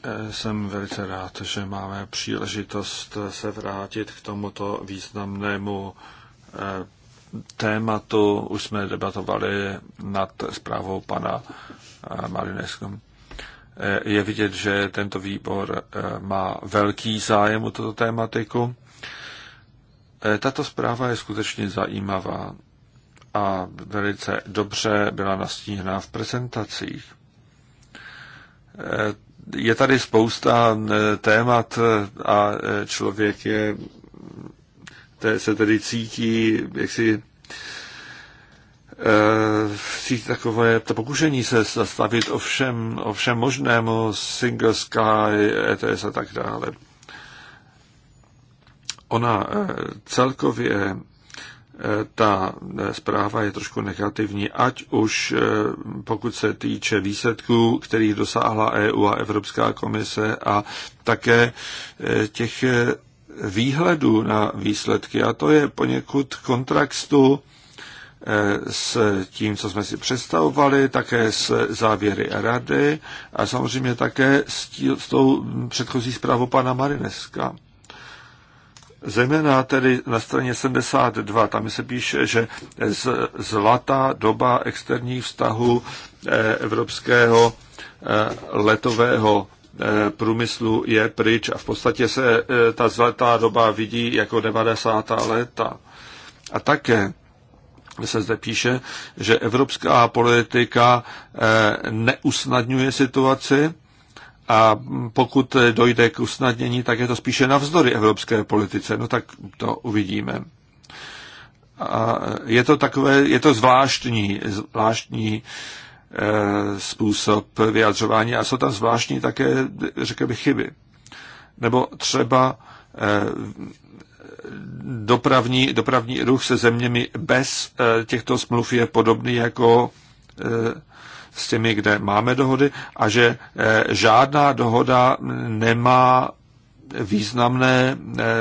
Eh, jsem velice rád, že máme příležitost se vrátit k tomuto významnému eh, tématu už jsme debatovali nad zprávou pana eh, Marinesku. Eh, je vidět, že tento výbor eh, má velký zájem o tuto tématiku. Tato zpráva je skutečně zajímavá a velice dobře byla nastíhná v prezentacích. Je tady spousta témat a člověk je se tedy cítí, jak si eh, cítí takové to pokušení se zastavit o všem, o všem možnému, single sky, ETS a tak dále. Ona eh, celkově eh, ta zpráva je trošku negativní, ať už pokud se týče výsledků, kterých dosáhla EU a Evropská komise a také těch výhledu na výsledky a to je poněkud kontrastu eh, s tím, co jsme si představovali, také s závěry rady a samozřejmě také s, tí, s tou předchozí zprávou pana Marineska. Zejména tedy na straně 72, tam se píše, že z, zlatá doba externích vztahů eh, evropského eh, letového Eh, průmyslu je pryč a v podstatě se eh, ta zlatá doba vidí jako 90. léta. A také se zde píše, že evropská politika eh, neusnadňuje situaci a pokud dojde k usnadnění, tak je to spíše navzdory evropské politice. No tak to uvidíme. A je to takové, je to zvláštní, zvláštní Eh, způsob vyjadřování a jsou tam zvláštní také, řekl bych, chyby. Nebo třeba eh, dopravní, dopravní ruch se zeměmi bez eh, těchto smluv je podobný jako s těmi, kde máme dohody a že žádná dohoda nemá významné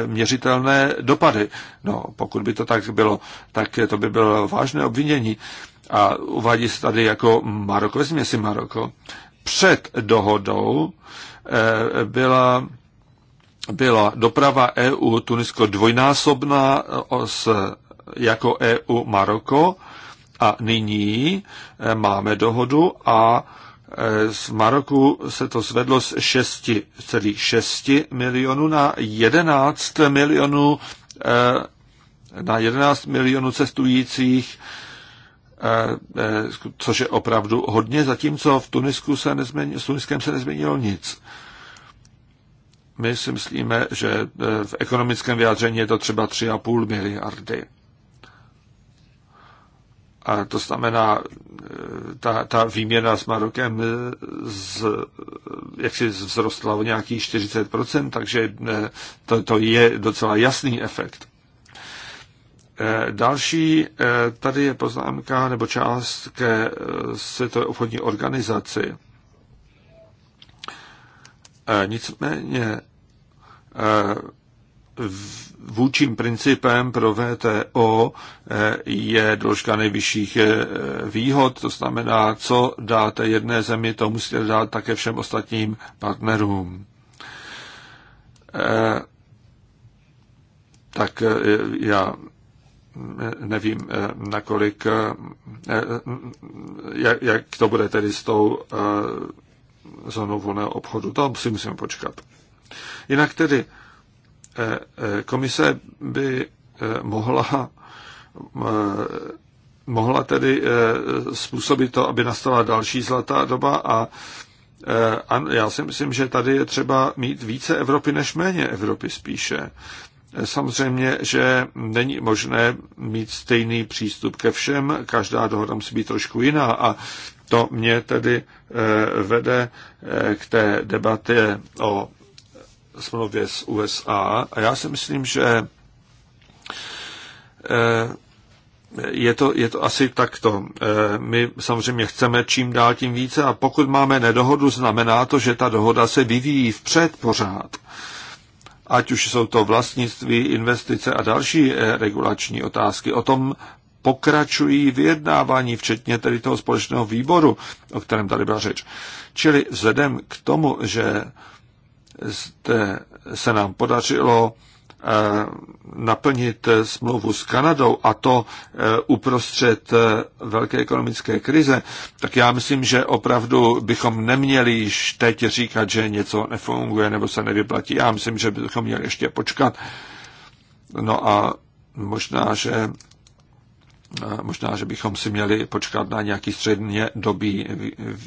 měřitelné dopady. No, pokud by to tak bylo, tak to by bylo vážné obvinění a uvádí se tady jako Maroko, vezměme si Maroko, před dohodou eh, byla, byla doprava EU Tunisko dvojnásobná os, jako EU Maroko a nyní eh, máme dohodu a eh, z Maroku se to zvedlo z 6,6 milionů na 11 milionů na 11 milionů cestujících E, což je opravdu hodně, zatímco v Tunisku se nezměnilo, s Tuniskem se nezměnilo nic. My si myslíme, že e, v ekonomickém vyjádření je to třeba 3,5 miliardy. A to znamená, e, ta, ta výměna s Marokem z, jak si vzrostla o nějakých 40%, takže to, to je docela jasný efekt. Eh, další eh, tady je poznámka nebo část ke eh, Světové obchodní organizaci. Nicméně vůčím principem pro VTO je doložka nejvyšších výhod, to znamená, co dáte jedné zemi, to musíte dát také všem ostatním partnerům. Tak já nevím, eh, nakolik, eh, eh, jak, jak to bude tedy s tou zónou volného obchodu. To si musíme počkat. Jinak tedy komise by mohla mohla tedy způsobit to, aby nastala další zlatá doba a já si myslím, že tady je třeba mít více Evropy než méně Evropy spíše. Samozřejmě, že není možné mít stejný přístup ke všem, každá dohoda musí být trošku jiná a to mě tedy eh, vede eh, k té debatě o smlouvě s USA a já si myslím, že eh, je to, je to asi takto. My samozřejmě chceme čím dál tím více a pokud máme nedohodu, znamená to, že ta dohoda se vyvíjí vpřed pořád ať už jsou to vlastnictví, investice a další eh, regulační otázky. O tom pokračují vyjednávání, včetně tedy toho společného výboru, o kterém tady byla řeč. Čili vzhledem k tomu, že se nám podařilo Eh, naplnit eh, smlouvu s Kanadou a to eh, uprostřed velké ekonomické krize, tak já myslím, že opravdu bychom neměli již teď říkat, že něco nefunguje nebo se nevyplatí. Já myslím, že bychom měli ještě počkat. No a možná, že možná, že bychom si měli počkat na nějaký středně dobý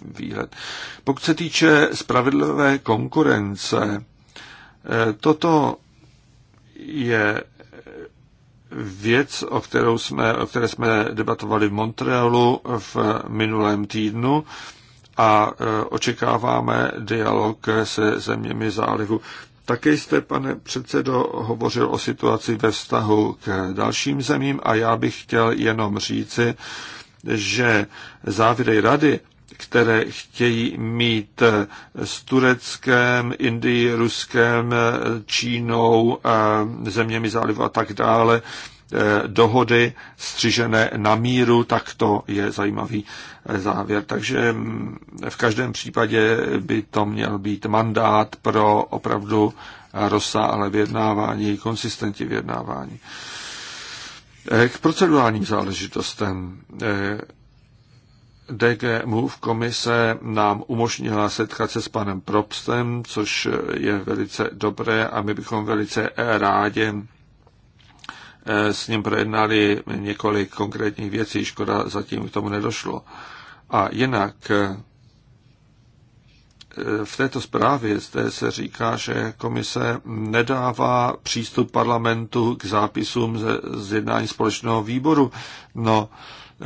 výhled. Pokud se týče spravedlivé konkurence, toto je věc, o, kterou jsme, o které jsme debatovali v Montrealu v minulém týdnu a e, očekáváme dialog se zeměmi zálivu. Také jste, pane předsedo, hovořil o situaci ve vztahu k dalším zemím a já bych chtěl jenom říci, že závěry rady které chtějí mít s Tureckem, Indií, Ruskem, Čínou, zeměmi zálivu a tak dále, eh, dohody střižené na míru, tak to je zajímavý eh, závěr. Takže mm, v každém případě by to měl být mandát pro opravdu rozsáhlé vyjednávání, konsistentní vyjednávání. Eh, k procedurálním záležitostem. DG Move komise nám umožnila setkat se s panem Probstem, což je velice dobré a my bychom velice rádi eh, s ním projednali několik konkrétních věcí, škoda zatím k tomu nedošlo. A jinak eh, v této zprávě zde se říká, že komise nedává přístup parlamentu k zápisům ze zjednání společného výboru. No,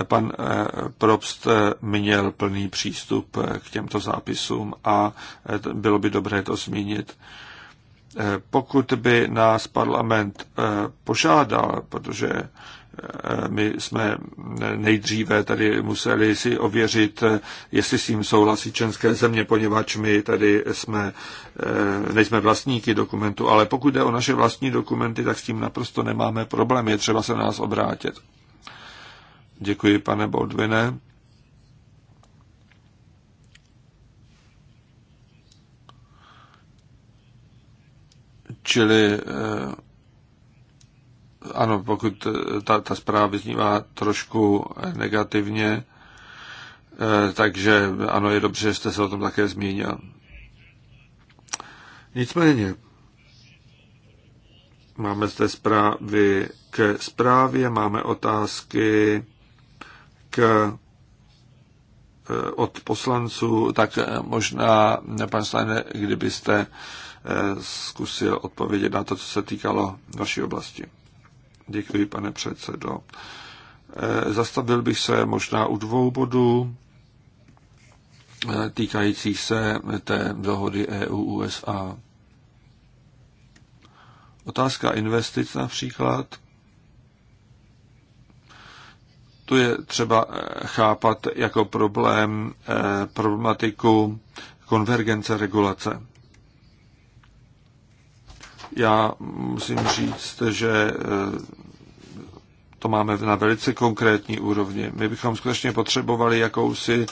Pan eh, Probst eh, měl plný přístup eh, k těmto zápisům a bylo by dobré to zmínit. Pokud by nás parlament požádal, protože my jsme nejdříve tady museli si ověřit, jestli s tím souhlasí české země, poněvadž my tady jsme, nejsme vlastníky dokumentu, ale pokud jde o naše vlastní dokumenty, tak s tím naprosto nemáme problém, je třeba se na nás obrátit. Děkuji, pane Bodvine. Čili eh, ano, pokud eh, ta, ta zpráva vyznívá trošku negativně, eh, takže ano, je dobře, že jste se o tom také zmínil. Nicméně, máme zde zprávy ke zprávě, máme otázky Eh, od poslanců, tak eh, možná, pan Steiner, kdybyste eh, zkusil odpovědět na to, co se týkalo vaší oblasti. Děkuji, pane předsedo. Zastavil bych se možná u dvou bodů týkajících se té dohody EU-USA. Otázka investic například. To je třeba eh, chápat jako problém eh, problematiku konvergence regulace. Já musím říct, že eh, to máme na velice konkrétní úrovni. My bychom skutečně potřebovali jakousi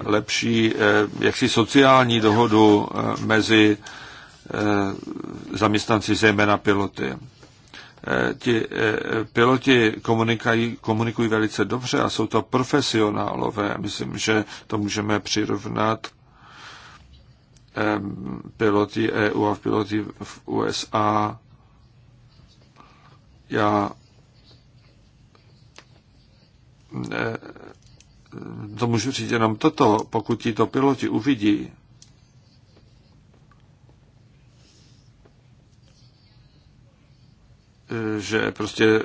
lepší jaksi sociální dohodu mezi zaměstnanci, zejména piloty. Eh, ti eh, piloti komunikují, komunikují velice dobře a jsou to profesionálové. Myslím, že to můžeme přirovnat eh, piloti EU a piloty v USA. Já to můžu říct jenom toto, pokud tito piloti uvidí, že prostě eh,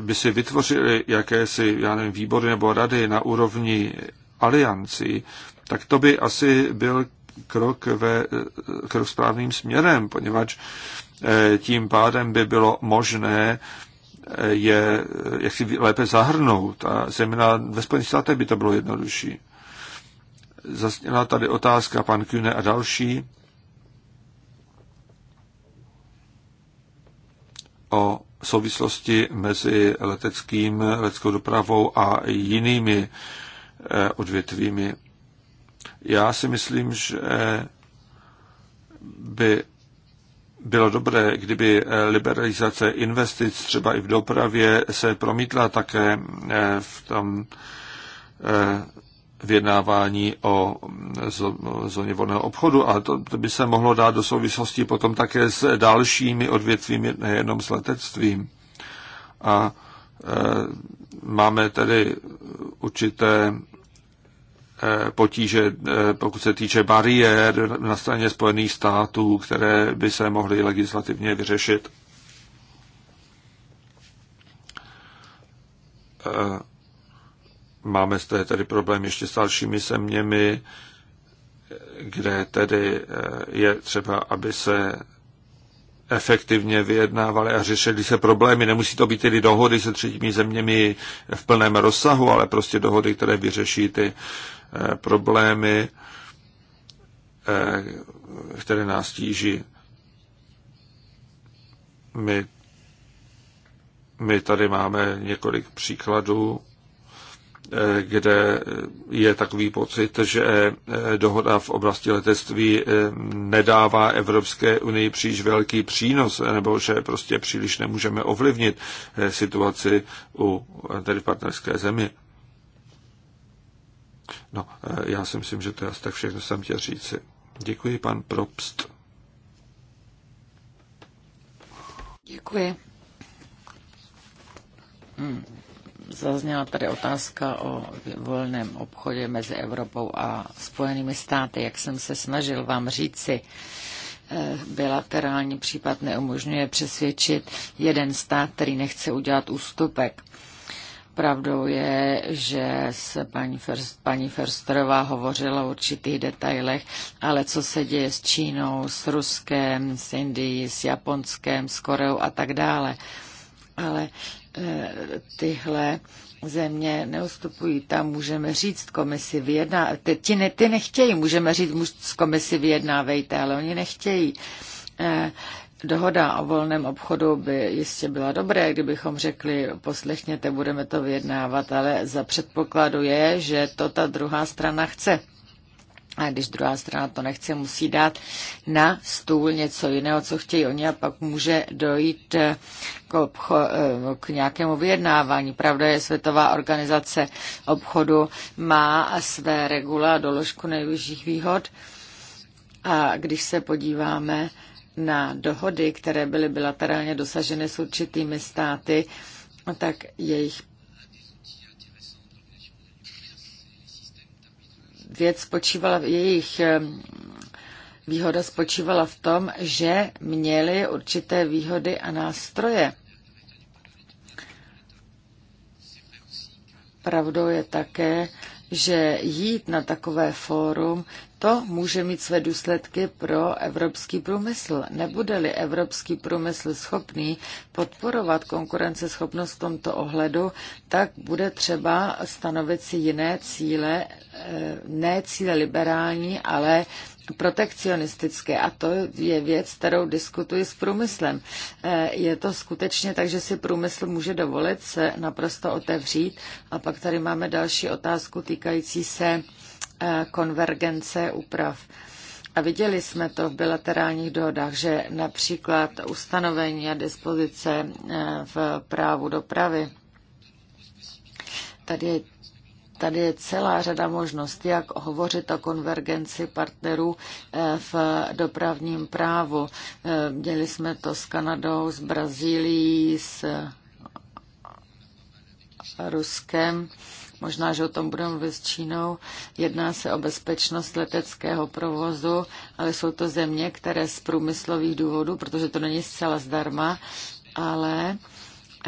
by si vytvořili jakési, já nevím, výbory nebo rady na úrovni aliancí, tak to by asi byl krok, ve, eh, krok správným směrem, poněvadž eh, tím pádem by bylo možné je jak si lépe zahrnout. A zejména ve Spojených státech by to bylo jednodušší. Zasněla tady otázka pan Kühne a další o souvislosti mezi leteckým, leteckou dopravou a jinými eh, odvětvími. Já si myslím, že by bylo dobré, kdyby liberalizace investic třeba i v dopravě se promítla také eh, v tom eh, vyjednávání o zóně volného obchodu a to, to by se mohlo dát do souvislosti potom také s dalšími odvětvími, nejenom s letectvím. A e, máme tedy určité e, potíže, e, pokud se týče bariér na straně Spojených států, které by se mohly legislativně vyřešit. E, Máme zde tedy problém ještě s dalšími zeměmi, kde tedy eh, je třeba, aby se efektivně vyjednávali a řešili se problémy. Nemusí to být tedy dohody se třetími zeměmi v plném rozsahu, ale prostě dohody, které vyřeší ty eh, problémy, eh, které nás tíží. My, my tady máme několik příkladů kde je takový pocit, že dohoda v oblasti letectví nedává Evropské unii příliš velký přínos, nebo že prostě příliš nemůžeme ovlivnit situaci u tedy partnerské zemi. No, já si myslím, že to je asi tak všechno jsem chtěl říci. Děkuji, pan Probst. Děkuji. Hmm. Zazněla tady otázka o volném obchodě mezi Evropou a Spojenými státy. Jak jsem se snažil vám říci, eh, bilaterální případ neumožňuje přesvědčit jeden stát, který nechce udělat ústupek. Pravdou je, že se paní, First, paní Fersterová hovořila o určitých detailech, ale co se děje s Čínou, s Ruskem, s Indií, s Japonskem, s Koreou a tak dále. Ale tyhle země neustupují. Tam můžeme říct komisi vyjedná. Ty, ne, ty nechtějí, můžeme říct z komisi vyjednávejte, ale oni nechtějí. Eh, dohoda o volném obchodu by jistě byla dobré, kdybychom řekli, poslechněte, budeme to vyjednávat, ale za předpokladu je, že to ta druhá strana chce. A když druhá strana to nechce, musí dát na stůl něco jiného, co chtějí oni a pak může dojít eh, k, obcho- eh, k nějakému vyjednávání. Pravda je, Světová organizace obchodu má své regula a doložku nejvyšších výhod. A když se podíváme na dohody, které byly bilaterálně dosaženy s určitými státy, tak jejich věc spočívala, jejich výhoda spočívala v tom, že měli určité výhody a nástroje. Pravdou je také, že jít na takové fórum to může mít své důsledky pro evropský průmysl. Nebude-li evropský průmysl schopný podporovat konkurenceschopnost v tomto ohledu, tak bude třeba stanovit si jiné cíle, eh, ne cíle liberální, ale protekcionistické a to je věc, kterou diskutuji s průmyslem. Eh, je to skutečně tak, že si průmysl může dovolit se naprosto otevřít a pak tady máme další otázku týkající se Eh, konvergence úprav. A viděli jsme to v bilaterálních dohodách, že například ustanovení a dispozice eh, v právu dopravy. Tady je Tady je celá řada možností, jak hovořit o konvergenci partnerů eh, v dopravním právu. Děli jsme to s Kanadou, s Brazílií, s Ruskem možná, že o tom budeme mluvit s Čínou. Jedná se o bezpečnost leteckého provozu, ale jsou to země, které z průmyslových důvodů, protože to není zcela zdarma, ale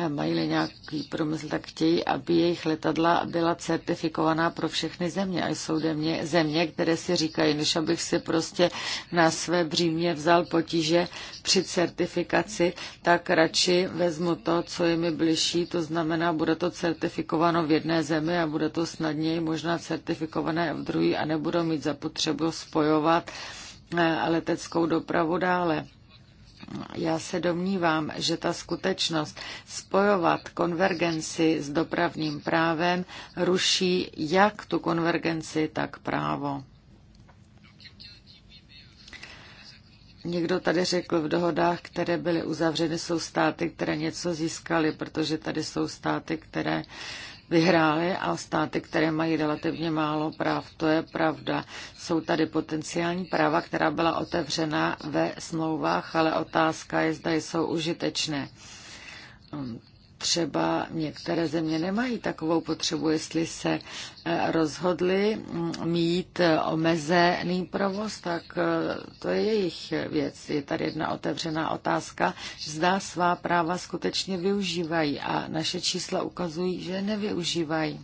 mají-li nějaký promysl, tak chtějí, aby jejich letadla byla certifikovaná pro všechny země. A jsou země, země, které si říkají, než abych si prostě na své břímě vzal potíže při certifikaci, tak radši vezmu to, co je mi bližší, to znamená, bude to certifikováno v jedné zemi a bude to snadněji možná certifikované v druhé a nebudou mít zapotřebu spojovat eh, leteckou dopravu dále. Já se domnívám, že ta skutečnost spojovat konvergenci s dopravním právem ruší jak tu konvergenci, tak právo. Někdo tady řekl, v dohodách, které byly uzavřeny, jsou státy, které něco získaly, protože tady jsou státy, které vyhrály a státy, které mají relativně málo práv. To je pravda. Jsou tady potenciální práva, která byla otevřena ve smlouvách, ale otázka je, zda jsou užitečné. Um, třeba některé země nemají takovou potřebu, jestli se eh, rozhodli mm, mít eh, omezený provoz, tak eh, to je jejich věc. Je tady jedna otevřená otázka, zda svá práva skutečně využívají a naše čísla ukazují, že nevyužívají.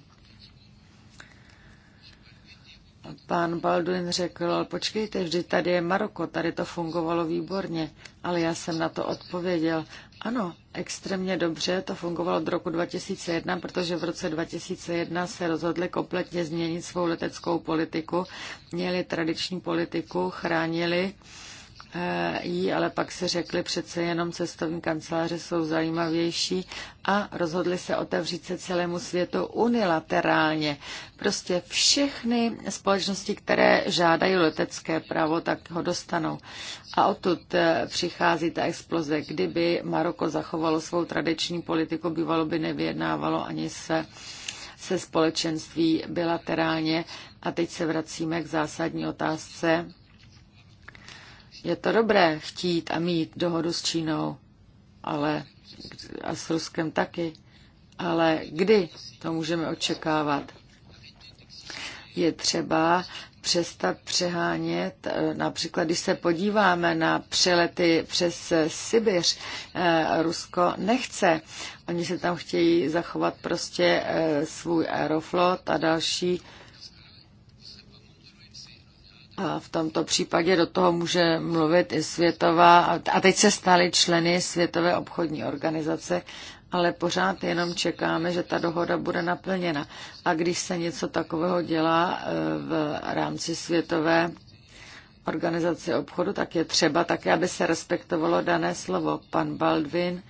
Pan Balduin řekl, ale počkejte, vždy tady je Maroko, tady to fungovalo výborně, ale já jsem na to odpověděl. Ano, extrémně dobře, to fungovalo od roku 2001, protože v roce 2001 se rozhodli kompletně změnit svou leteckou politiku. Měli tradiční politiku, chránili Eh, jí, ale pak si řekli, přece jenom cestovní kanceláře jsou zajímavější a rozhodli se otevřít se celému světu unilaterálně. Prostě všechny společnosti, které žádají letecké právo, tak ho dostanou. A odtud eh, přichází ta exploze. Kdyby Maroko zachovalo svou tradiční politiku, bývalo by nevyjednávalo ani se se společenství bilaterálně. A teď se vracíme k zásadní otázce, je to dobré chtít a mít dohodu s Čínou ale, a s Ruskem taky, ale kdy to můžeme očekávat? Je třeba přestat přehánět. Eh, například, když se podíváme na přelety přes Sibiř, eh, Rusko nechce. Oni se tam chtějí zachovat prostě eh, svůj aeroflot a další a v tomto případě do toho může mluvit i světová, a teď se staly členy Světové obchodní organizace, ale pořád jenom čekáme, že ta dohoda bude naplněna. A když se něco takového dělá e, v rámci Světové organizace obchodu, tak je třeba také, aby se respektovalo dané slovo. Pan Baldwin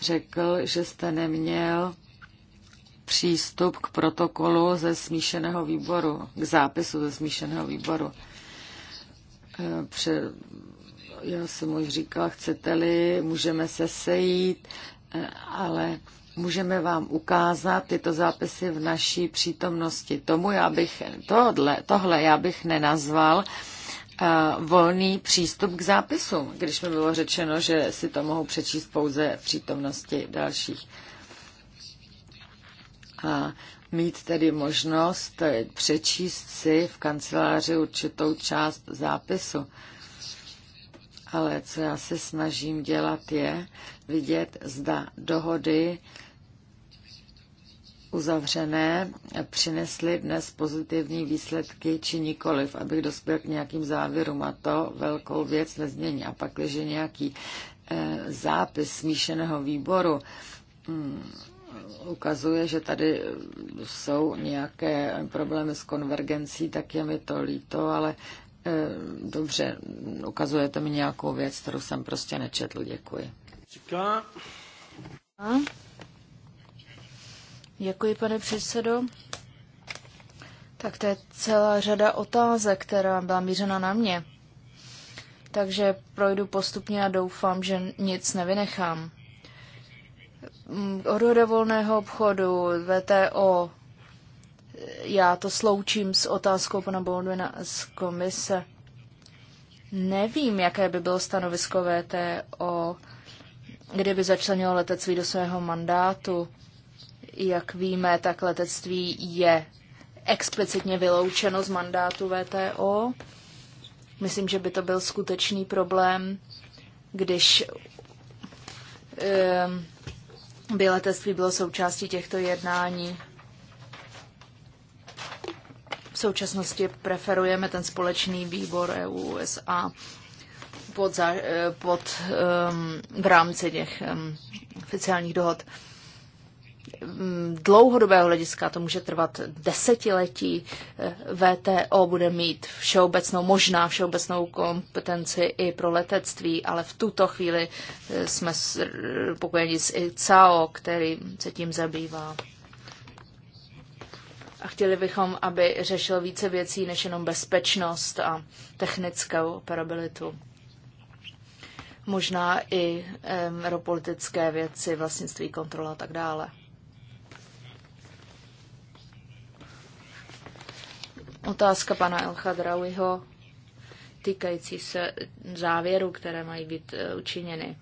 řekl, že jste neměl přístup k protokolu ze smíšeného výboru, k zápisu ze smíšeného výboru. Pře- já jsem už říkala, chcete-li, můžeme se sejít, eh, ale můžeme vám ukázat tyto zápisy v naší přítomnosti. Tomu já bych, tohle, tohle já bych nenazval uh, volný přístup k zápisům, když mi bylo řečeno, že si to mohou přečíst pouze v přítomnosti dalších. A mít tedy možnost přečíst si v kanceláři určitou část zápisu. Ale co já se snažím dělat je vidět, zda dohody uzavřené přinesly dnes pozitivní výsledky či nikoliv, abych dospěl k nějakým závěrům a to velkou věc nezmění. A pak, je nějaký eh, zápis smíšeného výboru hmm, ukazuje, že tady jsou nějaké problémy s konvergencí, tak je mi to líto, ale eh, dobře, ukazujete mi nějakou věc, kterou jsem prostě nečetl. Děkuji. Říká. Děkuji, pane předsedo. Tak to je celá řada otázek, která byla mířena na mě. Takže projdu postupně a doufám, že nic nevynechám. Mm, odhoda volného obchodu, VTO, já to sloučím s otázkou pana Baldwina z komise. Nevím, jaké by bylo stanovisko VTO, kdyby začlenilo letectví do svého mandátu. Jak víme, tak letectví je explicitně vyloučeno z mandátu VTO. Myslím, že by to byl skutečný problém, když um, by bylo součástí těchto jednání. V současnosti preferujeme ten společný výbor EU-USA pod, eh, pod um, v rámci těch um, oficiálních dohod. Um, Mm, dlouhodobého hlediska, to může trvat desetiletí, VTO bude mít všeobecnou, možná všeobecnou kompetenci i pro letectví, ale v tuto chvíli eh, jsme spokojeni s ICAO, který se tím zabývá. A chtěli bychom, aby řešil více věcí než jenom bezpečnost a technickou operabilitu možná i aeropolitické věci, vlastnictví, kontrola a tak dále. Otázka pana Drauiho týkající se závěru, které mají být e, učiněny.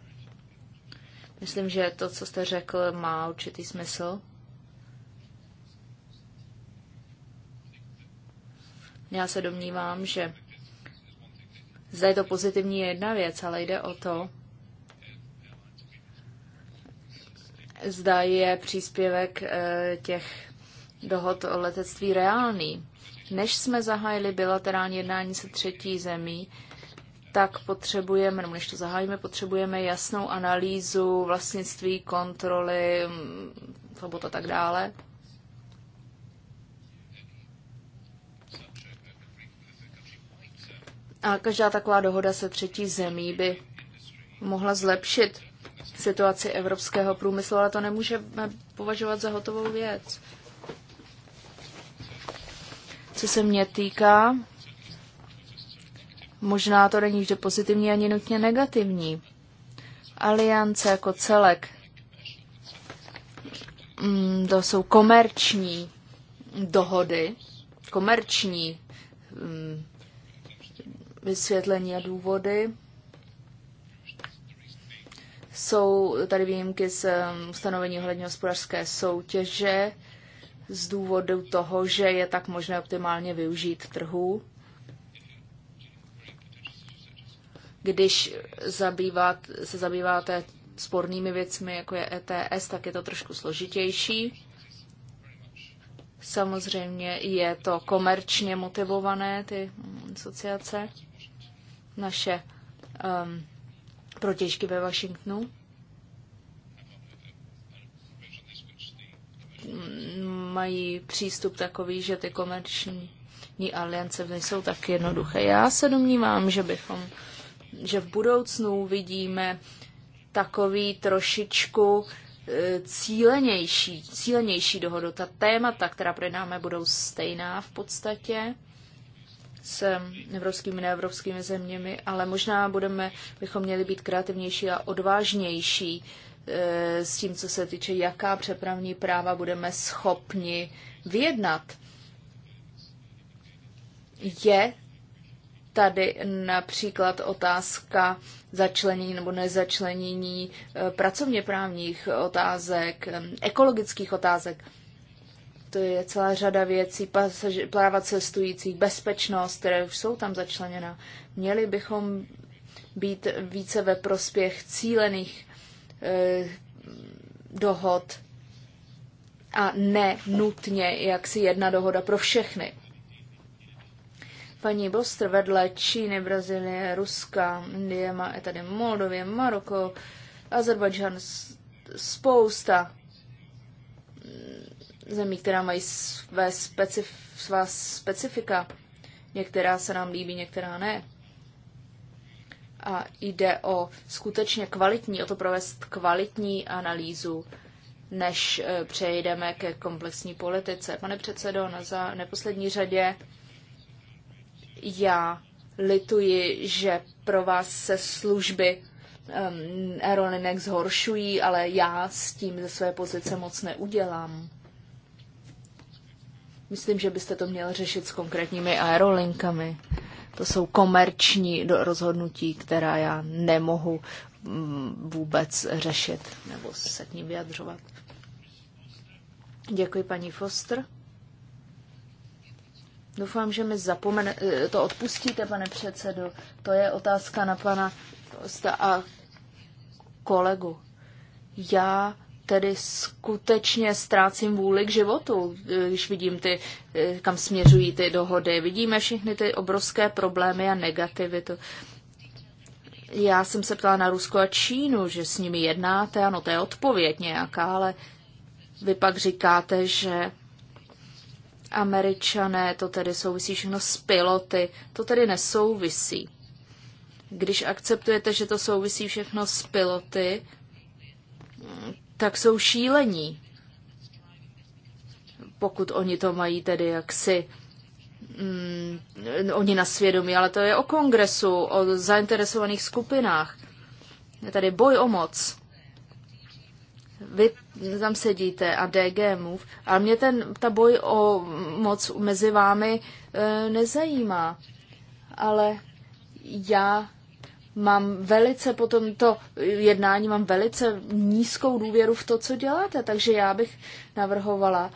Myslím, že to, co jste řekl, má určitý smysl. Já se domnívám, že zda je to pozitivní jedna věc, ale jde o to, zda je příspěvek e, těch dohod o letectví reálný. Než jsme zahájili bilaterální jednání se třetí zemí, tak potřebujeme, nebo než to zahájíme, potřebujeme jasnou analýzu vlastnictví, kontroly, svobod a tak dále. A každá taková dohoda se třetí zemí by mohla zlepšit situaci evropského průmyslu, ale to nemůžeme považovat za hotovou věc. Co se mě týká, možná to není vždy pozitivní ani nutně negativní. Aliance jako celek, mm, to jsou komerční dohody, komerční mm, vysvětlení a důvody. Jsou tady výjimky z mm, ustanovení ohledně hospodářské soutěže, z důvodu toho, že je tak možné optimálně využít trhu. Když zabývat, se zabýváte spornými věcmi, jako je ETS, tak je to trošku složitější. Samozřejmě je to komerčně motivované, ty asociace, naše um, protěžky ve Washingtonu. mají přístup takový, že ty komerční aliance nejsou tak jednoduché. Já se domnívám, že bychom, že v budoucnu vidíme takový trošičku e, cílenější, cílenější dohodu. Ta témata, která projednáme, budou stejná v podstatě s evropskými neevropskými zeměmi, ale možná budeme, bychom měli být kreativnější a odvážnější Eh, s tím, co se týče, jaká přepravní práva budeme schopni vyjednat. Je tady například otázka začlenění nebo nezačlenění eh, pracovně právních otázek, eh, ekologických otázek. To je celá řada věcí, práva cestujících, bezpečnost, které už jsou tam začleněna. Měli bychom být více ve prospěch cílených Eh, dohod a ne nutně jak si jedna dohoda pro všechny. Paní Bostr vedle Číny, Brazílie, Ruska, Indie, má tady Moldově, Maroko, Azerbajdžan, spousta zemí, která mají své specif- svá specifika. Některá se nám líbí, některá ne a jde o skutečně kvalitní, o to provést kvalitní analýzu, než eh, přejdeme ke komplexní politice. Pane předsedo, na za neposlední řadě já lituji, že pro vás se služby um, ehm, aerolinek zhoršují, ale já s tím ze své pozice moc neudělám. Myslím, že byste to měl řešit s konkrétními aerolinkami. To jsou komerční rozhodnutí, která já nemohu mm, vůbec řešit nebo se k ním vyjadřovat. Děkuji, paní Foster. Doufám, že mi zapomene, eh, to odpustíte, pane předsedo. To je otázka na pana a kolegu. Já tedy skutečně ztrácím vůli k životu, když vidím ty, eh, kam směřují ty dohody. Vidíme všechny ty obrovské problémy a negativy. To. Já jsem se ptala na Rusko a Čínu, že s nimi jednáte, ano, to je odpověď nějaká, ale vy pak říkáte, že američané, to tedy souvisí všechno s piloty, to tedy nesouvisí. Když akceptujete, že to souvisí všechno s piloty, tak jsou šílení, pokud oni to mají tedy jaksi mm, oni na svědomí, ale to je o kongresu, o zainteresovaných skupinách. Je tady boj o moc. Vy tam sedíte a DG mluv, ale mě ten, ta boj o moc mezi vámi e, nezajímá. Ale já mám velice po tomto jednání mám velice nízkou důvěru v to, co děláte, takže já bych navrhovala,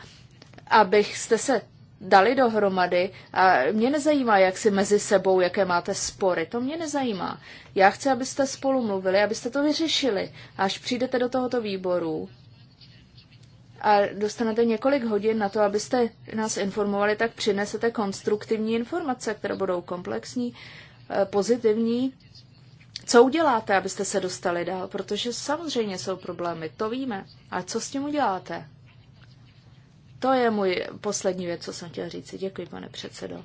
abyste se dali dohromady a mě nezajímá, jak si mezi sebou, jaké máte spory, to mě nezajímá. Já chci, abyste spolu mluvili, abyste to vyřešili. Až přijdete do tohoto výboru a dostanete několik hodin na to, abyste nás informovali, tak přinesete konstruktivní informace, které budou komplexní, eh, pozitivní co uděláte, abyste se dostali dál? Protože samozřejmě jsou problémy, to víme. A co s tím uděláte? To je můj poslední věc, co jsem chtěla říct. Děkuji, pane předsedo.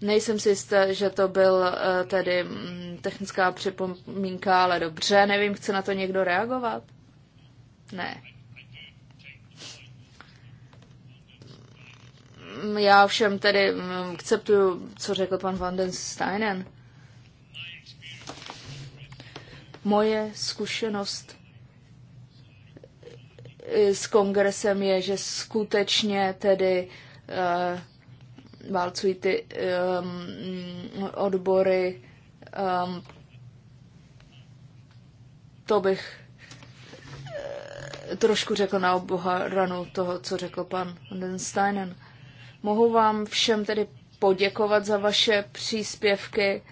Nejsem si jistá, že to byl eh, tedy mm, technická připomínka, ale dobře, nevím, chce na to někdo reagovat? Ne. Já všem tedy mm, akceptuju, co řekl pan Van den Steinen. Moje zkušenost eh, s kongresem je, že skutečně tedy uh, válcují ty um, odbory. Um, to bych trošku řekl na obohranu toho, co řekl pan Steinen. Mohu vám všem tedy poděkovat za vaše příspěvky,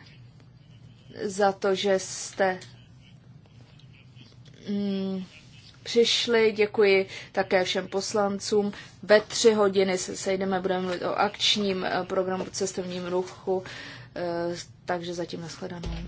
za to, že jste Mm, přišli. Děkuji také všem poslancům. Ve tři hodiny se sejdeme, budeme mluvit o akčním eh, programu cestovním ruchu, eh, takže zatím nashledanou.